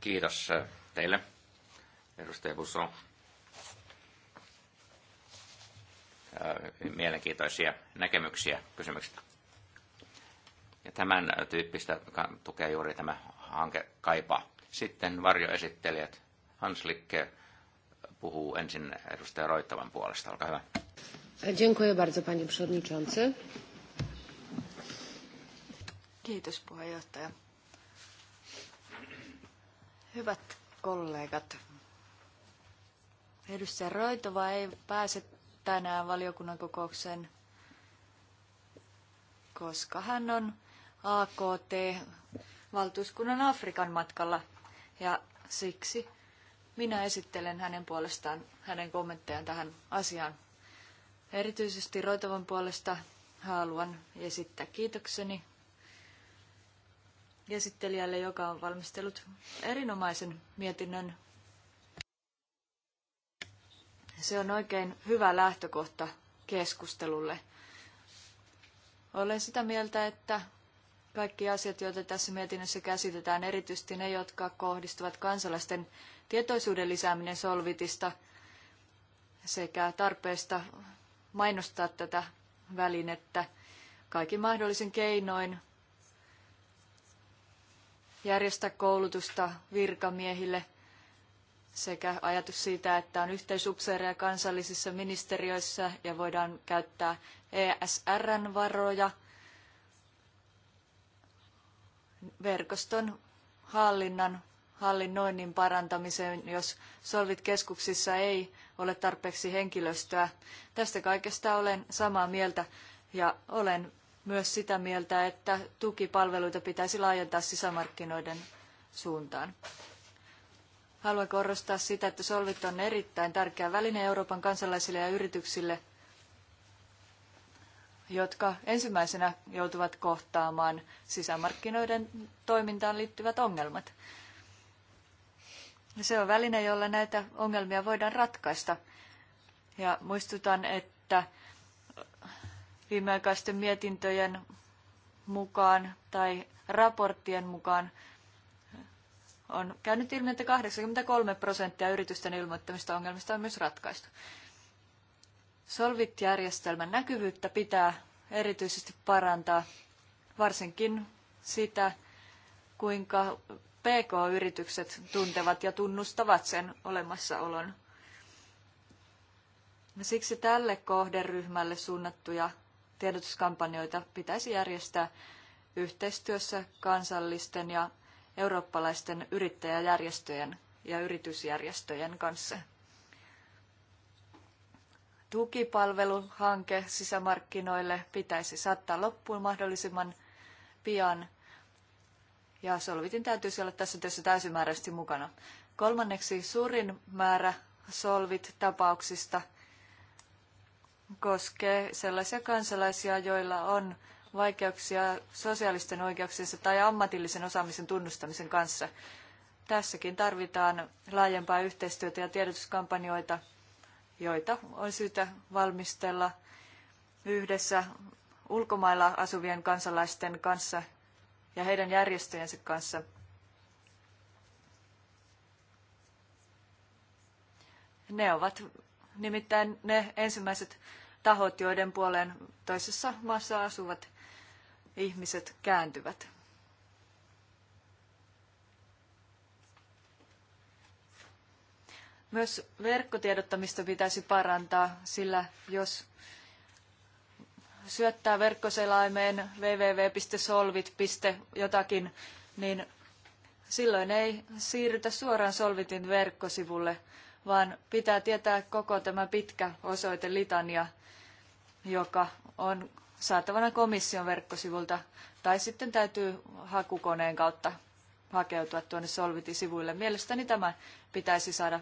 Kiitos eh, teille, edustaja Busso. Eh, mielenkiintoisia näkemyksiä, kysymyksistä. Ja tämän tyyppistä tukea juuri tämä hanke kaipaa. Sitten varjoesittelijät. Hans Likke puhuu ensin edustaja Roittavan puolesta. Olkaa hyvä. Dziękuję bardzo, panie przewodniczący. Kiitos puheenjohtaja. Hyvät kollegat, edustaja Roitova ei pääse tänään valiokunnan kokoukseen, koska hän on AKT-valtuuskunnan Afrikan matkalla – ja siksi minä esittelen hänen puolestaan hänen kommenttejaan tähän asiaan. Erityisesti Roitavan puolesta haluan esittää kiitokseni esittelijälle, joka on valmistellut erinomaisen mietinnön. Se on oikein hyvä lähtökohta keskustelulle. Olen sitä mieltä, että kaikki asiat, joita tässä mietinnössä käsitetään, erityisesti ne, jotka kohdistuvat kansalaisten tietoisuuden lisääminen solvitista sekä tarpeesta mainostaa tätä välinettä kaikin mahdollisin keinoin, järjestää koulutusta virkamiehille sekä ajatus siitä, että on yhteisupseereja kansallisissa ministeriöissä ja voidaan käyttää ESRn varoja – verkoston hallinnan hallinnoinnin parantamiseen, jos Solvit-keskuksissa ei ole tarpeeksi henkilöstöä. Tästä kaikesta olen samaa mieltä ja olen myös sitä mieltä, että tukipalveluita pitäisi laajentaa sisämarkkinoiden suuntaan. Haluan korostaa sitä, että Solvit on erittäin tärkeä väline Euroopan kansalaisille ja yrityksille – jotka ensimmäisenä joutuvat kohtaamaan sisämarkkinoiden toimintaan liittyvät ongelmat. Se on väline, jolla näitä ongelmia voidaan ratkaista. Ja muistutan, että viimeaikaisten mietintöjen mukaan tai raporttien mukaan on käynyt ilmi, että 83 prosenttia yritysten ilmoittamista ongelmista on myös ratkaistu. Solvit-järjestelmän näkyvyyttä pitää erityisesti parantaa, varsinkin sitä, kuinka PK-yritykset tuntevat ja tunnustavat sen olemassaolon. Siksi tälle kohderyhmälle suunnattuja tiedotuskampanjoita pitäisi järjestää yhteistyössä kansallisten ja eurooppalaisten yrittäjäjärjestöjen ja yritysjärjestöjen kanssa tukipalveluhanke sisämarkkinoille pitäisi saattaa loppuun mahdollisimman pian. Ja Solvitin täytyisi olla tässä työssä täysimääräisesti mukana. Kolmanneksi suurin määrä Solvit-tapauksista koskee sellaisia kansalaisia, joilla on vaikeuksia sosiaalisten oikeuksiensa tai ammatillisen osaamisen tunnustamisen kanssa. Tässäkin tarvitaan laajempaa yhteistyötä ja tiedotuskampanjoita – joita on syytä valmistella yhdessä ulkomailla asuvien kansalaisten kanssa ja heidän järjestöjensä kanssa. Ne ovat nimittäin ne ensimmäiset tahot, joiden puoleen toisessa maassa asuvat ihmiset kääntyvät. Myös verkkotiedottamista pitäisi parantaa, sillä jos syöttää verkkoselaimeen www.solvit.jotakin, niin silloin ei siirrytä suoraan Solvitin verkkosivulle, vaan pitää tietää koko tämä pitkä osoite litania, joka on saatavana komission verkkosivulta, tai sitten täytyy hakukoneen kautta hakeutua tuonne Solvitin sivuille. Mielestäni tämä pitäisi saada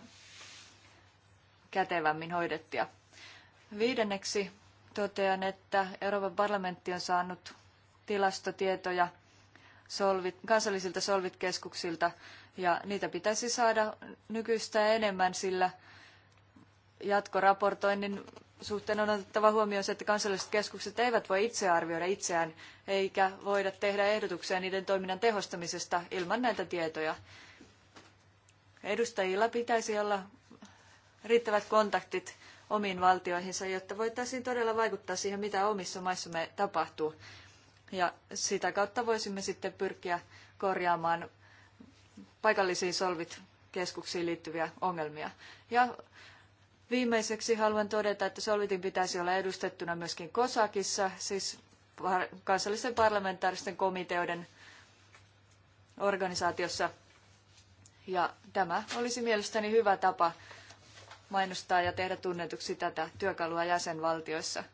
kätevämmin hoidettia. Viidenneksi totean, että Euroopan parlamentti on saanut tilastotietoja solvit, kansallisilta solvitkeskuksilta ja niitä pitäisi saada nykyistä enemmän, sillä jatkoraportoinnin suhteen on otettava huomioon se, että kansalliset keskukset eivät voi itse arvioida itseään eikä voida tehdä ehdotuksia niiden toiminnan tehostamisesta ilman näitä tietoja. Edustajilla pitäisi olla riittävät kontaktit omiin valtioihinsa, jotta voitaisiin todella vaikuttaa siihen, mitä omissa maissamme tapahtuu. Ja sitä kautta voisimme sitten pyrkiä korjaamaan paikallisiin Solvit-keskuksiin liittyviä ongelmia. Ja viimeiseksi haluan todeta, että Solvitin pitäisi olla edustettuna myöskin COSAKissa, siis kansallisten parlamentaaristen komiteoiden organisaatiossa. Ja tämä olisi mielestäni hyvä tapa mainostaa ja tehdä tunnetuksi tätä työkalua jäsenvaltioissa.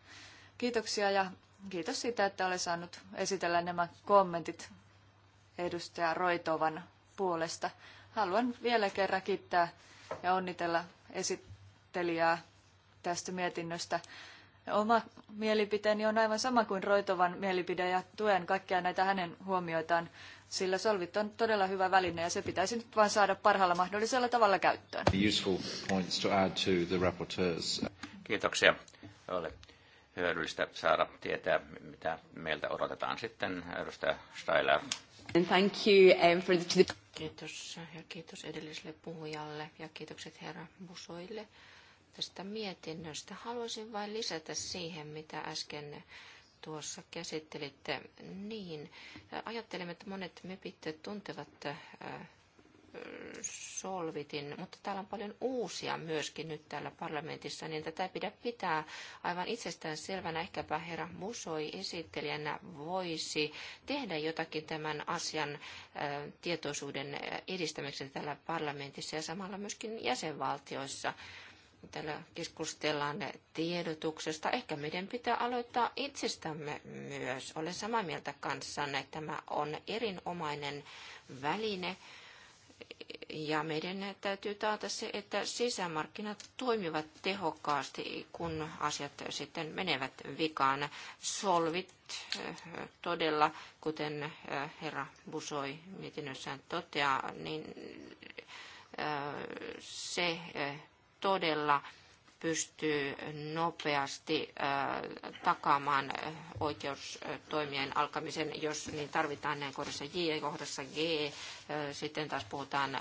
Kiitoksia ja kiitos siitä, että olen saanut esitellä nämä kommentit edustaja Roitovan puolesta. Haluan vielä kerran kiittää ja onnitella esittelijää tästä mietinnöstä. Oma mielipiteeni on aivan sama kuin Roitovan mielipide ja tuen kaikkia näitä hänen huomioitaan sillä solvit on todella hyvä väline ja se pitäisi nyt vain saada parhaalla mahdollisella tavalla käyttöön. Kiitoksia. Oli hyödyllistä saada tietää, mitä meiltä odotetaan sitten, edustaja Steiler. Thank you um, for the... Kiitos ja kiitos edelliselle puhujalle ja kiitokset herra Busoille tästä mietinnöstä. Haluaisin vain lisätä siihen, mitä äsken tuossa käsittelitte, niin ajattelemme, että monet mepit tuntevat äh, solvitin, mutta täällä on paljon uusia myöskin nyt täällä parlamentissa, niin tätä ei pidä pitää aivan itsestään selvänä. Ehkäpä herra Musoi esittelijänä voisi tehdä jotakin tämän asian äh, tietoisuuden edistämiseksi täällä parlamentissa ja samalla myöskin jäsenvaltioissa. Täällä keskustellaan tiedotuksesta. Ehkä meidän pitää aloittaa itsestämme myös. Olen samaa mieltä kanssanne. Tämä on erinomainen väline. Ja meidän täytyy taata se, että sisämarkkinat toimivat tehokkaasti, kun asiat sitten menevät vikaan. Solvit eh, todella, kuten eh, herra Busoi mietinnössään toteaa, niin eh, se todella pystyy nopeasti takaamaan oikeustoimien alkamisen, jos niin tarvitaan näin kohdassa J, kohdassa G. Sitten taas puhutaan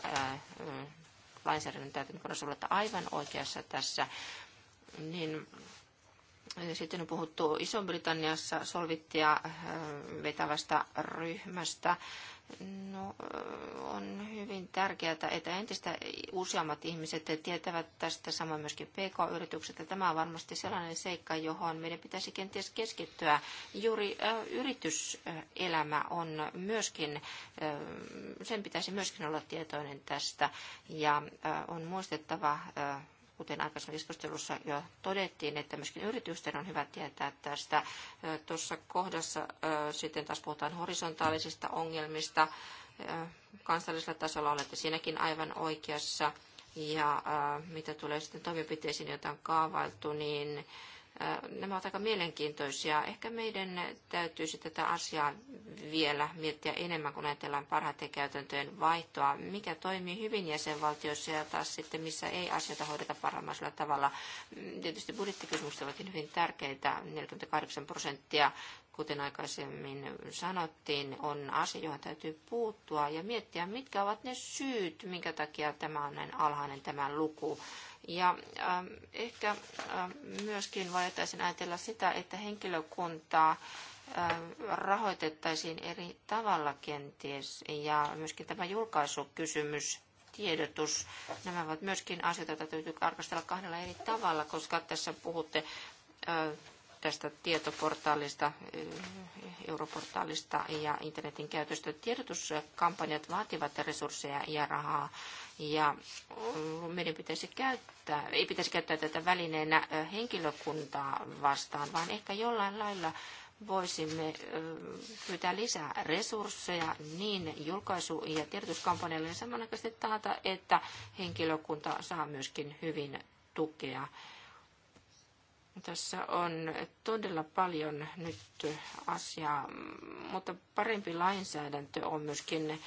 lainsäädännön täytäntöönpanossa olette aivan oikeassa tässä. Niin, sitten on puhuttu Iso-Britanniassa solvittia vetävästä ryhmästä, No, on hyvin tärkeää, että entistä useammat ihmiset tietävät tästä, samoin myöskin PK-yritykset. Tämä on varmasti sellainen seikka, johon meidän pitäisi kenties keskittyä. Juuri äh, yrityselämä on myöskin, äh, sen pitäisi myöskin olla tietoinen tästä. Ja äh, on muistettava äh, kuten aikaisemmin keskustelussa jo todettiin, että myöskin yritysten on hyvä tietää tästä. Tuossa kohdassa sitten taas puhutaan horisontaalisista ongelmista. Kansallisella tasolla olette siinäkin aivan oikeassa. Ja mitä tulee sitten toimenpiteisiin, joita on kaavailtu, niin Nämä ovat aika mielenkiintoisia. Ehkä meidän täytyisi tätä asiaa vielä miettiä enemmän, kun ajatellaan parhaiten käytäntöjen vaihtoa. Mikä toimii hyvin jäsenvaltioissa ja taas sitten, missä ei asioita hoideta parhaimmalla tavalla. Mm, tietysti budjettikysymykset ovat hyvin tärkeitä. 48 prosenttia kuten aikaisemmin sanottiin, on asia, johon täytyy puuttua ja miettiä, mitkä ovat ne syyt, minkä takia tämä on näin alhainen tämä luku. Ja äh, ehkä äh, myöskin voitaisiin ajatella sitä, että henkilökuntaa äh, rahoitettaisiin eri tavalla kenties. Ja myöskin tämä julkaisukysymys, tiedotus, nämä ovat myöskin asioita, joita täytyy tarkastella kahdella eri tavalla, koska tässä puhutte äh, tästä tietoportaalista, europortaalista ja internetin käytöstä. Tiedotuskampanjat vaativat resursseja ja rahaa ja meidän pitäisi käyttää, ei pitäisi käyttää tätä välineenä henkilökuntaa vastaan, vaan ehkä jollain lailla voisimme pyytää lisää resursseja niin julkaisu- ja tiedotuskampanjalle ja samanaikaisesti taata, että henkilökunta saa myöskin hyvin tukea tässä on todella paljon nyt asiaa, mutta parempi lainsäädäntö on myöskin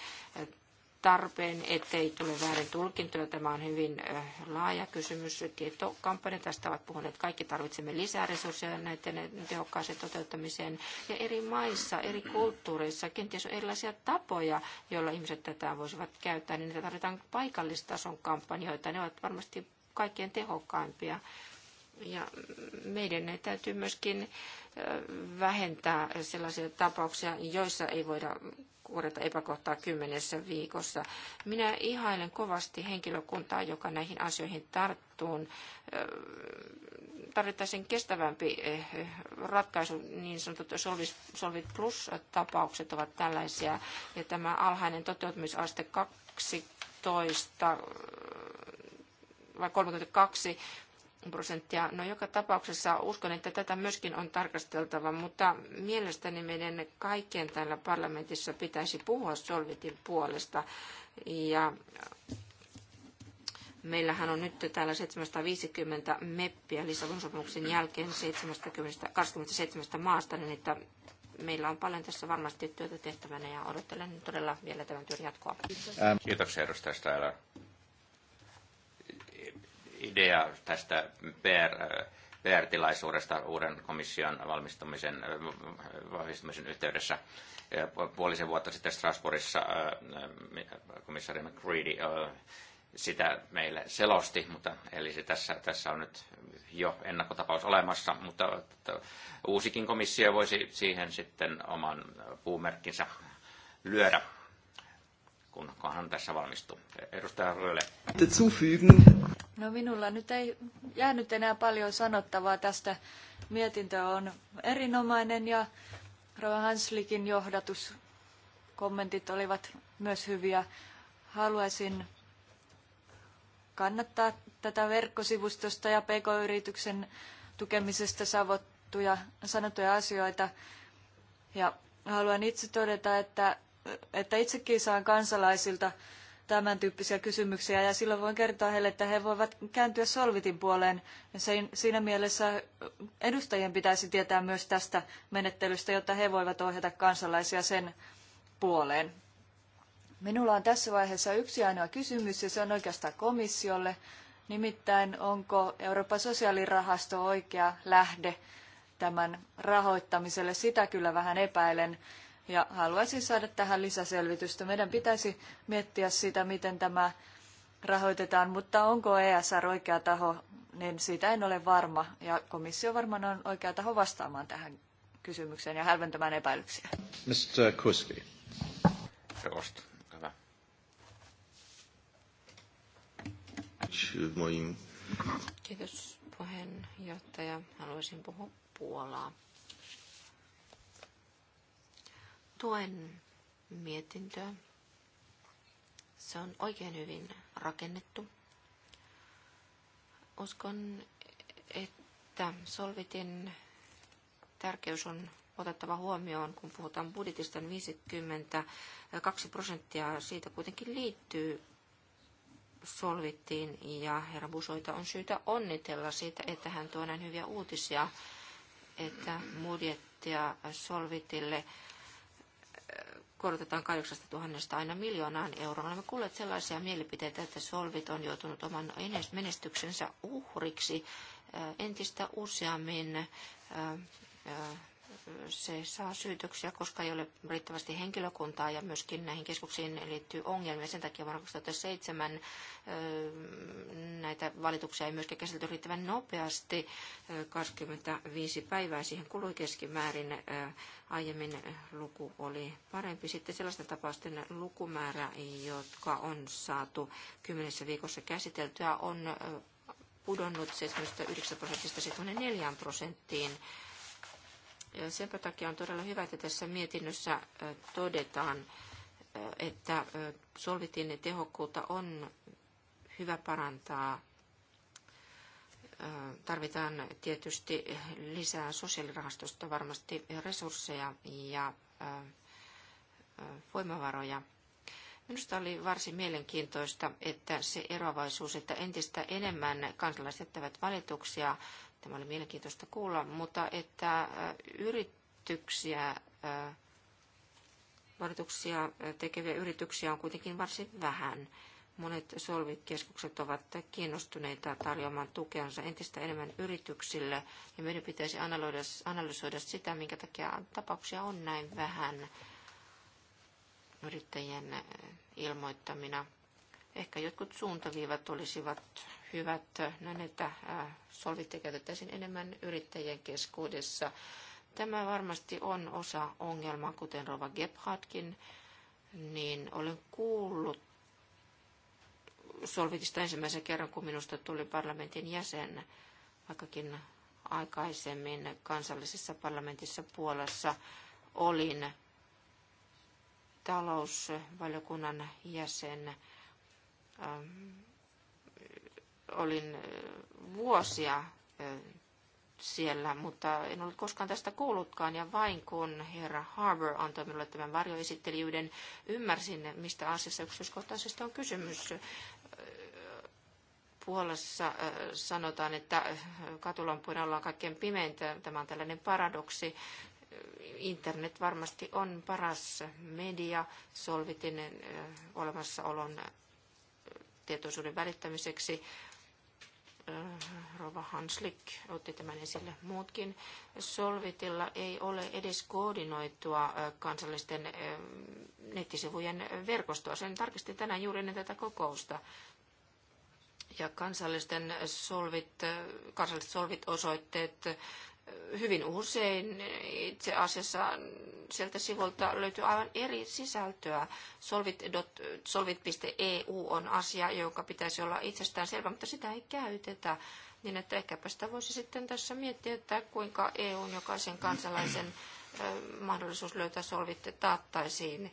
tarpeen, ettei tule väärin tulkintoja. Tämä on hyvin laaja kysymys. Tietokampanja, tästä ovat puhuneet kaikki, tarvitsemme lisää resursseja näiden tehokkaaseen toteuttamiseen. Ja eri maissa, eri kulttuureissa, kenties on erilaisia tapoja, joilla ihmiset tätä voisivat käyttää, niin niitä tarvitaan paikallistason kampanjoita. Ne ovat varmasti kaikkein tehokkaimpia. Ja meidän täytyy myöskin vähentää sellaisia tapauksia, joissa ei voida korjata epäkohtaa kymmenessä viikossa. Minä ihailen kovasti henkilökuntaa, joka näihin asioihin tarttuu. Tarvittaisiin kestävämpi eh, ratkaisu, niin sanotut Solvit Plus-tapaukset ovat tällaisia, ja tämä alhainen toteutumisaste 12 vai 32 prosenttia. No joka tapauksessa uskon, että tätä myöskin on tarkasteltava, mutta mielestäni meidän kaikkien täällä parlamentissa pitäisi puhua Solvitin puolesta. Ja meillähän on nyt täällä 750 meppiä Lissabon sopimuksen jälkeen 70, 27 maasta, niin että meillä on paljon tässä varmasti työtä tehtävänä ja odottelen todella vielä tämän työn jatkoa. Kiitoksia edustaja idea tästä PR, PR-tilaisuudesta uuden komission valmistumisen, vahvistumisen yhteydessä. Puolisen vuotta sitten Strasbourgissa komissaari McCready sitä meille selosti, mutta eli se tässä, tässä on nyt jo ennakkotapaus olemassa, mutta uusikin komissio voisi siihen sitten oman puumerkkinsä lyödä kun hän tässä valmistuu. Edustaja Röle. No minulla nyt ei jäänyt enää paljon sanottavaa tästä. Mietintö on erinomainen ja Rova Hanslikin johdatus kommentit olivat myös hyviä. Haluaisin kannattaa tätä verkkosivustosta ja pk-yrityksen tukemisesta savottuja, sanottuja asioita. Ja haluan itse todeta, että että itsekin saan kansalaisilta tämän tyyppisiä kysymyksiä ja silloin voin kertoa heille, että he voivat kääntyä Solvitin puoleen. Ja siinä mielessä edustajien pitäisi tietää myös tästä menettelystä, jotta he voivat ohjata kansalaisia sen puoleen. Minulla on tässä vaiheessa yksi ainoa kysymys ja se on oikeastaan komissiolle. Nimittäin onko Euroopan sosiaalirahasto oikea lähde tämän rahoittamiselle? Sitä kyllä vähän epäilen ja haluaisin saada tähän lisäselvitystä. Meidän pitäisi miettiä sitä, miten tämä rahoitetaan, mutta onko ESR oikea taho, niin siitä en ole varma. Ja komissio varmaan on oikea taho vastaamaan tähän kysymykseen ja hälventämään epäilyksiä. Mr. Kuski. Hyvä. Kiitos puheenjohtaja. Haluaisin puhua Puolaa. Tuen mietintöä. Se on oikein hyvin rakennettu. Uskon, että Solvitin tärkeys on otettava huomioon, kun puhutaan budjetista, 52 niin prosenttia siitä kuitenkin liittyy solvittiin ja herra Busoita on syytä onnitella siitä, että hän tuo näin hyviä uutisia, että budjettia solvitille korotetaan 000 aina miljoonaan euroon. Olemme kuulleet sellaisia mielipiteitä, että Solvit on joutunut oman menestyksensä uhriksi äh, entistä useammin äh, äh, se saa syytöksiä, koska ei ole riittävästi henkilökuntaa ja myöskin näihin keskuksiin liittyy ongelmia. Sen takia vuonna 2007 näitä valituksia ei myöskään käsitelty riittävän nopeasti. 25 päivää siihen kului keskimäärin. Aiemmin luku oli parempi. Sitten sellaisten tapausten lukumäärä, jotka on saatu kymmenessä viikossa käsiteltyä, on pudonnut 79 prosentista 74 prosenttiin Senpä takia on todella hyvä, että tässä mietinnössä todetaan, että solvitin tehokkuutta on hyvä parantaa. Tarvitaan tietysti lisää sosiaalirahastosta varmasti resursseja ja voimavaroja. Minusta oli varsin mielenkiintoista, että se eroavaisuus, että entistä enemmän kansalaiset tekevät valituksia Tämä oli mielenkiintoista kuulla, mutta että yrityksiä, valituksia tekeviä yrityksiä on kuitenkin varsin vähän. Monet solvikeskukset ovat kiinnostuneita tarjoamaan tukeansa entistä enemmän yrityksille, ja meidän pitäisi analysoida sitä, minkä takia tapauksia on näin vähän yrittäjien ilmoittamina. Ehkä jotkut suuntaviivat olisivat hyvät. Äh, Näin, että äh, solvitte käytettäisiin enemmän yrittäjien keskuudessa. Tämä varmasti on osa ongelmaa, kuten Rova Gebhardkin, niin olen kuullut Solvitista ensimmäisen kerran, kun minusta tuli parlamentin jäsen, vaikkakin aikaisemmin kansallisessa parlamentissa Puolassa olin talousvaliokunnan jäsen ähm, olin vuosia siellä, mutta en ollut koskaan tästä kuullutkaan. Ja vain kun herra Harbour antoi minulle tämän varjoesittelijyyden, ymmärsin, mistä asiassa yksityiskohtaisesti on kysymys. Puolassa sanotaan, että katulampuina ollaan kaikkein pimeintä. Tämä on tällainen paradoksi. Internet varmasti on paras media solvitin olemassaolon tietoisuuden välittämiseksi, Äh, Rova Hanslik otti tämän esille muutkin. Solvitilla ei ole edes koordinoitua äh, kansallisten äh, nettisivujen verkostoa. Sen tarkistin tänään juuri ennen tätä kokousta. Ja kansallisten solvit, kansalliset solvit-osoitteet hyvin usein itse asiassa sieltä sivulta löytyy aivan eri sisältöä. Solvit.eu solvit e on asia, joka pitäisi olla itsestään selvä, mutta sitä ei käytetä. Niin että ehkäpä sitä voisi sitten tässä miettiä, että kuinka EUn jokaisen kansalaisen mahdollisuus löytää solvitte taattaisiin,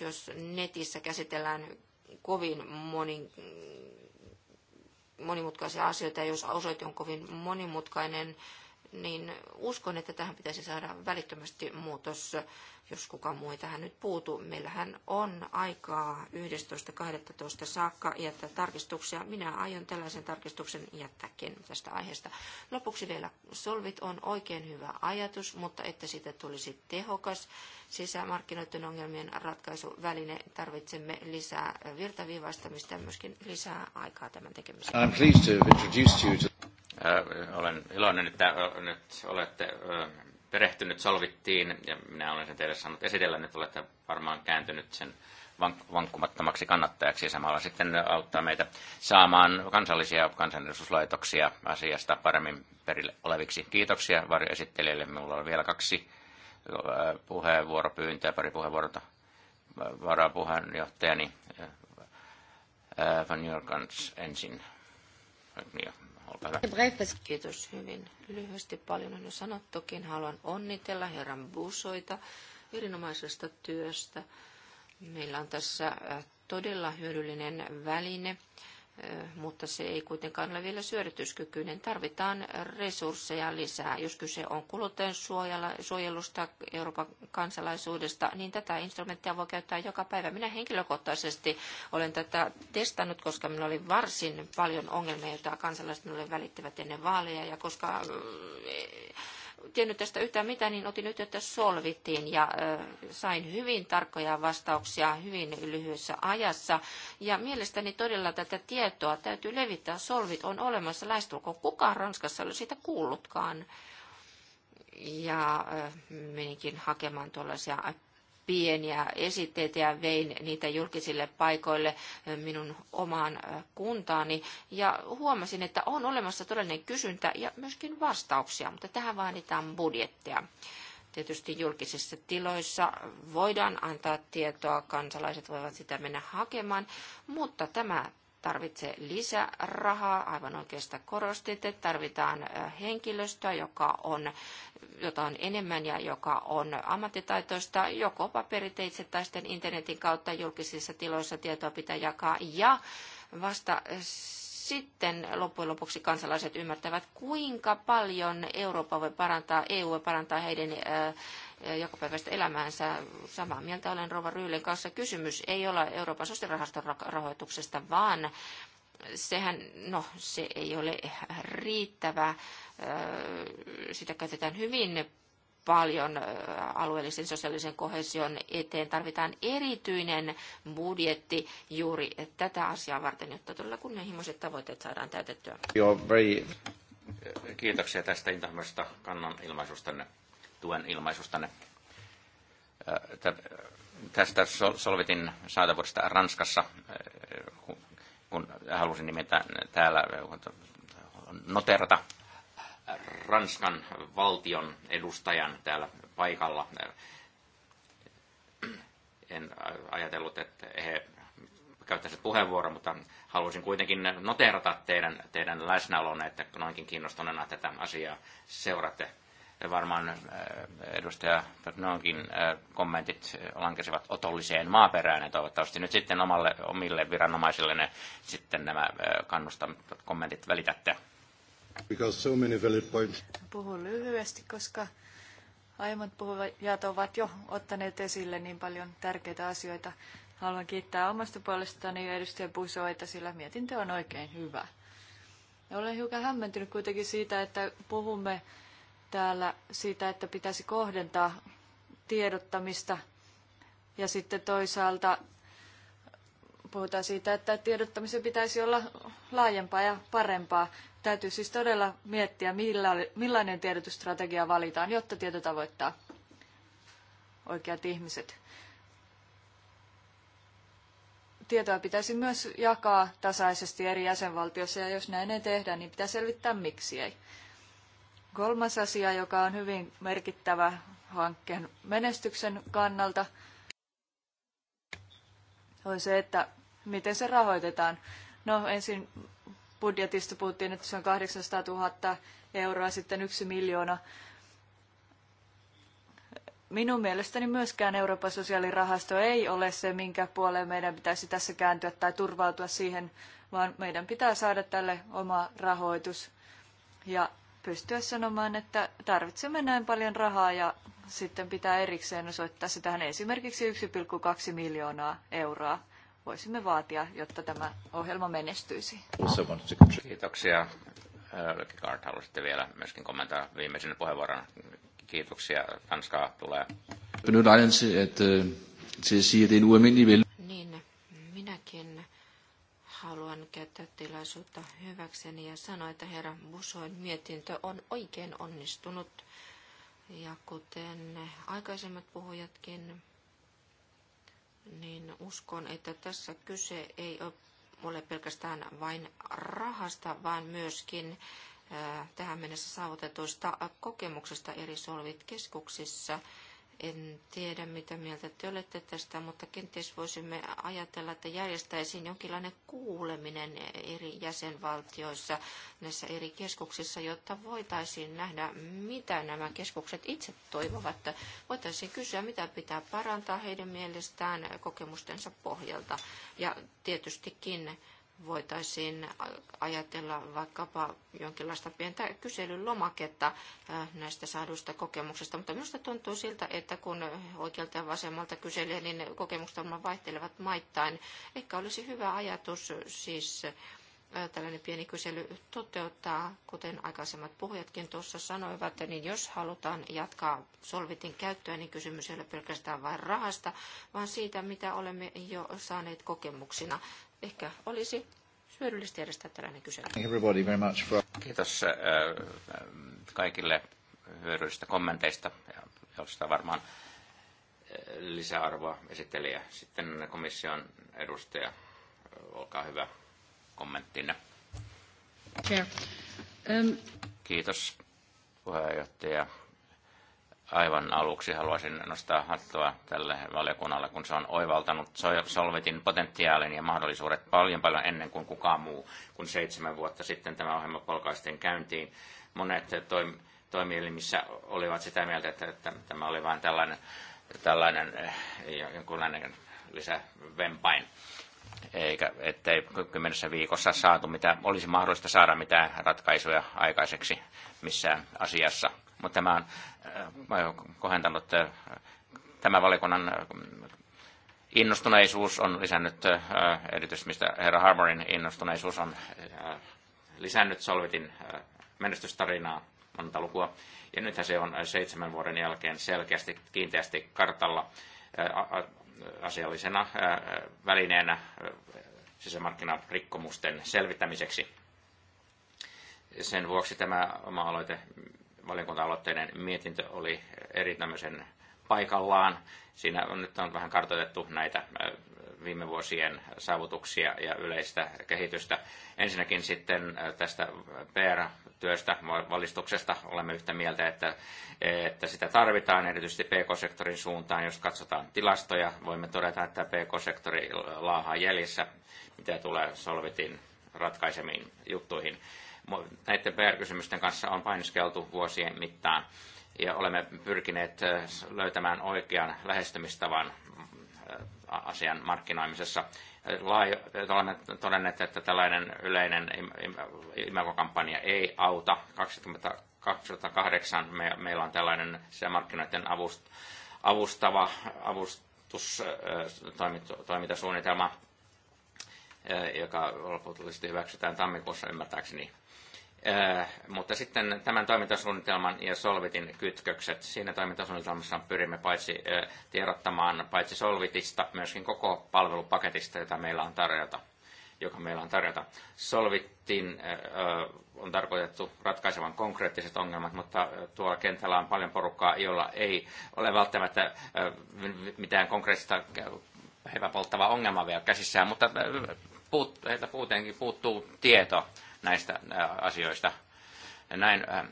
jos netissä käsitellään kovin monin monimutkaisia asioita, ja jos osoite on kovin monimutkainen, niin uskon, että tähän pitäisi saada välittömästi muutos, jos kukaan muu ei tähän nyt puutu. Meillähän on aikaa 11.12. saakka jättää tarkistuksia. Minä aion tällaisen tarkistuksen jättääkin tästä aiheesta. Lopuksi vielä solvit on oikein hyvä ajatus, mutta että siitä tulisi tehokas sisämarkkinoiden ongelmien ratkaisuväline. Tarvitsemme lisää virtaviivaistamista ja myöskin lisää aikaa tämän tekemiseen. Olen iloinen, että nyt olette perehtynyt solvittiin, ja minä olen sen teille saanut esitellä. Nyt olette varmaan kääntynyt sen vankkumattomaksi kannattajaksi ja samalla sitten auttaa meitä saamaan kansallisia kansanedustuslaitoksia asiasta paremmin perille oleviksi. Kiitoksia varjoesittelijälle. Minulla on vielä kaksi puheenvuoropyyntöä, pari puheenvuorota varapuheenjohtajani Van Jurkans ensin. Niin Olkaa hyvä. Kiitos hyvin lyhyesti. Paljon on jo sanottukin. Haluan onnitella herran Busoita erinomaisesta työstä. Meillä on tässä äh, todella hyödyllinen väline mutta se ei kuitenkaan ole vielä syödytyskykyinen. Tarvitaan resursseja lisää. Jos kyse on kuluttajan suojelusta, Euroopan kansalaisuudesta, niin tätä instrumenttia voi käyttää joka päivä. Minä henkilökohtaisesti olen tätä testannut, koska minulla oli varsin paljon ongelmia, joita kansalaiset minulle välittivät ennen vaaleja, ja koska tiennyt tästä yhtään mitään, niin otin yhteyttä Solvittiin ja sain hyvin tarkkoja vastauksia hyvin lyhyessä ajassa. Ja mielestäni todella tätä tietoa täytyy levittää. Solvit on olemassa lähestulkoon. Kukaan Ranskassa ei ole siitä kuullutkaan ja meninkin hakemaan tuollaisia pieniä esitteitä ja vein niitä julkisille paikoille minun omaan kuntaani. Ja huomasin, että on olemassa todellinen kysyntä ja myöskin vastauksia, mutta tähän vaaditaan budjettia. Tietysti julkisissa tiloissa voidaan antaa tietoa, kansalaiset voivat sitä mennä hakemaan, mutta tämä tarvitse lisärahaa, aivan oikeasta että Tarvitaan henkilöstöä, joka on, jota on enemmän ja joka on ammattitaitoista, joko paperiteitse tai sitten internetin kautta julkisissa tiloissa tietoa pitää jakaa. Ja vasta sitten loppujen lopuksi kansalaiset ymmärtävät, kuinka paljon Eurooppa voi parantaa, EU voi parantaa heidän jokapäiväistä elämäänsä. Samaa mieltä olen Rova Ryylin kanssa. Kysymys ei ole Euroopan sosiaalirahaston rahoituksesta, vaan sehän, no se ei ole riittävä. Sitä käytetään hyvin paljon alueellisen sosiaalisen kohesion eteen. Tarvitaan erityinen budjetti juuri tätä asiaa varten, jotta todella kunnianhimoiset tavoitteet saadaan täytettyä. Kiitoksia tästä intohimoisesta kannan ilmaisustanne tuen ilmaisustanne. Tästä Solvitin saatavuudesta Ranskassa, kun halusin nimetä täällä noterata Ranskan valtion edustajan täällä paikalla. En ajatellut, että he käyttäisivät puheenvuoron, mutta halusin kuitenkin noterata teidän, teidän läsnäolonne, että noinkin kiinnostuneena tätä asiaa seuraatte varmaan äh, edustaja Noonkin äh, kommentit lankesivat otolliseen maaperään ja toivottavasti nyt sitten omalle, omille viranomaisille ne sitten nämä äh, kannustamat kommentit välitätte. So many valid points. Puhun lyhyesti, koska aiemmat puhujat ovat jo ottaneet esille niin paljon tärkeitä asioita. Haluan kiittää omasta puolestani ja edustaja Busoita, sillä mietintö on oikein hyvä. Olen hiukan hämmentynyt kuitenkin siitä, että puhumme täällä siitä, että pitäisi kohdentaa tiedottamista ja sitten toisaalta puhutaan siitä, että tiedottamisen pitäisi olla laajempaa ja parempaa. Täytyy siis todella miettiä, millainen tiedotusstrategia valitaan, jotta tieto tavoittaa oikeat ihmiset. Tietoa pitäisi myös jakaa tasaisesti eri jäsenvaltioissa ja jos näin ei tehdä, niin pitää selvittää miksi ei. Kolmas asia, joka on hyvin merkittävä hankkeen menestyksen kannalta, on se, että miten se rahoitetaan. No ensin budjetista puhuttiin, että se on 800 000 euroa, sitten yksi miljoona. Minun mielestäni myöskään Euroopan sosiaalirahasto ei ole se, minkä puoleen meidän pitäisi tässä kääntyä tai turvautua siihen, vaan meidän pitää saada tälle oma rahoitus. Ja pystyä sanomaan, että tarvitsemme näin paljon rahaa ja sitten pitää erikseen osoittaa se tähän esimerkiksi 1,2 miljoonaa euroa voisimme vaatia, jotta tämä ohjelma menestyisi. Kiitoksia. Gard, äh, haluaisitte vielä myöskin kommentoida viimeisen puheenvuoron. Kiitoksia. Tanskaa tulee. Nyt että se siitä uudemmin Niin, minäkin haluan käyttää tilaisuutta hyväkseni ja sanoa, että herra Busoin mietintö on oikein onnistunut. Ja kuten aikaisemmat puhujatkin, niin uskon, että tässä kyse ei ole pelkästään vain rahasta, vaan myöskin äh, tähän mennessä saavutetuista kokemuksista eri solvit-keskuksissa – en tiedä, mitä mieltä te olette tästä, mutta kenties voisimme ajatella, että järjestäisiin jonkinlainen kuuleminen eri jäsenvaltioissa näissä eri keskuksissa, jotta voitaisiin nähdä, mitä nämä keskukset itse toivovat. Voitaisiin kysyä, mitä pitää parantaa heidän mielestään kokemustensa pohjalta. Ja tietystikin voitaisiin ajatella vaikkapa jonkinlaista pientä kyselylomaketta äh, näistä saaduista kokemuksista. Mutta minusta tuntuu siltä, että kun oikealta ja vasemmalta kyselee, niin kokemukset vaihtelevat maittain. Ehkä olisi hyvä ajatus siis äh, tällainen pieni kysely toteuttaa, kuten aikaisemmat puhujatkin tuossa sanoivat, niin jos halutaan jatkaa solvitin käyttöä, niin kysymys ei ole pelkästään vain rahasta, vaan siitä, mitä olemme jo saaneet kokemuksina ehkä olisi hyödyllistä järjestää tällainen kysely. Kiitos äh, äh, kaikille hyödyllisistä kommenteista, joista varmaan äh, lisäarvoa esittelijä. Sitten komission edustaja, olkaa hyvä kommenttinne. Um, Kiitos puheenjohtaja aivan aluksi haluaisin nostaa hattua tälle valiokunnalle, kun se on oivaltanut Solvitin potentiaalin ja mahdollisuudet paljon paljon ennen kuin kukaan muu, kun seitsemän vuotta sitten tämä ohjelma polkaistiin käyntiin. Monet toim- toimielimissä olivat sitä mieltä, että, että tämä oli vain tällainen, tällainen eh, jonkunlainen lisävempain eikä ettei kymmenessä viikossa saatu mitä, olisi mahdollista saada mitään ratkaisuja aikaiseksi missään asiassa mutta tämä on äh, kohentanut äh, tämän valikunnan äh, innostuneisuus on lisännyt, erityisesti mistä herra Harmonin innostuneisuus on lisännyt Solvitin menestystarinaa monta lukua. Ja nythän se on seitsemän vuoden jälkeen selkeästi kiinteästi kartalla asiallisena välineenä sisämarkkinarikkomusten selvittämiseksi. Sen vuoksi tämä oma aloite valiokunta aloitteiden mietintö oli tämmöisen paikallaan. Siinä on, nyt on vähän kartoitettu näitä viime vuosien saavutuksia ja yleistä kehitystä. Ensinnäkin sitten tästä PR-työstä, valistuksesta olemme yhtä mieltä, että, että sitä tarvitaan erityisesti PK-sektorin suuntaan. Jos katsotaan tilastoja, voimme todeta, että PK-sektori laahaa jäljessä, mitä tulee Solvitin ratkaisemiin juttuihin näiden PR-kysymysten kanssa on painiskeltu vuosien mittaan ja olemme pyrkineet löytämään oikean lähestymistavan asian markkinoimisessa. olemme todenneet, että tällainen yleinen imagokampanja ei auta. 2008 me, meillä on tällainen markkinoiden avust, avustava avustustoimintasuunnitelma, joka lopullisesti hyväksytään tammikuussa ymmärtääkseni Äh, mutta sitten tämän toimintasuunnitelman ja Solvitin kytkökset. Siinä toimintasuunnitelmassa pyrimme paitsi äh, tiedottamaan paitsi Solvitista, myöskin koko palvelupaketista, jota meillä on tarjota joka meillä on tarjota. Solvittiin äh, on tarkoitettu ratkaisevan konkreettiset ongelmat, mutta tuolla kentällä on paljon porukkaa, jolla ei ole välttämättä mitään konkreettista heipä polttavaa ongelmaa vielä käsissään, mutta puut, heiltä puuteenkin puuttuu tieto näistä äh, asioista. Näin äh, äh,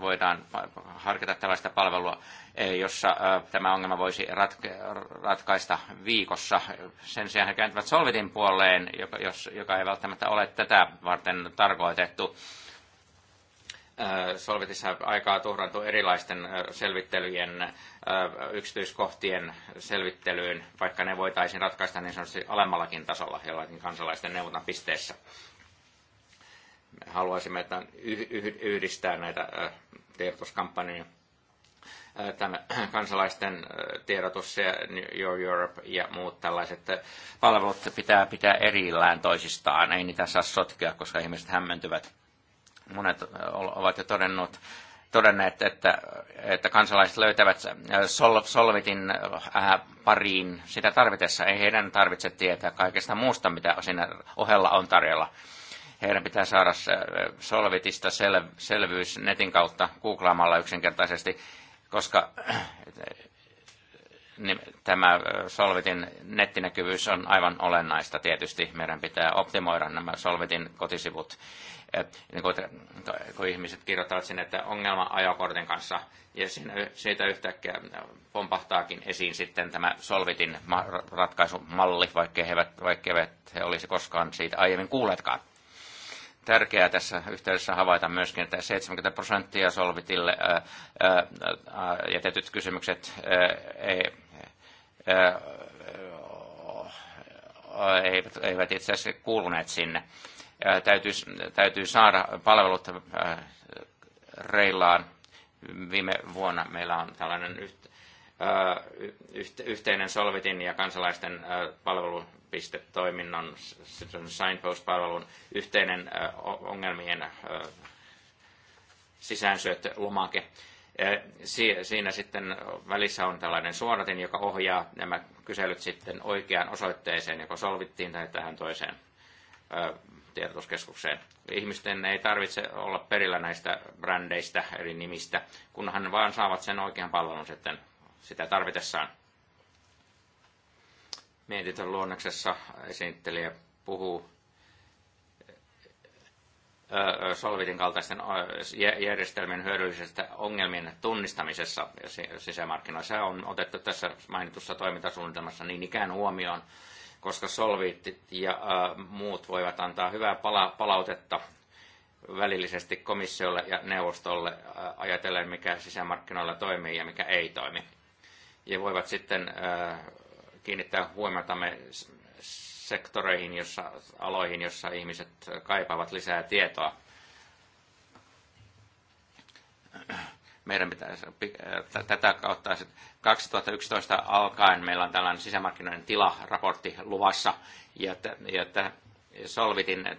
voidaan harkita tällaista palvelua, eh, jossa tämä ongelma voisi ratkaista viikossa. Sen sijaan he kääntyvät Solvitin puoleen, joka ei välttämättä ole tätä varten tarkoitettu. Solvitissa aikaa tuhrantu erilaisten selvittelyjen, yksityiskohtien selvittelyyn, vaikka ne voitaisiin ratkaista niin sanotusti alemmallakin tasolla jollakin kansalaisten neuvontapisteessä. pisteessä. Me haluaisimme, että yhdistää näitä tiedotuskampanjoja. Tämä kansalaisten tiedotus ja Your Europe ja muut tällaiset palvelut pitää pitää erillään toisistaan. Ei niitä saa sotkea, koska ihmiset hämmentyvät. Monet ovat jo todennut, todenneet, että, että kansalaiset löytävät sol, Solvitin äh, pariin sitä tarvitessa. Ei heidän tarvitse tietää kaikesta muusta, mitä siinä ohella on tarjolla. Heidän pitää saada solvitista sel, selvyys netin kautta googlaamalla yksinkertaisesti, koska niin tämä Solvitin nettinäkyvyys on aivan olennaista tietysti. Meidän pitää optimoida nämä Solvitin kotisivut. Et, niin kun, kun ihmiset kirjoittavat sinne, että ongelma ajokortin kanssa, ja siinä, siitä yhtäkkiä pompahtaakin esiin sitten tämä Solvitin ratkaisumalli, vaikka he he he olisi koskaan siitä aiemmin kuulleetkaan tärkeää tässä yhteydessä havaita myöskin, että 70 prosenttia Solvitille jätetyt kysymykset eivät, eivät itse asiassa kuuluneet sinne. Täytyy, täytyy saada palvelut reillaan. Viime vuonna meillä on tällainen yhteinen Solvitin ja kansalaisten palvelu toiminnon Signpost-palvelun yhteinen ongelmien sisäänsyöttölomake. Siinä sitten välissä on tällainen suodatin, joka ohjaa nämä kyselyt sitten oikeaan osoitteeseen, joko solvittiin tai tähän toiseen tiedotuskeskukseen. Ihmisten ei tarvitse olla perillä näistä brändeistä, eli nimistä, kunhan vaan saavat sen oikean palvelun sitten sitä tarvitessaan mietitön luonnoksessa esittelijä puhuu Solvitin kaltaisten järjestelmien hyödyllisestä ongelmien tunnistamisessa sisämarkkinoissa on otettu tässä mainitussa toimintasuunnitelmassa niin ikään huomioon, koska Solvitit ja muut voivat antaa hyvää palautetta välillisesti komissiolle ja neuvostolle ajatellen, mikä sisämarkkinoilla toimii ja mikä ei toimi. Ja voivat sitten kiinnittää huomiotamme sektoreihin, jossa, aloihin, jossa ihmiset kaipaavat lisää tietoa. Meidän pitäisi tätä kautta 2011 alkaen meillä on tällainen sisämarkkinoiden tilaraportti luvassa ja, ja Solvitin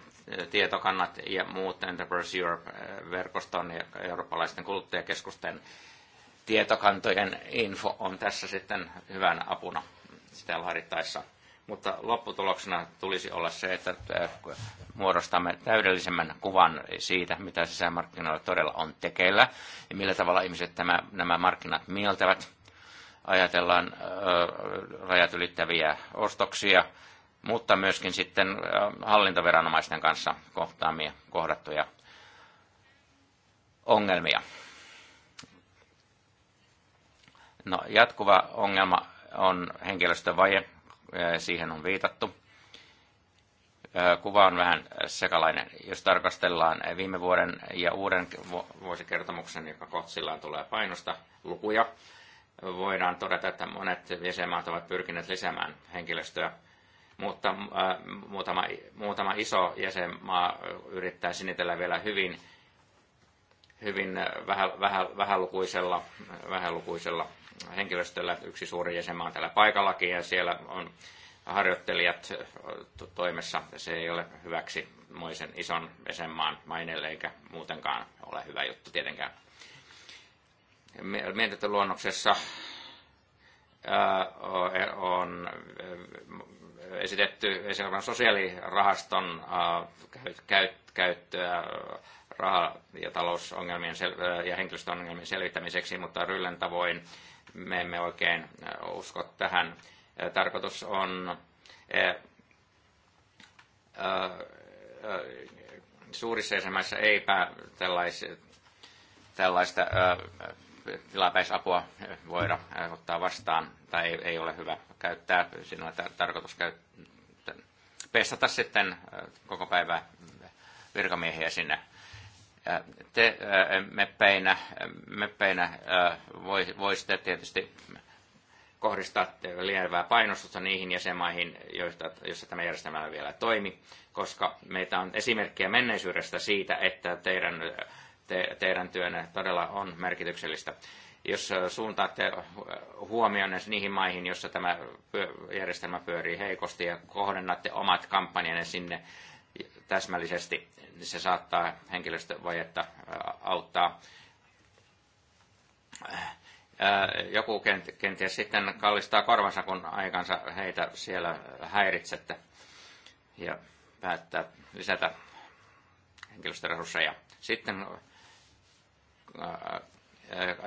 tietokannat ja muut Enterprise Europe-verkoston ja eurooppalaisten kuluttajakeskusten tietokantojen info on tässä sitten hyvän apuna sitä harjoittaessa. Mutta lopputuloksena tulisi olla se, että muodostamme täydellisemmän kuvan siitä, mitä sisämarkkinoilla todella on tekeillä ja millä tavalla ihmiset tämä, nämä markkinat mieltävät. Ajatellaan ö, rajat ylittäviä ostoksia, mutta myöskin sitten hallintoveranomaisten hallintoviranomaisten kanssa kohtaamia kohdattuja ongelmia. No, jatkuva ongelma on henkilöstövaje, siihen on viitattu. Kuva on vähän sekalainen, jos tarkastellaan viime vuoden ja uuden vuosikertomuksen, joka kohtillaan tulee painosta lukuja. Voidaan todeta, että monet jäsenmaat ovat pyrkineet lisäämään henkilöstöä, mutta muutama, muutama iso jäsenmaa yrittää sinitellä vielä hyvin – hyvin äh, vähä, vähä, vähälukuisella, äh, vähälukuisella henkilöstöllä. Yksi suuri jäsen on täällä paikallakin ja siellä on harjoittelijat äh, toimessa. Se ei ole hyväksi moisen ison jäsenmaan maineelle eikä muutenkaan ole hyvä juttu tietenkään. Mietintöluonnoksessa on esitetty esimerkiksi sosiaalirahaston käyttöä raha- ja talousongelmien sel- ja henkilöstöongelmien selvittämiseksi, mutta Ryllen tavoin me emme oikein usko tähän. Tarkoitus on suurissa jäsenmaissa ei tällaista tilapäisapua voida ottaa vastaan, tai ei, ei ole hyvä käyttää. Siinä on tarkoitus käyttää, pestata sitten koko päivää virkamiehiä sinne te meppeinä, meppeinä voisitte tietysti kohdistaa lievää painostusta niihin jäsenmaihin, joista, joissa tämä järjestelmä vielä toimi, koska meitä on esimerkkejä menneisyydestä siitä, että teidän, te, teidän työnne todella on merkityksellistä. Jos suuntaatte huomionne niihin maihin, joissa tämä järjestelmä pyörii heikosti ja kohdennatte omat kampanjanne sinne täsmällisesti, se saattaa henkilöstövajetta auttaa. Joku kenties sitten kallistaa korvansa, kun aikansa heitä siellä häiritsette ja päättää lisätä henkilöstöresursseja. Sitten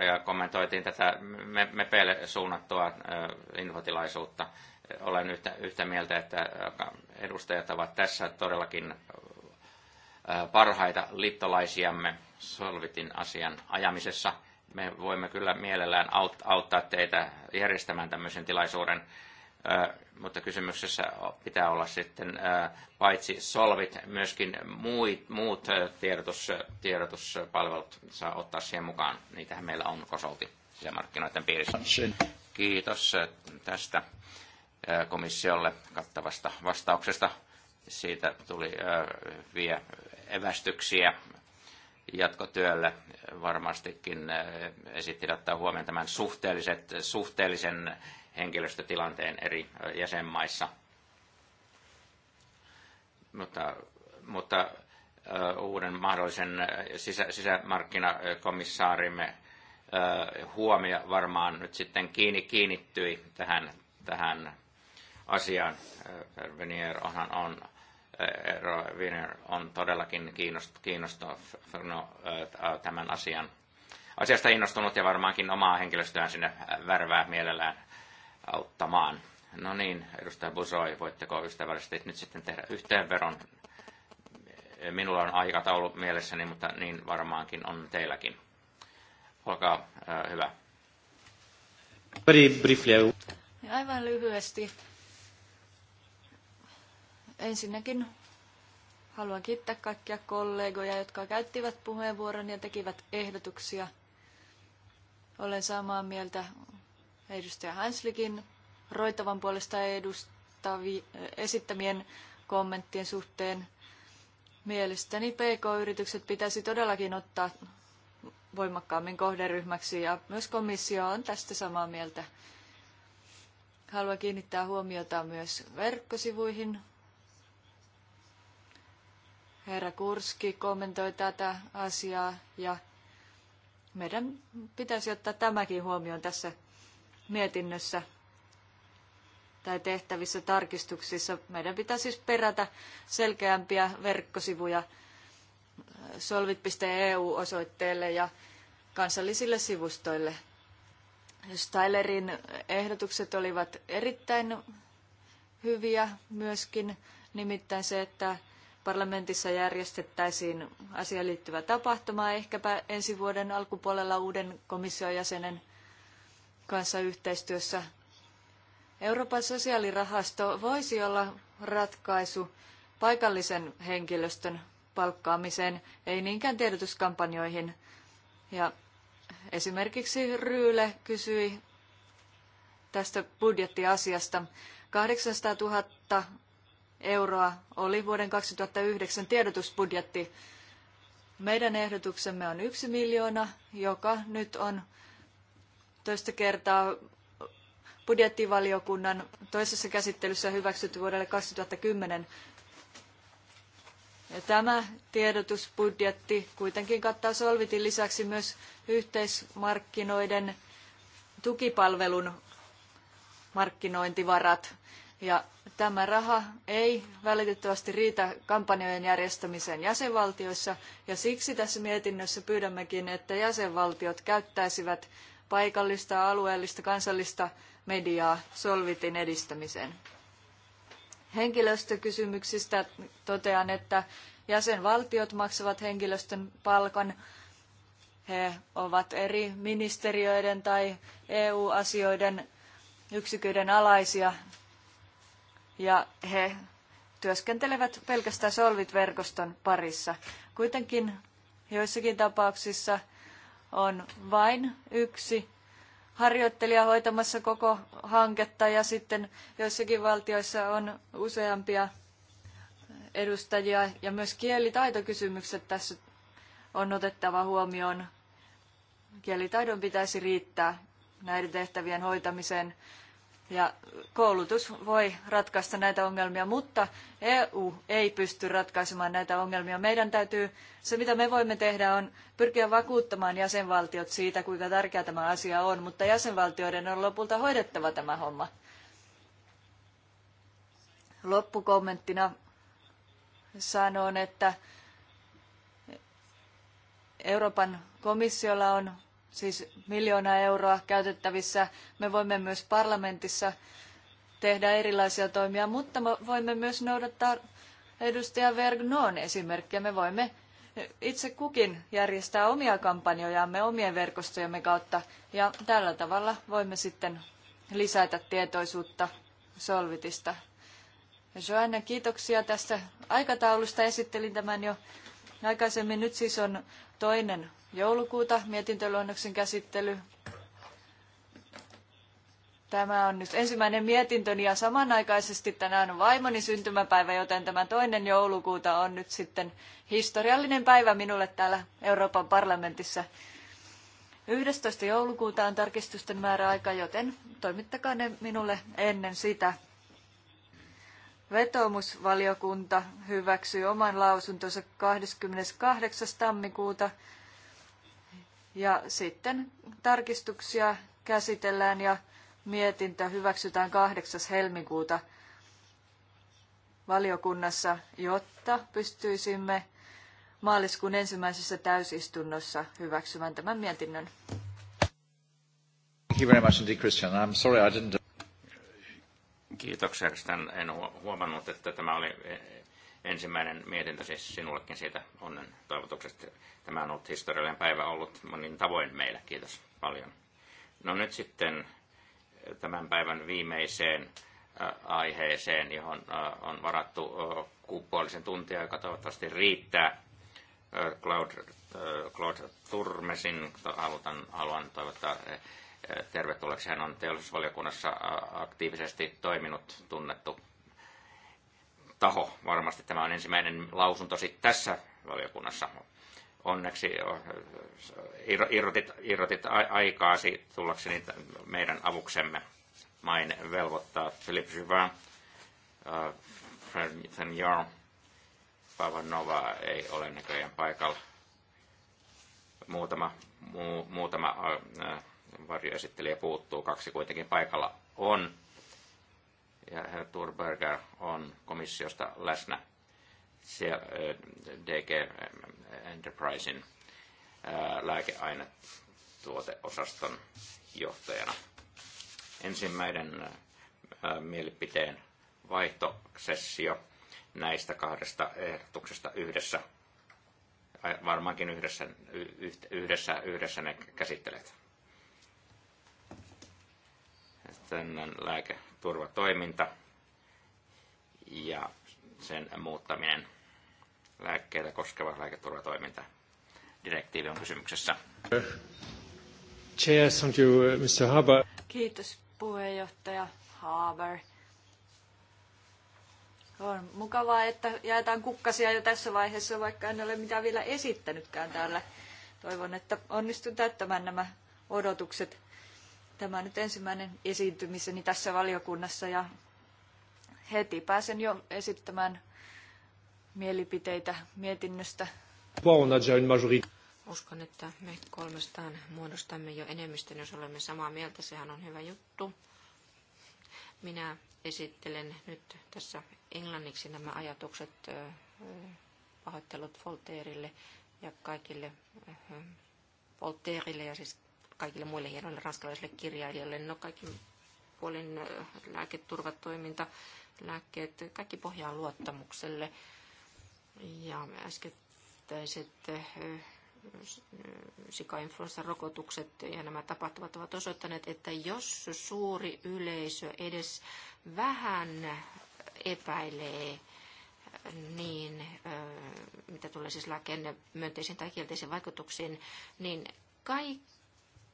ja kommentoitiin tätä MEPEille suunnattua infotilaisuutta. Olen yhtä, yhtä mieltä, että edustajat ovat tässä todellakin parhaita liittolaisiamme Solvitin asian ajamisessa. Me voimme kyllä mielellään auttaa teitä järjestämään tämmöisen tilaisuuden, mutta kysymyksessä pitää olla sitten paitsi Solvit, myöskin muut, tiedotus, tiedotuspalvelut saa ottaa siihen mukaan. Niitähän meillä on kosolti sisämarkkinoiden piirissä. Kiitos tästä komissiolle kattavasta vastauksesta. Siitä tuli vie evästyksiä jatkotyölle. Varmastikin äh, esitti ottaa huomioon tämän suhteelliset, suhteellisen henkilöstötilanteen eri äh, jäsenmaissa. Mutta, mutta äh, uuden mahdollisen sisä, sisämarkkinakomissaarimme huomio varmaan nyt sitten kiinni, kiinnittyi tähän, tähän asiaan. Venier onhan on Wiener on todellakin kiinnostunut no, tämän asian asiasta innostunut ja varmaankin omaa henkilöstöään sinne värvää mielellään auttamaan. No niin, edustaja Busoi, voitteko ystävällisesti nyt sitten tehdä yhteenveron? Minulla on aikataulu mielessäni, mutta niin varmaankin on teilläkin. Olkaa hyvä. Briefly. Aivan lyhyesti Ensinnäkin haluan kiittää kaikkia kollegoja, jotka käyttivät puheenvuoron ja tekivät ehdotuksia. Olen samaa mieltä edustaja Hänslikin Roitavan puolesta edustavi, esittämien kommenttien suhteen. Mielestäni PK-yritykset pitäisi todellakin ottaa voimakkaammin kohderyhmäksi ja myös komissio on tästä samaa mieltä. Haluan kiinnittää huomiota myös verkkosivuihin, Herra Kurski kommentoi tätä asiaa ja meidän pitäisi ottaa tämäkin huomioon tässä mietinnössä tai tehtävissä tarkistuksissa. Meidän pitää siis perätä selkeämpiä verkkosivuja solvit.eu-osoitteelle e ja kansallisille sivustoille. Stylerin ehdotukset olivat erittäin hyviä myöskin, nimittäin se, että parlamentissa järjestettäisiin asiaan liittyvä tapahtuma, ehkäpä ensi vuoden alkupuolella uuden komission jäsenen kanssa yhteistyössä. Euroopan sosiaalirahasto voisi olla ratkaisu paikallisen henkilöstön palkkaamiseen, ei niinkään tiedotuskampanjoihin. Ja esimerkiksi Ryyle kysyi tästä budjettiasiasta. 800 000 euroa oli vuoden 2009 tiedotusbudjetti. Meidän ehdotuksemme on yksi miljoona, joka nyt on toista kertaa budjettivaliokunnan toisessa käsittelyssä hyväksytty vuodelle 2010. Ja tämä tiedotusbudjetti kuitenkin kattaa Solvitin lisäksi myös yhteismarkkinoiden tukipalvelun markkinointivarat. Ja tämä raha ei välitettävästi riitä kampanjojen järjestämiseen jäsenvaltioissa, ja siksi tässä mietinnössä pyydämmekin, että jäsenvaltiot käyttäisivät paikallista, alueellista, kansallista mediaa Solvitin edistämiseen. Henkilöstökysymyksistä totean, että jäsenvaltiot maksavat henkilöstön palkan. He ovat eri ministeriöiden tai EU-asioiden yksiköiden alaisia ja he työskentelevät pelkästään Solvit-verkoston parissa. Kuitenkin joissakin tapauksissa on vain yksi harjoittelija hoitamassa koko hanketta ja sitten joissakin valtioissa on useampia edustajia ja myös kielitaitokysymykset tässä on otettava huomioon. Kielitaidon pitäisi riittää näiden tehtävien hoitamiseen ja koulutus voi ratkaista näitä ongelmia, mutta EU ei pysty ratkaisemaan näitä ongelmia. Meidän täytyy, se mitä me voimme tehdä on pyrkiä vakuuttamaan jäsenvaltiot siitä, kuinka tärkeä tämä asia on, mutta jäsenvaltioiden on lopulta hoidettava tämä homma. Loppukommenttina sanon, että Euroopan komissiolla on siis miljoona euroa käytettävissä. Me voimme myös parlamentissa tehdä erilaisia toimia, mutta voimme myös noudattaa edustaja Vergnon esimerkkiä. Me voimme itse kukin järjestää omia kampanjojamme omien verkostojemme kautta ja tällä tavalla voimme sitten lisätä tietoisuutta Solvitista. Joanna, kiitoksia tästä aikataulusta. Esittelin tämän jo aikaisemmin. Nyt siis on toinen joulukuuta mietintöluonnoksen käsittely. Tämä on nyt ensimmäinen mietintöni ja samanaikaisesti tänään on vaimoni syntymäpäivä, joten tämä toinen joulukuuta on nyt sitten historiallinen päivä minulle täällä Euroopan parlamentissa. 11. joulukuuta on tarkistusten määräaika, joten toimittakaa ne minulle ennen sitä. Vetoomusvaliokunta hyväksyi oman lausuntonsa 28. tammikuuta ja sitten tarkistuksia käsitellään ja mietintö hyväksytään 8. helmikuuta valiokunnassa, jotta pystyisimme maaliskuun ensimmäisessä täysistunnossa hyväksymään tämän mietinnön. Thank you very much indeed, Christian. I'm sorry I didn't... Kiitoksia, Christian. En huomannut, että tämä oli ensimmäinen mietintö siis sinullekin siitä onnen toivotuksesta. Tämä on ollut historiallinen päivä ollut monin tavoin meillä. Kiitos paljon. No nyt sitten eh, tämän päivän viimeiseen eh, aiheeseen, johon eh, on varattu kuupuolisen tuntia, joka toivottavasti riittää. Claude, Claude Turmesin haluan, haluan toivottaa tervetulleeksi. Hän on teollisuusvaliokunnassa aktiivisesti toiminut, tunnettu taho. Varmasti tämä on ensimmäinen lausunto sitten tässä valiokunnassa. Onneksi irrotit, irrotit aikaasi tullakseni meidän avuksemme. Maine velvoittaa Philippe Juvin, Fred Jarl, Pavanova ei ole näköjään paikalla. Muutama, mu, muutama uh, varjoesittelijä puuttuu, kaksi kuitenkin paikalla on ja Herr Turberger on komissiosta läsnä siellä DG Enterprisein lääkeainetuoteosaston johtajana. Ensimmäinen mielipiteen vaihtosessio näistä kahdesta ehdotuksesta yhdessä. Varmaankin yhdessä, yhdessä, yhdessä ne käsittelet. tämmöinen lääketurvatoiminta ja sen muuttaminen lääkkeitä koskeva lääketurvatoiminta. Direktiivi on kysymyksessä. Chair, thank you, Mr. Haber. Kiitos puheenjohtaja Haber. On mukavaa, että jaetaan kukkasia jo tässä vaiheessa, vaikka en ole mitään vielä esittänytkään täällä. Toivon, että onnistun täyttämään nämä odotukset. Tämä on nyt ensimmäinen esiintymiseni tässä valiokunnassa ja heti pääsen jo esittämään mielipiteitä mietinnöstä. Uskon, että me kolmestaan muodostamme jo enemmistön, jos olemme samaa mieltä. Sehän on hyvä juttu. Minä esittelen nyt tässä englanniksi nämä ajatukset pahoittelut Voltaireille ja kaikille Voltaireille ja siis kaikille muille hienoille ranskalaisille kirjailijoille. No kaikki puolin lääketurvatoiminta, lääkkeet, kaikki pohjaa luottamukselle. Ja äskettäiset sikainfluenssarokotukset ja nämä tapahtumat ovat osoittaneet, että jos suuri yleisö edes vähän epäilee, niin mitä tulee siis lääkkeen myönteisiin tai kielteisiin vaikutuksiin, niin kaikki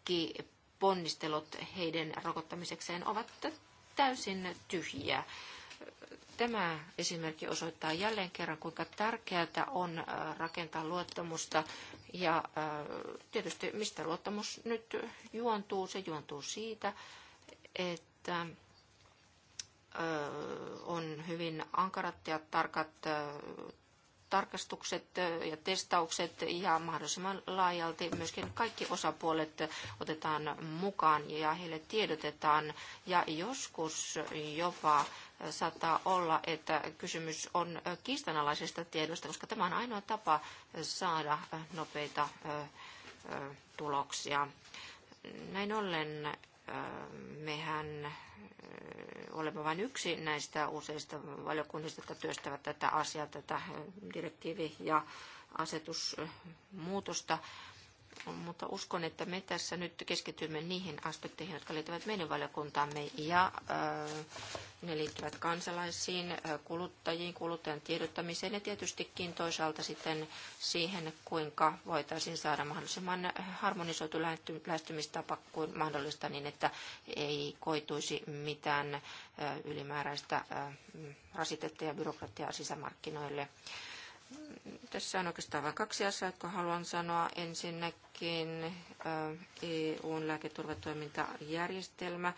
kaikki ponnistelut heidän rokottamisekseen ovat täysin tyhjiä. Tämä esimerkki osoittaa jälleen kerran, kuinka tärkeää on äh, rakentaa luottamusta. Ja äh, tietysti mistä luottamus nyt juontuu? Se juontuu siitä, että äh, on hyvin ankarat ja tarkat tarkastukset ja testaukset ja mahdollisimman laajalti myöskin kaikki osapuolet otetaan mukaan ja heille tiedotetaan. Ja joskus jopa saattaa olla, että kysymys on kiistanalaisesta tiedosta, koska tämä on ainoa tapa saada nopeita tuloksia. Näin ollen mehän olemme vain yksi näistä useista valiokunnista, jotka työstävät tätä asiaa, tätä direktiivi- ja asetusmuutosta mutta uskon, että me tässä nyt keskitymme niihin aspekteihin, jotka liittyvät meidän valiokuntaamme ja äh, ne liittyvät kansalaisiin, äh, kuluttajiin, kuluttajan tiedottamiseen ja tietystikin toisaalta sitten siihen, kuinka voitaisiin saada mahdollisimman harmonisoitu lähestymistapa kuin mahdollista niin, että ei koituisi mitään äh, ylimääräistä rasitetta ja byrokratiaa sisämarkkinoille. Tässä on oikeastaan vain kaksi asiaa, jotka haluan sanoa. Ensinnäkin EUn lääketurvatoimintajärjestelmä.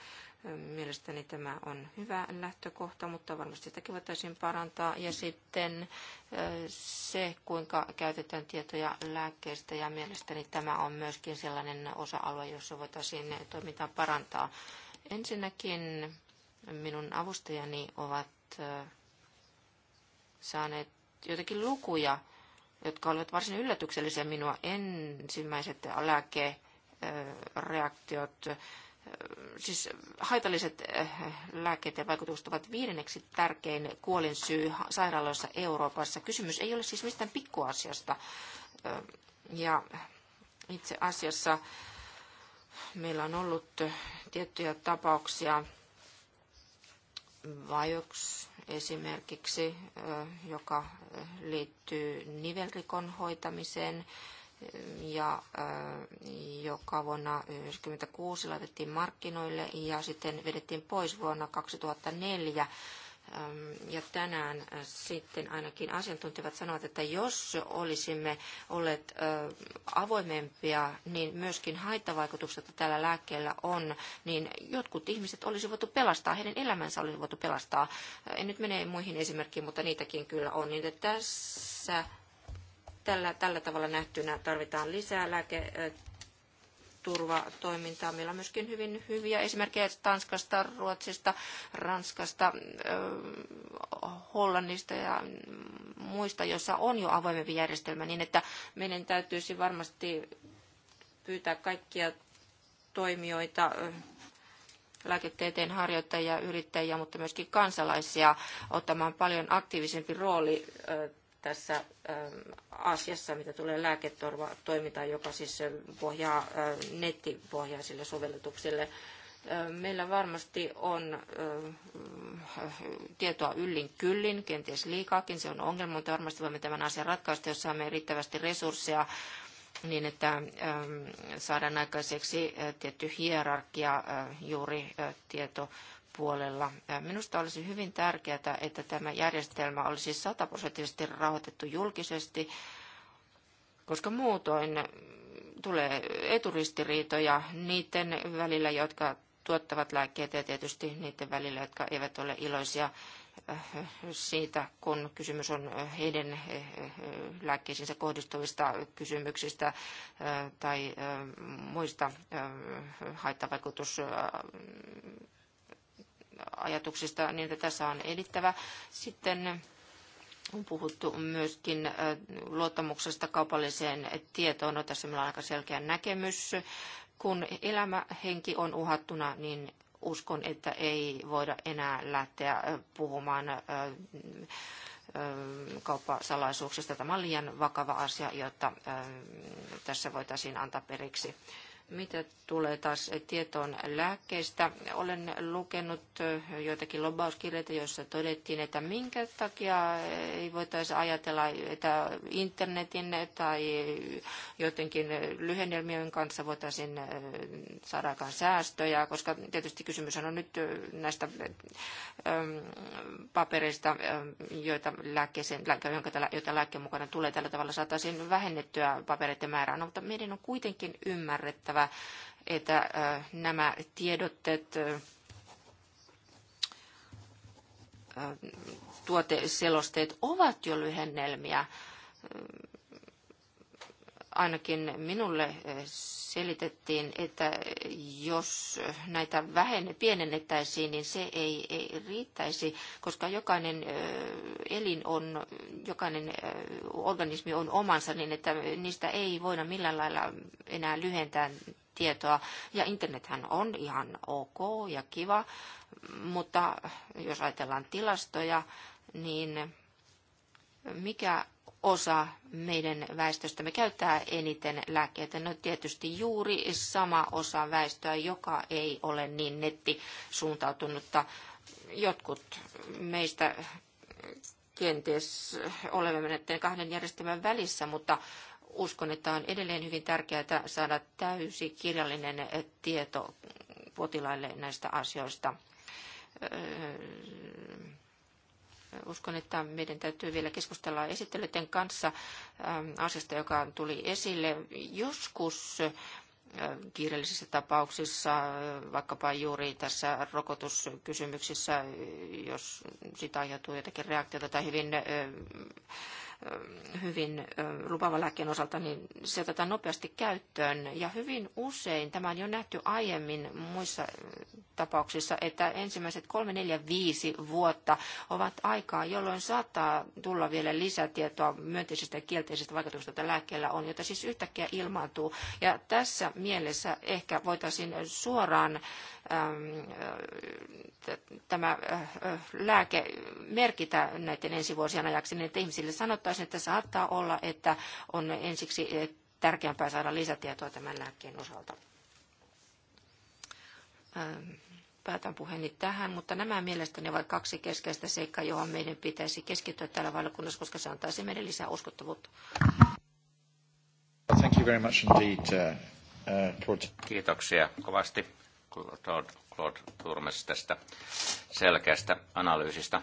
Mielestäni tämä on hyvä lähtökohta, mutta varmasti sitäkin voitaisiin parantaa. Ja sitten se, kuinka käytetään tietoja lääkkeistä. Ja mielestäni tämä on myöskin sellainen osa-alue, jossa voitaisiin toimintaa parantaa. Ensinnäkin minun avustajani ovat saaneet joitakin lukuja, jotka olivat varsin yllätyksellisiä minua. Ensimmäiset lääkereaktiot, siis haitalliset ja vaikutukset ovat viidenneksi tärkein kuolinsyy sairaaloissa Euroopassa. Kysymys ei ole siis mistään pikkuasiasta. Ja itse asiassa meillä on ollut tiettyjä tapauksia Vajox esimerkiksi, joka liittyy nivelrikon hoitamiseen ja joka vuonna 1996 laitettiin markkinoille ja sitten vedettiin pois vuonna 2004 ja tänään äh, sitten ainakin asiantuntijat sanovat, että jos olisimme olleet avoimempia, niin myöskin haittavaikutukset, joita tällä lääkkeellä on, niin jotkut ihmiset olisi voitu pelastaa, heidän elämänsä olisi voitu pelastaa. En nyt mene muihin esimerkkiin, mutta niitäkin kyllä on. Niin tässä tällä, tällä tavalla nähtynä tarvitaan lisää lääke turvatoimintaa. Meillä on myöskin hyvin hyviä esimerkkejä Tanskasta, Ruotsista, Ranskasta, Hollannista ja muista, joissa on jo avoimempi järjestelmä, niin että meidän täytyisi varmasti pyytää kaikkia toimijoita lääketieteen harjoittajia, yrittäjiä, mutta myöskin kansalaisia ottamaan paljon aktiivisempi rooli tässä ähm, asiassa, mitä tulee lääketorvatoimintaan, joka siis äh, pohjaa äh, nettipohjaisille sovellutuksille. Äh, meillä varmasti on tietoa yllin kyllin, kenties liikaakin, se on ongelma, mutta varmasti voimme tämän asian ratkaista, jos saamme riittävästi resursseja niin, että ähm, saadaan aikaiseksi tietty hierarkia juuri tieto puolella. Minusta olisi hyvin tärkeää, että tämä järjestelmä olisi sataprosenttisesti rahoitettu julkisesti, koska muutoin tulee eturistiriitoja niiden välillä, jotka tuottavat lääkkeitä ja tietysti niiden välillä, jotka eivät ole iloisia siitä, kun kysymys on heidän lääkkeisiinsä kohdistuvista kysymyksistä tai muista haittavaikutus ajatuksista, niin että tässä on edittävä. Sitten on puhuttu myöskin luottamuksesta kaupalliseen tietoon. No, tässä meillä on aika selkeä näkemys. Kun elämähenki on uhattuna, niin uskon, että ei voida enää lähteä puhumaan kauppasalaisuuksista. Tämä on liian vakava asia, jotta tässä voitaisiin antaa periksi. Mitä tulee taas tietoon lääkkeistä, olen lukenut joitakin lobbauskirjeitä, joissa todettiin, että minkä takia ei voitaisi ajatella, että internetin tai jotenkin lyhennelmien kanssa voitaisiin saada aikaan säästöjä, koska tietysti kysymys on nyt näistä papereista, joita, lääkkeeseen, jonka tällä, joita lääkkeen mukana tulee tällä tavalla, saataisiin vähennettyä papereiden määrää, no, mutta meidän on kuitenkin ymmärrettävä, tehtävä, että nämä tiedotteet tuoteselosteet ovat jo lyhennelmiä ainakin minulle eh, selitettiin, että jos näitä vähenne, pienennettäisiin, niin se ei, ei riittäisi, koska jokainen eh, elin on, jokainen eh, organismi on omansa, niin että niistä ei voida millään lailla enää lyhentää tietoa. Ja internethän on ihan ok ja kiva, mutta jos ajatellaan tilastoja, niin mikä osa meidän väestöstämme käyttää eniten lääkkeitä. No tietysti juuri sama osa väestöä, joka ei ole niin nettisuuntautunutta. Jotkut meistä kenties olemme näiden kahden järjestelmän välissä, mutta uskon, että on edelleen hyvin tärkeää saada täysi kirjallinen tieto potilaille näistä asioista öö, uskon, että meidän täytyy vielä keskustella esittelyiden kanssa ähm, asiasta, joka tuli esille. Joskus ähm, kiireellisissä tapauksissa, äh, vaikkapa juuri tässä rokotuskysymyksissä, äh, jos sitä aiheutuu jotakin reaktiota tai hyvin äh, hyvin lupavan lääkkeen osalta, niin se otetaan nopeasti käyttöön. Ja hyvin usein, tämä on jo nähty aiemmin muissa tapauksissa, että ensimmäiset 3, 4, 5 vuotta ovat aikaa, jolloin saattaa tulla vielä lisätietoa myönteisistä ja kielteisistä vaikutuksista, joita lääkkeellä on, jota siis yhtäkkiä ilmaantuu. Ja tässä mielessä ehkä voitaisiin suoraan tämä lääke merkitä näiden ensi vuosien ajaksi, niin että ihmisille sanottaisiin, että saattaa olla, että on ensiksi eh, tärkeämpää saada lisätietoa tämän lääkkeen osalta. Päätän puheeni tähän, mutta nämä mielestäni ovat kaksi keskeistä seikkaa, johon meidän pitäisi keskittyä täällä valiokunnassa, koska se antaisi meille lisää uskottavuutta. Thank you very much indeed, uh, uh, Kiitoksia kovasti Claude Turmes tästä selkeästä analyysistä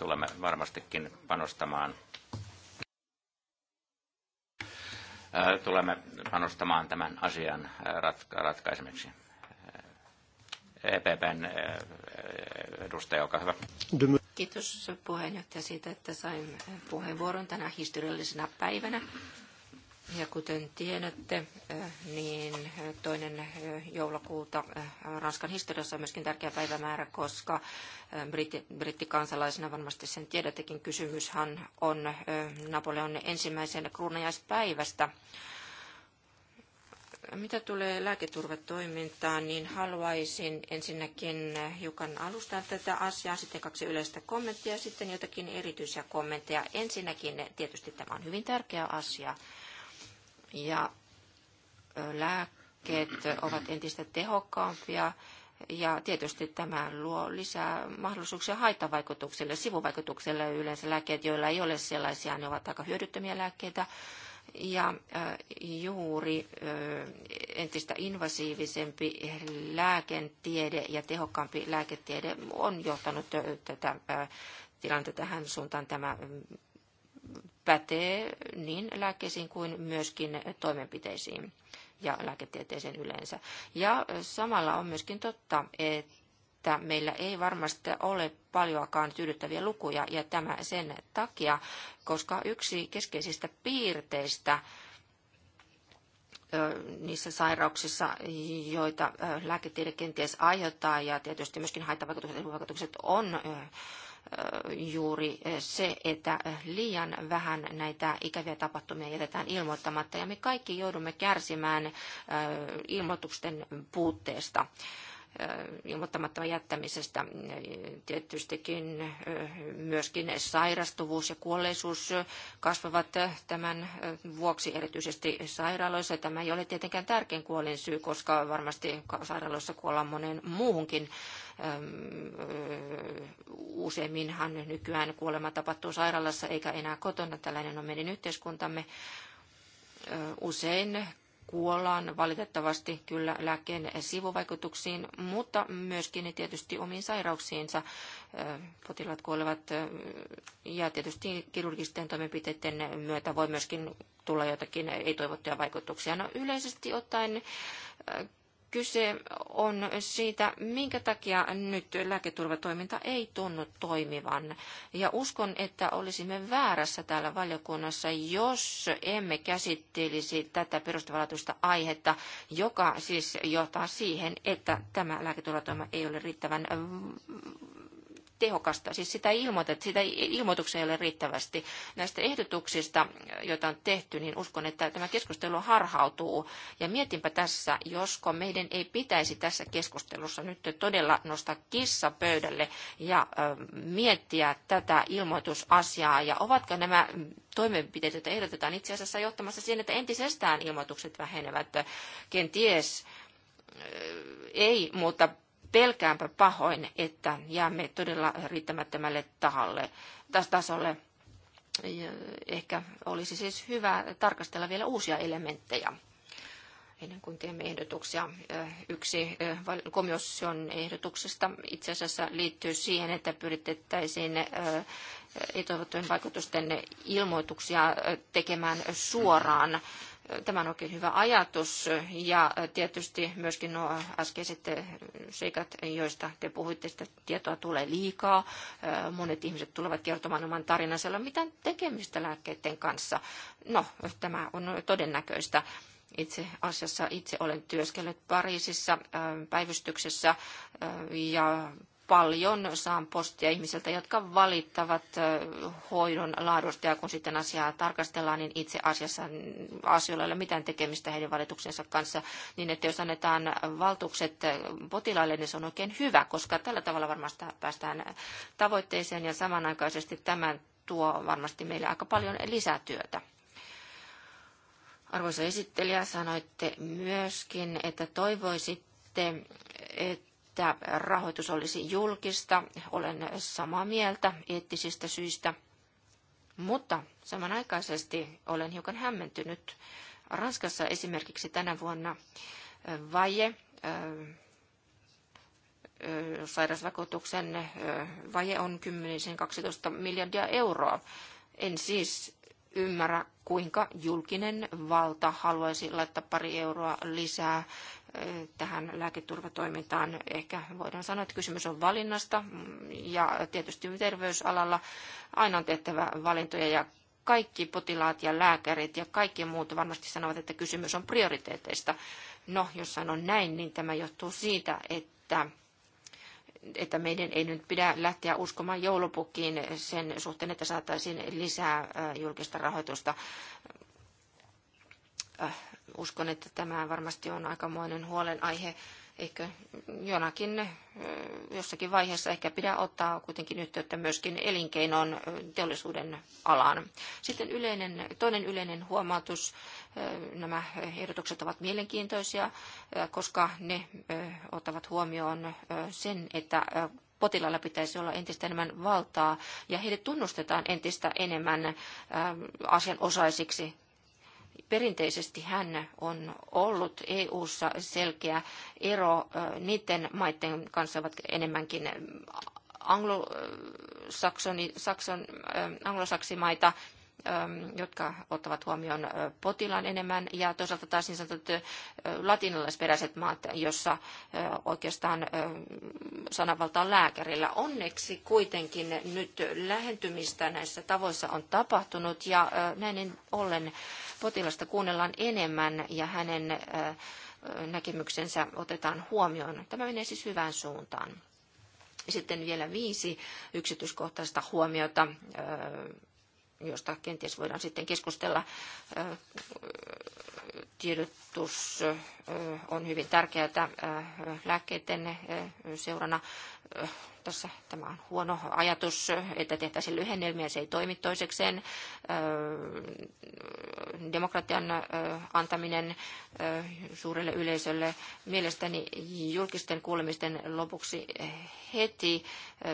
tulemme varmastikin panostamaan tulemme panostamaan tämän asian ratka- ratkaisemiseksi. EPPn edustaja, olkaa hyvä. Kiitos puheenjohtaja siitä, että sain puheenvuoron tänä historiallisena päivänä. Ja kuten tiedätte, äh, niin äh, toinen äh, joulukuuta Ranskan historiassa on myöskin tärkeä päivämäärä, koska britti, brittikansalaisena varmasti sen tiedättekin kysymyshan on Napoleon ensimmäisen kruunajaispäivästä. Mitä tulee lääketurvatoimintaan, niin haluaisin ensinnäkin hiukan alustaa tätä asiaa, sitten kaksi yleistä kommenttia ja sitten jotakin erityisiä kommentteja. Ensinnäkin tietysti tämä on hyvin tärkeä asia ja lääkkeet ovat entistä tehokkaampia. Ja tietysti tämä luo lisää mahdollisuuksia haittavaikutuksille, sivuvaikutuksille. Yleensä lääkkeet, joilla ei ole sellaisia, ne ovat aika hyödyttömiä lääkkeitä. Ja juuri entistä invasiivisempi lääketiede ja tehokkaampi lääketiede on johtanut tätä tilannetta tähän suuntaan. Tämä mm, pätee niin lääkkeisiin kuin myöskin toimenpiteisiin ja lääketieteeseen yleensä. Ja samalla on myöskin totta, että meillä ei varmasti ole paljoakaan tyydyttäviä lukuja, ja tämä sen takia, koska yksi keskeisistä piirteistä niissä sairauksissa, joita lääketiede kenties aiheuttaa, ja tietysti myöskin haittavaikutukset ja on juuri se, että liian vähän näitä ikäviä tapahtumia jätetään ilmoittamatta ja me kaikki joudumme kärsimään ilmoitusten puutteesta ilmoittamatta jättämisestä. Tietystikin myöskin sairastuvuus ja kuolleisuus kasvavat tämän vuoksi erityisesti sairaaloissa. Tämä ei ole tietenkään tärkein kuolinsyy, koska varmasti sairaaloissa kuollaan monen muuhunkin. Useimminhan nykyään kuolema tapahtuu sairaalassa eikä enää kotona. Tällainen on meidän yhteiskuntamme usein kuollaan valitettavasti kyllä lääkkeen sivuvaikutuksiin, mutta myöskin tietysti omiin sairauksiinsa potilaat kuolevat ja tietysti kirurgisten toimenpiteiden myötä voi myöskin tulla jotakin ei-toivottuja vaikutuksia. No, yleisesti ottaen kyse on siitä, minkä takia nyt lääketurvatoiminta ei tunnu toimivan. Ja uskon, että olisimme väärässä täällä valiokunnassa, jos emme käsittelisi tätä perustavalaatuista aihetta, joka siis johtaa siihen, että tämä lääketurvatoima ei ole riittävän tehokasta. Siis sitä ei sitä ilmoituksia ei ole riittävästi. Näistä ehdotuksista, joita on tehty, niin uskon, että tämä keskustelu harhautuu. Ja mietinpä tässä, josko meidän ei pitäisi tässä keskustelussa nyt todella nostaa kissa pöydälle ja miettiä tätä ilmoitusasiaa. Ja ovatko nämä toimenpiteet, joita ehdotetaan itse asiassa johtamassa siihen, että entisestään ilmoitukset vähenevät. Kenties ei, mutta pelkäänpä pahoin, että jäämme todella riittämättömälle tahalle, tasolle. Ehkä olisi siis hyvä tarkastella vielä uusia elementtejä ennen kuin teemme ehdotuksia. Yksi komission ehdotuksesta itse asiassa liittyy siihen, että pyritettäisiin ei vaikutusten ilmoituksia tekemään suoraan Tämä on oikein hyvä ajatus ja tietysti myöskin nuo äskeiset seikat, joista te puhuitte, että tietoa tulee liikaa. Monet ihmiset tulevat kertomaan oman tarinansa, ei ole mitään tekemistä lääkkeiden kanssa. No, tämä on todennäköistä. Itse asiassa itse olen työskennellyt Pariisissa päivystyksessä ja paljon saan postia ihmisiltä, jotka valittavat hoidon laadusta ja kun sitten asiaa tarkastellaan, niin itse asiassa mm, asioilla ei ole mitään tekemistä heidän valituksensa kanssa, niin että jos annetaan valtuukset potilaille, niin se on oikein hyvä, koska tällä tavalla varmasti päästään tavoitteeseen ja samanaikaisesti tämän tuo varmasti meille aika paljon lisätyötä. Arvoisa esittelijä, sanoitte myöskin, että toivoisitte, että että rahoitus olisi julkista. Olen samaa mieltä eettisistä syistä, mutta samanaikaisesti olen hiukan hämmentynyt. Ranskassa esimerkiksi tänä vuonna vaje sairausvakuutuksen vaje on 10-12 miljardia euroa. En siis ymmärrä, kuinka julkinen valta haluaisi laittaa pari euroa lisää eh, tähän lääketurvatoimintaan. Ehkä voidaan sanoa, että kysymys on valinnasta mm, ja tietysti terveysalalla aina on tehtävä valintoja ja kaikki potilaat ja lääkärit ja kaikki muut varmasti sanovat, että kysymys on prioriteeteista. No, jos sanon näin, niin tämä johtuu siitä, että että meidän ei nyt pidä lähteä uskomaan joulupukkiin sen suhteen, että saataisiin lisää äh, julkista rahoitusta. Äh, uskon, että tämä varmasti on aikamoinen huolenaihe eikö jonakin, jossakin vaiheessa ehkä pidä ottaa kuitenkin yhteyttä myöskin elinkeinon teollisuuden alaan. Sitten yleinen, toinen yleinen huomautus, nämä ehdotukset ovat mielenkiintoisia, koska ne ottavat huomioon sen, että potilailla pitäisi olla entistä enemmän valtaa ja heidät tunnustetaan entistä enemmän asianosaisiksi Perinteisesti hän on ollut EU-ssa selkeä ero niiden maiden kanssa, ovat enemmänkin anglosaksimaita, Ähm, jotka ottavat huomioon potilaan enemmän, ja toisaalta taas niin sanotut latinalaisperäiset maat, jossa oikeastaan sananvalta on lääkärillä. Onneksi kuitenkin nyt lähentymistä näissä tavoissa on tapahtunut, ja näin ollen potilasta kuunnellaan enemmän, ja hänen näkemyksensä otetaan huomioon. Tämä menee siis hyvään suuntaan. Sitten vielä viisi yksityiskohtaista huomiota josta kenties voidaan sitten keskustella tiedotus on hyvin tärkeää lääkkeiden seurana. Tässä tämä on huono ajatus, että tehtäisiin lyhennelmiä, se ei toimi toisekseen. Demokratian antaminen suurelle yleisölle mielestäni julkisten kuulemisten lopuksi heti,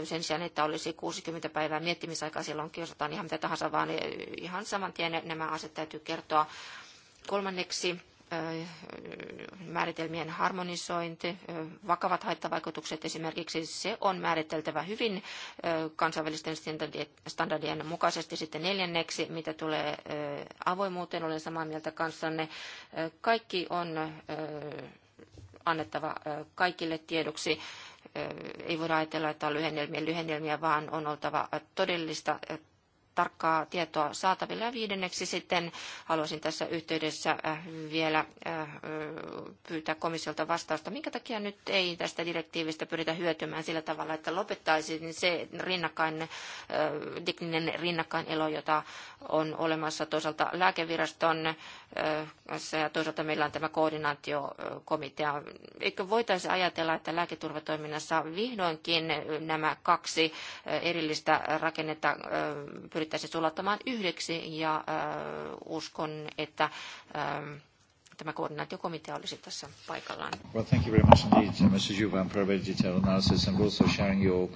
sen sijaan, että olisi 60 päivää miettimisaikaa, silloin kiusataan ihan mitä tahansa, vaan ihan saman tien nämä asiat täytyy kertoa Kolmanneksi määritelmien harmonisointi, vakavat haittavaikutukset esimerkiksi, se on määriteltävä hyvin kansainvälisten standardien mukaisesti. Sitten neljänneksi, mitä tulee avoimuuteen, olen samaa mieltä kanssanne. Kaikki on annettava kaikille tiedoksi ei voida ajatella, että on lyhennelmiä, lyhennelmiä, vaan on oltava todellista tarkkaa tietoa saatavilla. Ja viidenneksi sitten haluaisin tässä yhteydessä äh, vielä äh, pyytää komissiolta vastausta, minkä takia nyt ei tästä direktiivistä pyritä hyötymään sillä tavalla, että lopettaisiin se rinnakkain, tekninen äh, rinnakkainelo, jota on olemassa toisaalta lääkeviraston kanssa ja toisaalta meillä on tämä koordinaatiokomitea. Eikö voitaisi ajatella, että lääketurvatoiminnassa vihdoinkin nämä kaksi erillistä rakennetta pyritään pyrittäisiin sulattamaan yhdeksi ja uskon, että tämä koordinaatiokomitea olisi tässä paikallaan. Well, thank you very much indeed, Mrs. Juvan, for very detailed analysis and also sharing your...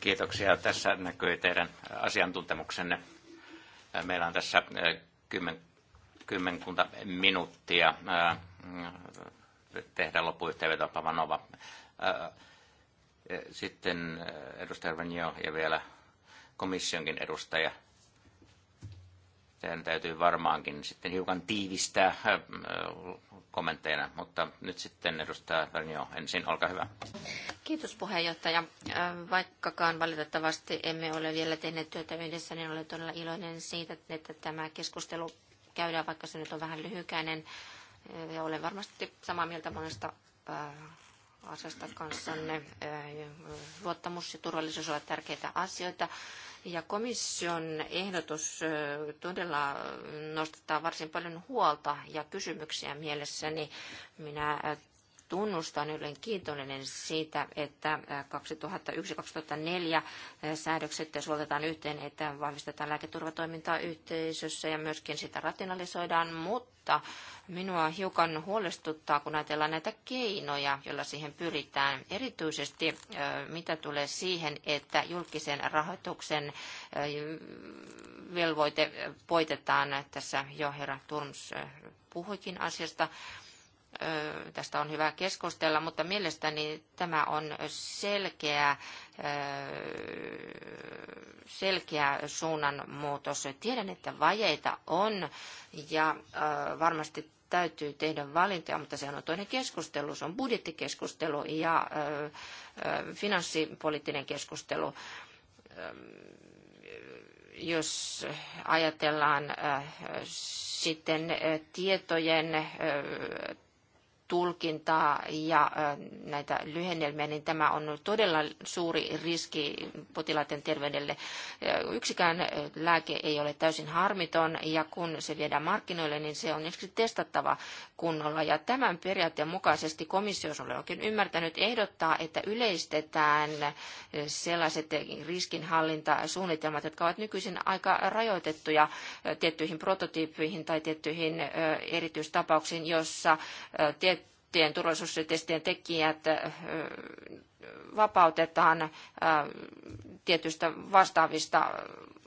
Kiitoksia. Tässä näkyy teidän asiantuntemuksenne. Meillä on tässä kymmen, kymmenkunta minuuttia mm, tehdä loppuyhteenveto Pavanova. Sitten edustaja Venjo ja vielä komissionkin edustaja. Teidän täytyy varmaankin sitten hiukan tiivistää äh, kommentteina, mutta nyt sitten edustaja Vernio ensin, olkaa hyvä. Kiitos puheenjohtaja. Äh, vaikkakaan valitettavasti emme ole vielä tehneet työtä yhdessä, niin olen todella iloinen siitä, että tämä keskustelu käydään, vaikka se nyt on vähän lyhykäinen. Äh, ja olen varmasti samaa mieltä monesta asiasta kanssanne. Luottamus ja turvallisuus ovat tärkeitä asioita. Ja komission ehdotus todella nostetaan varsin paljon huolta ja kysymyksiä mielessäni. Minä tunnusta. On ylen kiitollinen siitä, että 2001-2004 säädökset suoltetaan yhteen, että vahvistetaan lääketurvatoimintaa yhteisössä ja myöskin sitä rationalisoidaan, mutta minua hiukan huolestuttaa, kun ajatellaan näitä keinoja, joilla siihen pyritään. Erityisesti mitä tulee siihen, että julkisen rahoituksen velvoite poitetaan. Tässä jo herra Turms puhuikin asiasta tästä on hyvä keskustella, mutta mielestäni tämä on selkeä, selkeä suunnanmuutos. Tiedän, että vajeita on ja varmasti täytyy tehdä valintoja, mutta se on toinen keskustelu, se on budjettikeskustelu ja finanssipoliittinen keskustelu jos ajatellaan sitten tietojen tulkintaa ja näitä lyhennelmiä, niin tämä on todella suuri riski potilaiden terveydelle. Yksikään lääke ei ole täysin harmiton ja kun se viedään markkinoille, niin se on ensiksi testattava kunnolla. Ja tämän periaatteen mukaisesti komissio, on oikein ymmärtänyt, ehdottaa, että yleistetään sellaiset riskinhallintasuunnitelmat, jotka ovat nykyisin aika rajoitettuja tiettyihin prototyyppeihin tai tiettyihin erityistapauksiin, jossa tietty tiettyjen turvallisuustestien tekijät vapautetaan tietystä vastaavista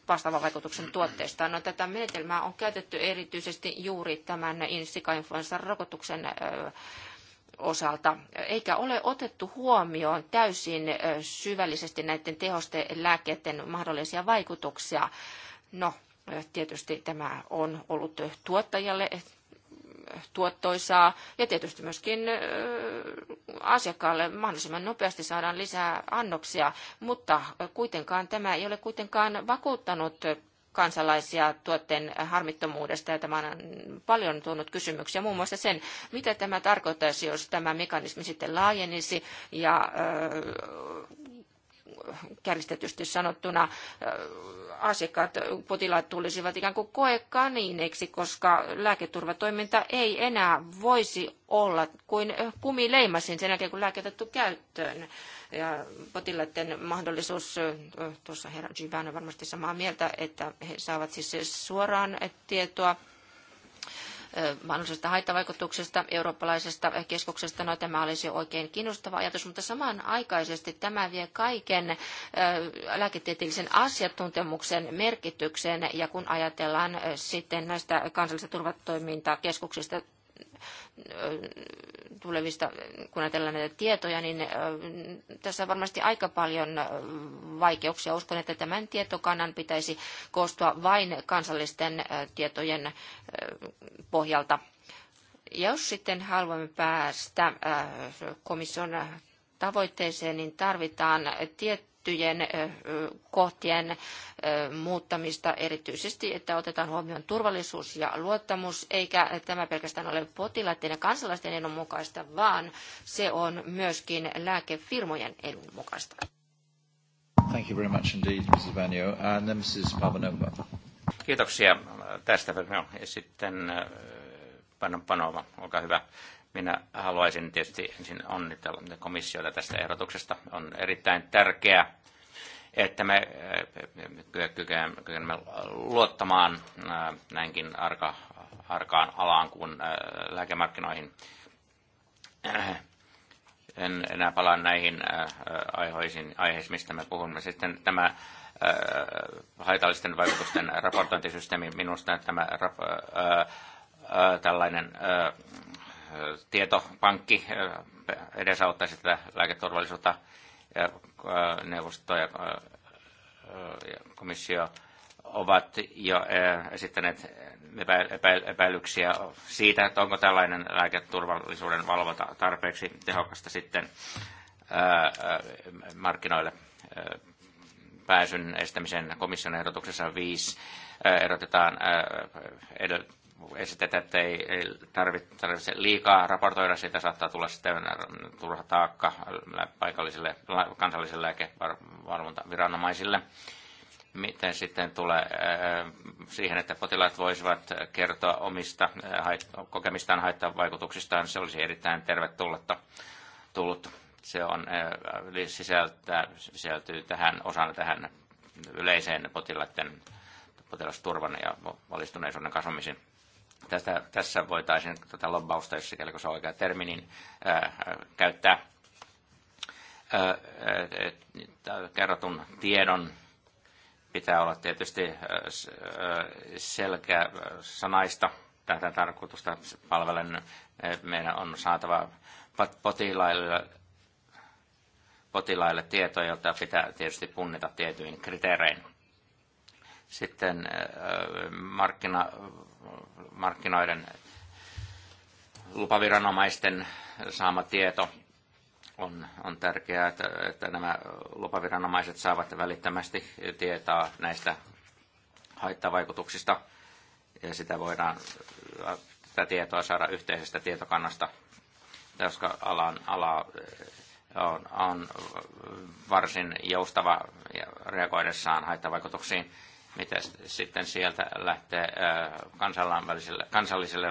vastaavan vaikutuksen tuotteista. No, tätä menetelmää on käytetty erityisesti juuri tämän insikainfluenssan rokotuksen osalta, eikä ole otettu huomioon täysin syvällisesti näiden tehoste-lääkkeiden mahdollisia vaikutuksia. No, tietysti tämä on ollut tuottajalle tuottoisaa ja tietysti myöskin asiakkaalle mahdollisimman nopeasti saadaan lisää annoksia, mutta kuitenkaan tämä ei ole kuitenkaan vakuuttanut kansalaisia tuotteen harmittomuudesta ja tämä on paljon tuonut kysymyksiä, muun muassa sen, mitä tämä tarkoittaisi, jos tämä mekanismi sitten laajenisi ja kärjistetysti sanottuna asiakkaat, potilaat tulisivat ikään kuin koekaniineiksi, koska lääketurvatoiminta ei enää voisi olla kuin kumileimasin sen jälkeen, kun lääketettu käyttöön. Ja potilaiden mahdollisuus, tuossa herra Giovanni varmasti samaa mieltä, että he saavat siis suoraan tietoa mahdollisesta haittavaikutuksesta, eurooppalaisesta keskuksesta. No tämä olisi oikein kiinnostava ajatus, mutta samanaikaisesti tämä vie kaiken lääketieteellisen asiantuntemuksen merkitykseen ja kun ajatellaan sitten näistä kansallisista turvatoimintakeskuksista tulevista, kun ajatellaan näitä tietoja, niin tässä on varmasti aika paljon vaikeuksia. Uskon, että tämän tietokannan pitäisi koostua vain kansallisten tietojen pohjalta. Jos sitten haluamme päästä komission tavoitteeseen, niin tarvitaan tietoja tiettyjen kohtien muuttamista erityisesti, että otetaan huomioon turvallisuus ja luottamus, eikä tämä pelkästään ole potilaiden ja kansalaisten edun mukaista, vaan se on myöskin lääkefirmojen edun mukaista. Thank you very much indeed, Mrs. Vanio. And then Mrs. Pavanova. Kiitoksia tästä. No, sitten Panon Panova, olkaa hyvä. Minä haluaisin tietysti ensin onnitella komissiota tästä ehdotuksesta. On erittäin tärkeää, että me eh, kykenemme luottamaan eh, näinkin arka, arkaan alaan kuin eh, lääkemarkkinoihin. En enää palaa näihin aiheisiin, aiheisiin, mistä me puhumme. Sitten tämä haitallisten vaikutusten raportointisysteemi, minusta tämä tällainen tietopankki edesauttaisi tätä lääketurvallisuutta neuvosto ja komissio ovat jo esittäneet epäilyksiä siitä, että onko tällainen lääketurvallisuuden valvonta tarpeeksi tehokasta sitten markkinoille pääsyn estämisen komission ehdotuksessa 5 erotetaan esitetään, että ei, ei tarvitse, tarvitse liikaa raportoida, siitä saattaa tulla sitten äh, turha taakka äh, paikallisille kansallisille lääkevalvontaviranomaisille. Miten sitten tulee äh, siihen, että potilaat voisivat kertoa omista kokemistaan haittavaikutuksistaan, se olisi erittäin tervetullutta. Tullut. Se on, sisältää, sisältyy tähän osana tähän yleiseen potilaiden potilasturvan ja valistuneisuuden kasvamisen Tästä, tässä voitaisiin tätä lobbausta, jos sikäli kun se on oikea termi, niin ää, käyttää ää, ää, kerrotun tiedon pitää olla tietysti selkeä sanaista tätä tarkoitusta palvelen. Meidän on saatava potilaille, potilaille tietoja, joita pitää tietysti punnita tietyin kriteerein. Sitten markkina markkinoiden lupaviranomaisten saama tieto on, on tärkeää, että, että nämä lupaviranomaiset saavat välittömästi tietää näistä haittavaikutuksista ja sitä voidaan tätä tietoa saada yhteisestä tietokannasta, koska alan, ala on, on varsin joustava reagoidessaan haittavaikutuksiin mitä sitten sieltä lähtee kansalliselle, kansalliselle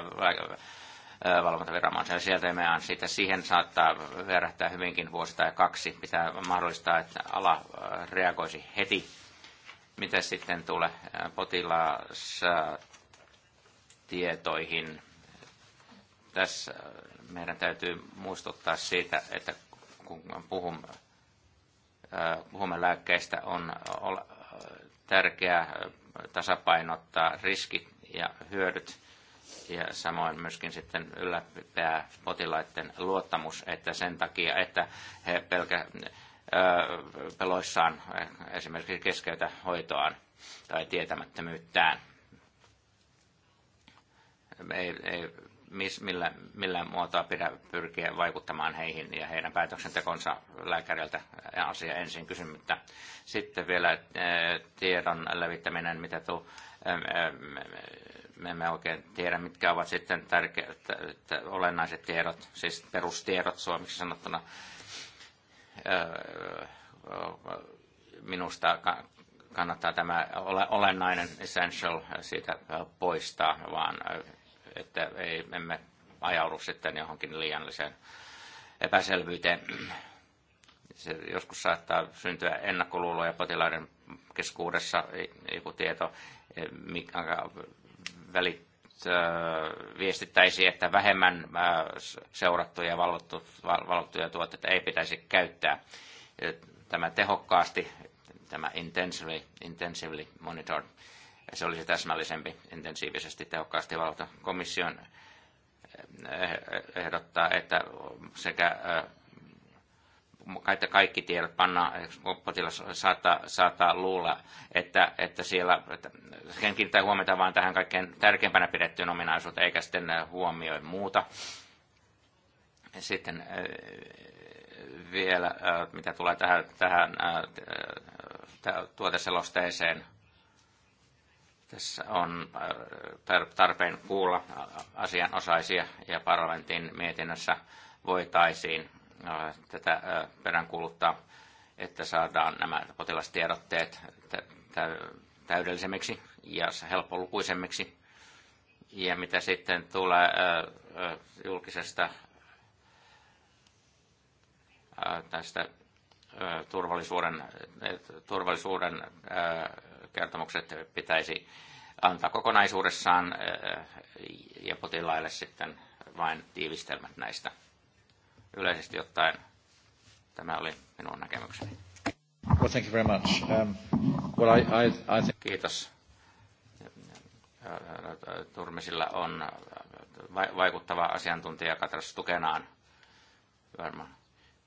valvontaviranomaiselle. Sieltä meään siitä siihen saattaa verähtää hyvinkin vuosi tai kaksi. Pitää mahdollistaa, että ala reagoisi heti. Mitä sitten tulee potilastietoihin? Tässä meidän täytyy muistuttaa siitä, että kun puhumme, puhumme lääkkeistä, on tärkeää tasapainottaa riskit ja hyödyt ja samoin myöskin sitten ylläpitää potilaiden luottamus, että sen takia, että he pelkä, peloissaan e, esimerkiksi keskeytä hoitoaan tai tietämättömyyttään. Ei, ei millä, millä muotoa pidä pyrkiä vaikuttamaan heihin ja heidän päätöksentekonsa lääkäriltä asia ensin kysymyttä. Sitten vielä eh, tiedon levittäminen, mitä tuu, me emme oikein tiedä, mitkä ovat sitten tärkeät, olennaiset tiedot, siis perustiedot suomeksi sanottuna. Eh, minusta kannattaa tämä olennainen essential siitä eh, poistaa, vaan että ei, emme ajaudu sitten johonkin liialliseen epäselvyyteen. Se joskus saattaa syntyä ennakkoluuloja potilaiden keskuudessa, joku tieto, mikä välit viestittäisi, että vähemmän seurattuja ja valvottuja tuotteita ei pitäisi käyttää. Tämä tehokkaasti, tämä intensively, intensively monitored se olisi täsmällisempi, intensiivisesti, tehokkaasti valta. Komission eh, eh, ehdottaa, että sekä eh, että kaikki tiedot pannaan, potilas saattaa, saattaa luulla, että, että siellä että kiinnittää huomiota vain tähän kaikkein tärkeimpänä pidettyyn ominaisuuteen, eikä sitten huomioi muuta. Sitten vielä, mitä tulee tähän, tähän tuoteselosteeseen, tässä on äh, tarpeen kuulla äh, asianosaisia ja parlamentin mietinnössä voitaisiin äh, tätä peräänkuuluttaa, että saadaan nämä potilastiedotteet täydellisemmiksi ja helppolukuisemmiksi. Ja mitä sitten tulee julkisesta tästä turvallisuuden, turvallisuuden kertomukset pitäisi antaa kokonaisuudessaan ja potilaille sitten vain tiivistelmät näistä. Yleisesti ottaen tämä oli minun näkemykseni. Well, thank you very much. Um, well, I, I, I think... Kiitos. Turmisilla on vaikuttava asiantuntija Katras tukenaan varmaan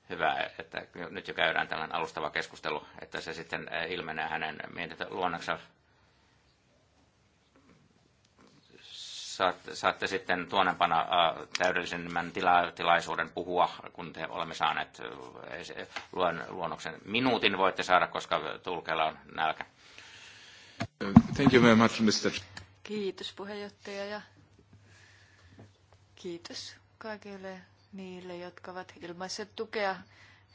hyvä, että nyt jo käydään tällainen alustava keskustelu, että se sitten eh, ilmenee hänen mietintöluonnoksensa. Saatte, saatte sitten tuonempana äh, eh, täydellisen tila, tilaisuuden puhua, kun te olemme saaneet äh, luonnoksen. Minuutin voitte saada, koska tulkeella on nälkä. Thank you very much, Mr. Kiitos puheenjohtaja ja kiitos kaikille niille, jotka ovat ilmaiset tukea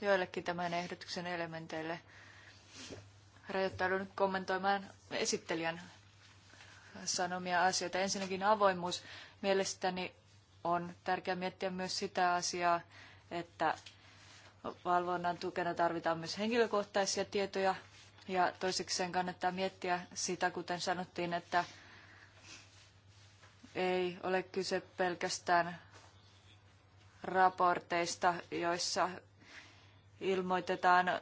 joillekin tämän ehdotuksen elementeille. Rajoittaudun nyt kommentoimaan esittelijän sanomia asioita. Ensinnäkin avoimuus. Mielestäni on tärkeää miettiä myös sitä asiaa, että valvonnan tukena tarvitaan myös henkilökohtaisia tietoja. Ja toisekseen kannattaa miettiä sitä, kuten sanottiin, että ei ole kyse pelkästään raporteista, joissa ilmoitetaan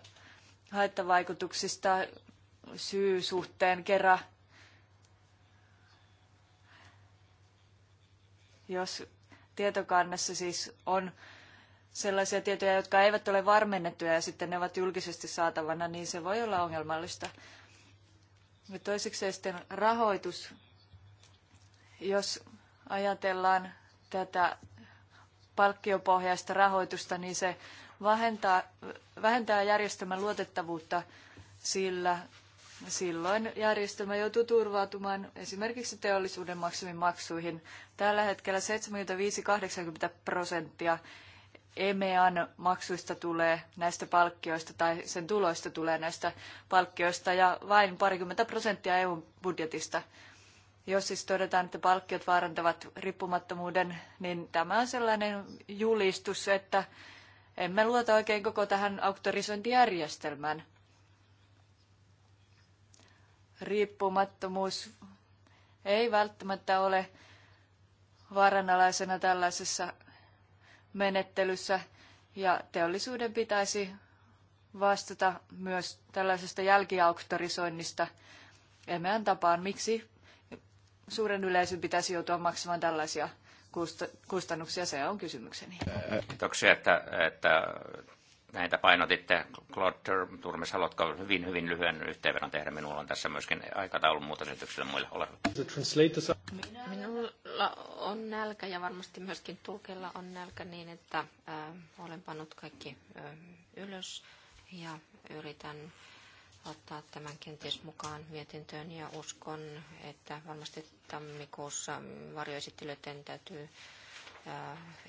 haittavaikutuksista syysuhteen kerran. Jos tietokannassa siis on sellaisia tietoja, jotka eivät ole varmennettuja ja sitten ne ovat julkisesti saatavana, niin se voi olla ongelmallista. Ja toiseksi sitten rahoitus. Jos ajatellaan tätä palkkiopohjaista rahoitusta, niin se vähentää, vähentää järjestelmän luotettavuutta, sillä silloin järjestelmä joutuu turvautumaan esimerkiksi teollisuuden maksamiin maksuihin. Tällä hetkellä 75-80 prosenttia EMEAn maksuista tulee näistä palkkioista tai sen tuloista tulee näistä palkkioista ja vain parikymmentä prosenttia EUn budjetista jos siis todetaan, että palkkiot vaarantavat riippumattomuuden, niin tämä on sellainen julistus, että emme luota oikein koko tähän auktorisointijärjestelmään. Riippumattomuus ei välttämättä ole vaaranalaisena tällaisessa menettelyssä ja teollisuuden pitäisi vastata myös tällaisesta jälkiauktorisoinnista emään tapaan, miksi suuren yleisön pitäisi joutua maksamaan tällaisia kustannuksia? Se on kysymykseni. Kiitoksia, että, että näitä painotitte. Claude Turmes, haluatko hyvin, hyvin lyhyen yhteenvedon tehdä? Minulla on tässä myöskin aikataulun muutosesityksillä muille. Ole Minulla on nälkä ja varmasti myöskin tulkella on nälkä niin, että äh, olen pannut kaikki äh, ylös ja yritän äh, ottaa tämän kenties mukaan mietintöön ja uskon, että varmasti tammikuussa varjoesittelyiden täytyy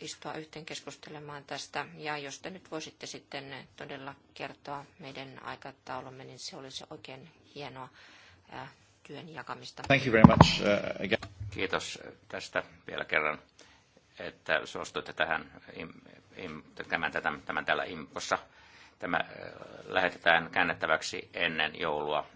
istua yhteen keskustelemaan tästä. Ja jos te nyt voisitte sitten todella kertoa meidän aikataulumme, niin se olisi oikein hienoa työn jakamista. Thank you very much, uh, again. Kiitos tästä vielä kerran, että suostuitte tähän, im, im, tämän, tämän, tämän täällä impossa Tämä lähetetään käännettäväksi ennen joulua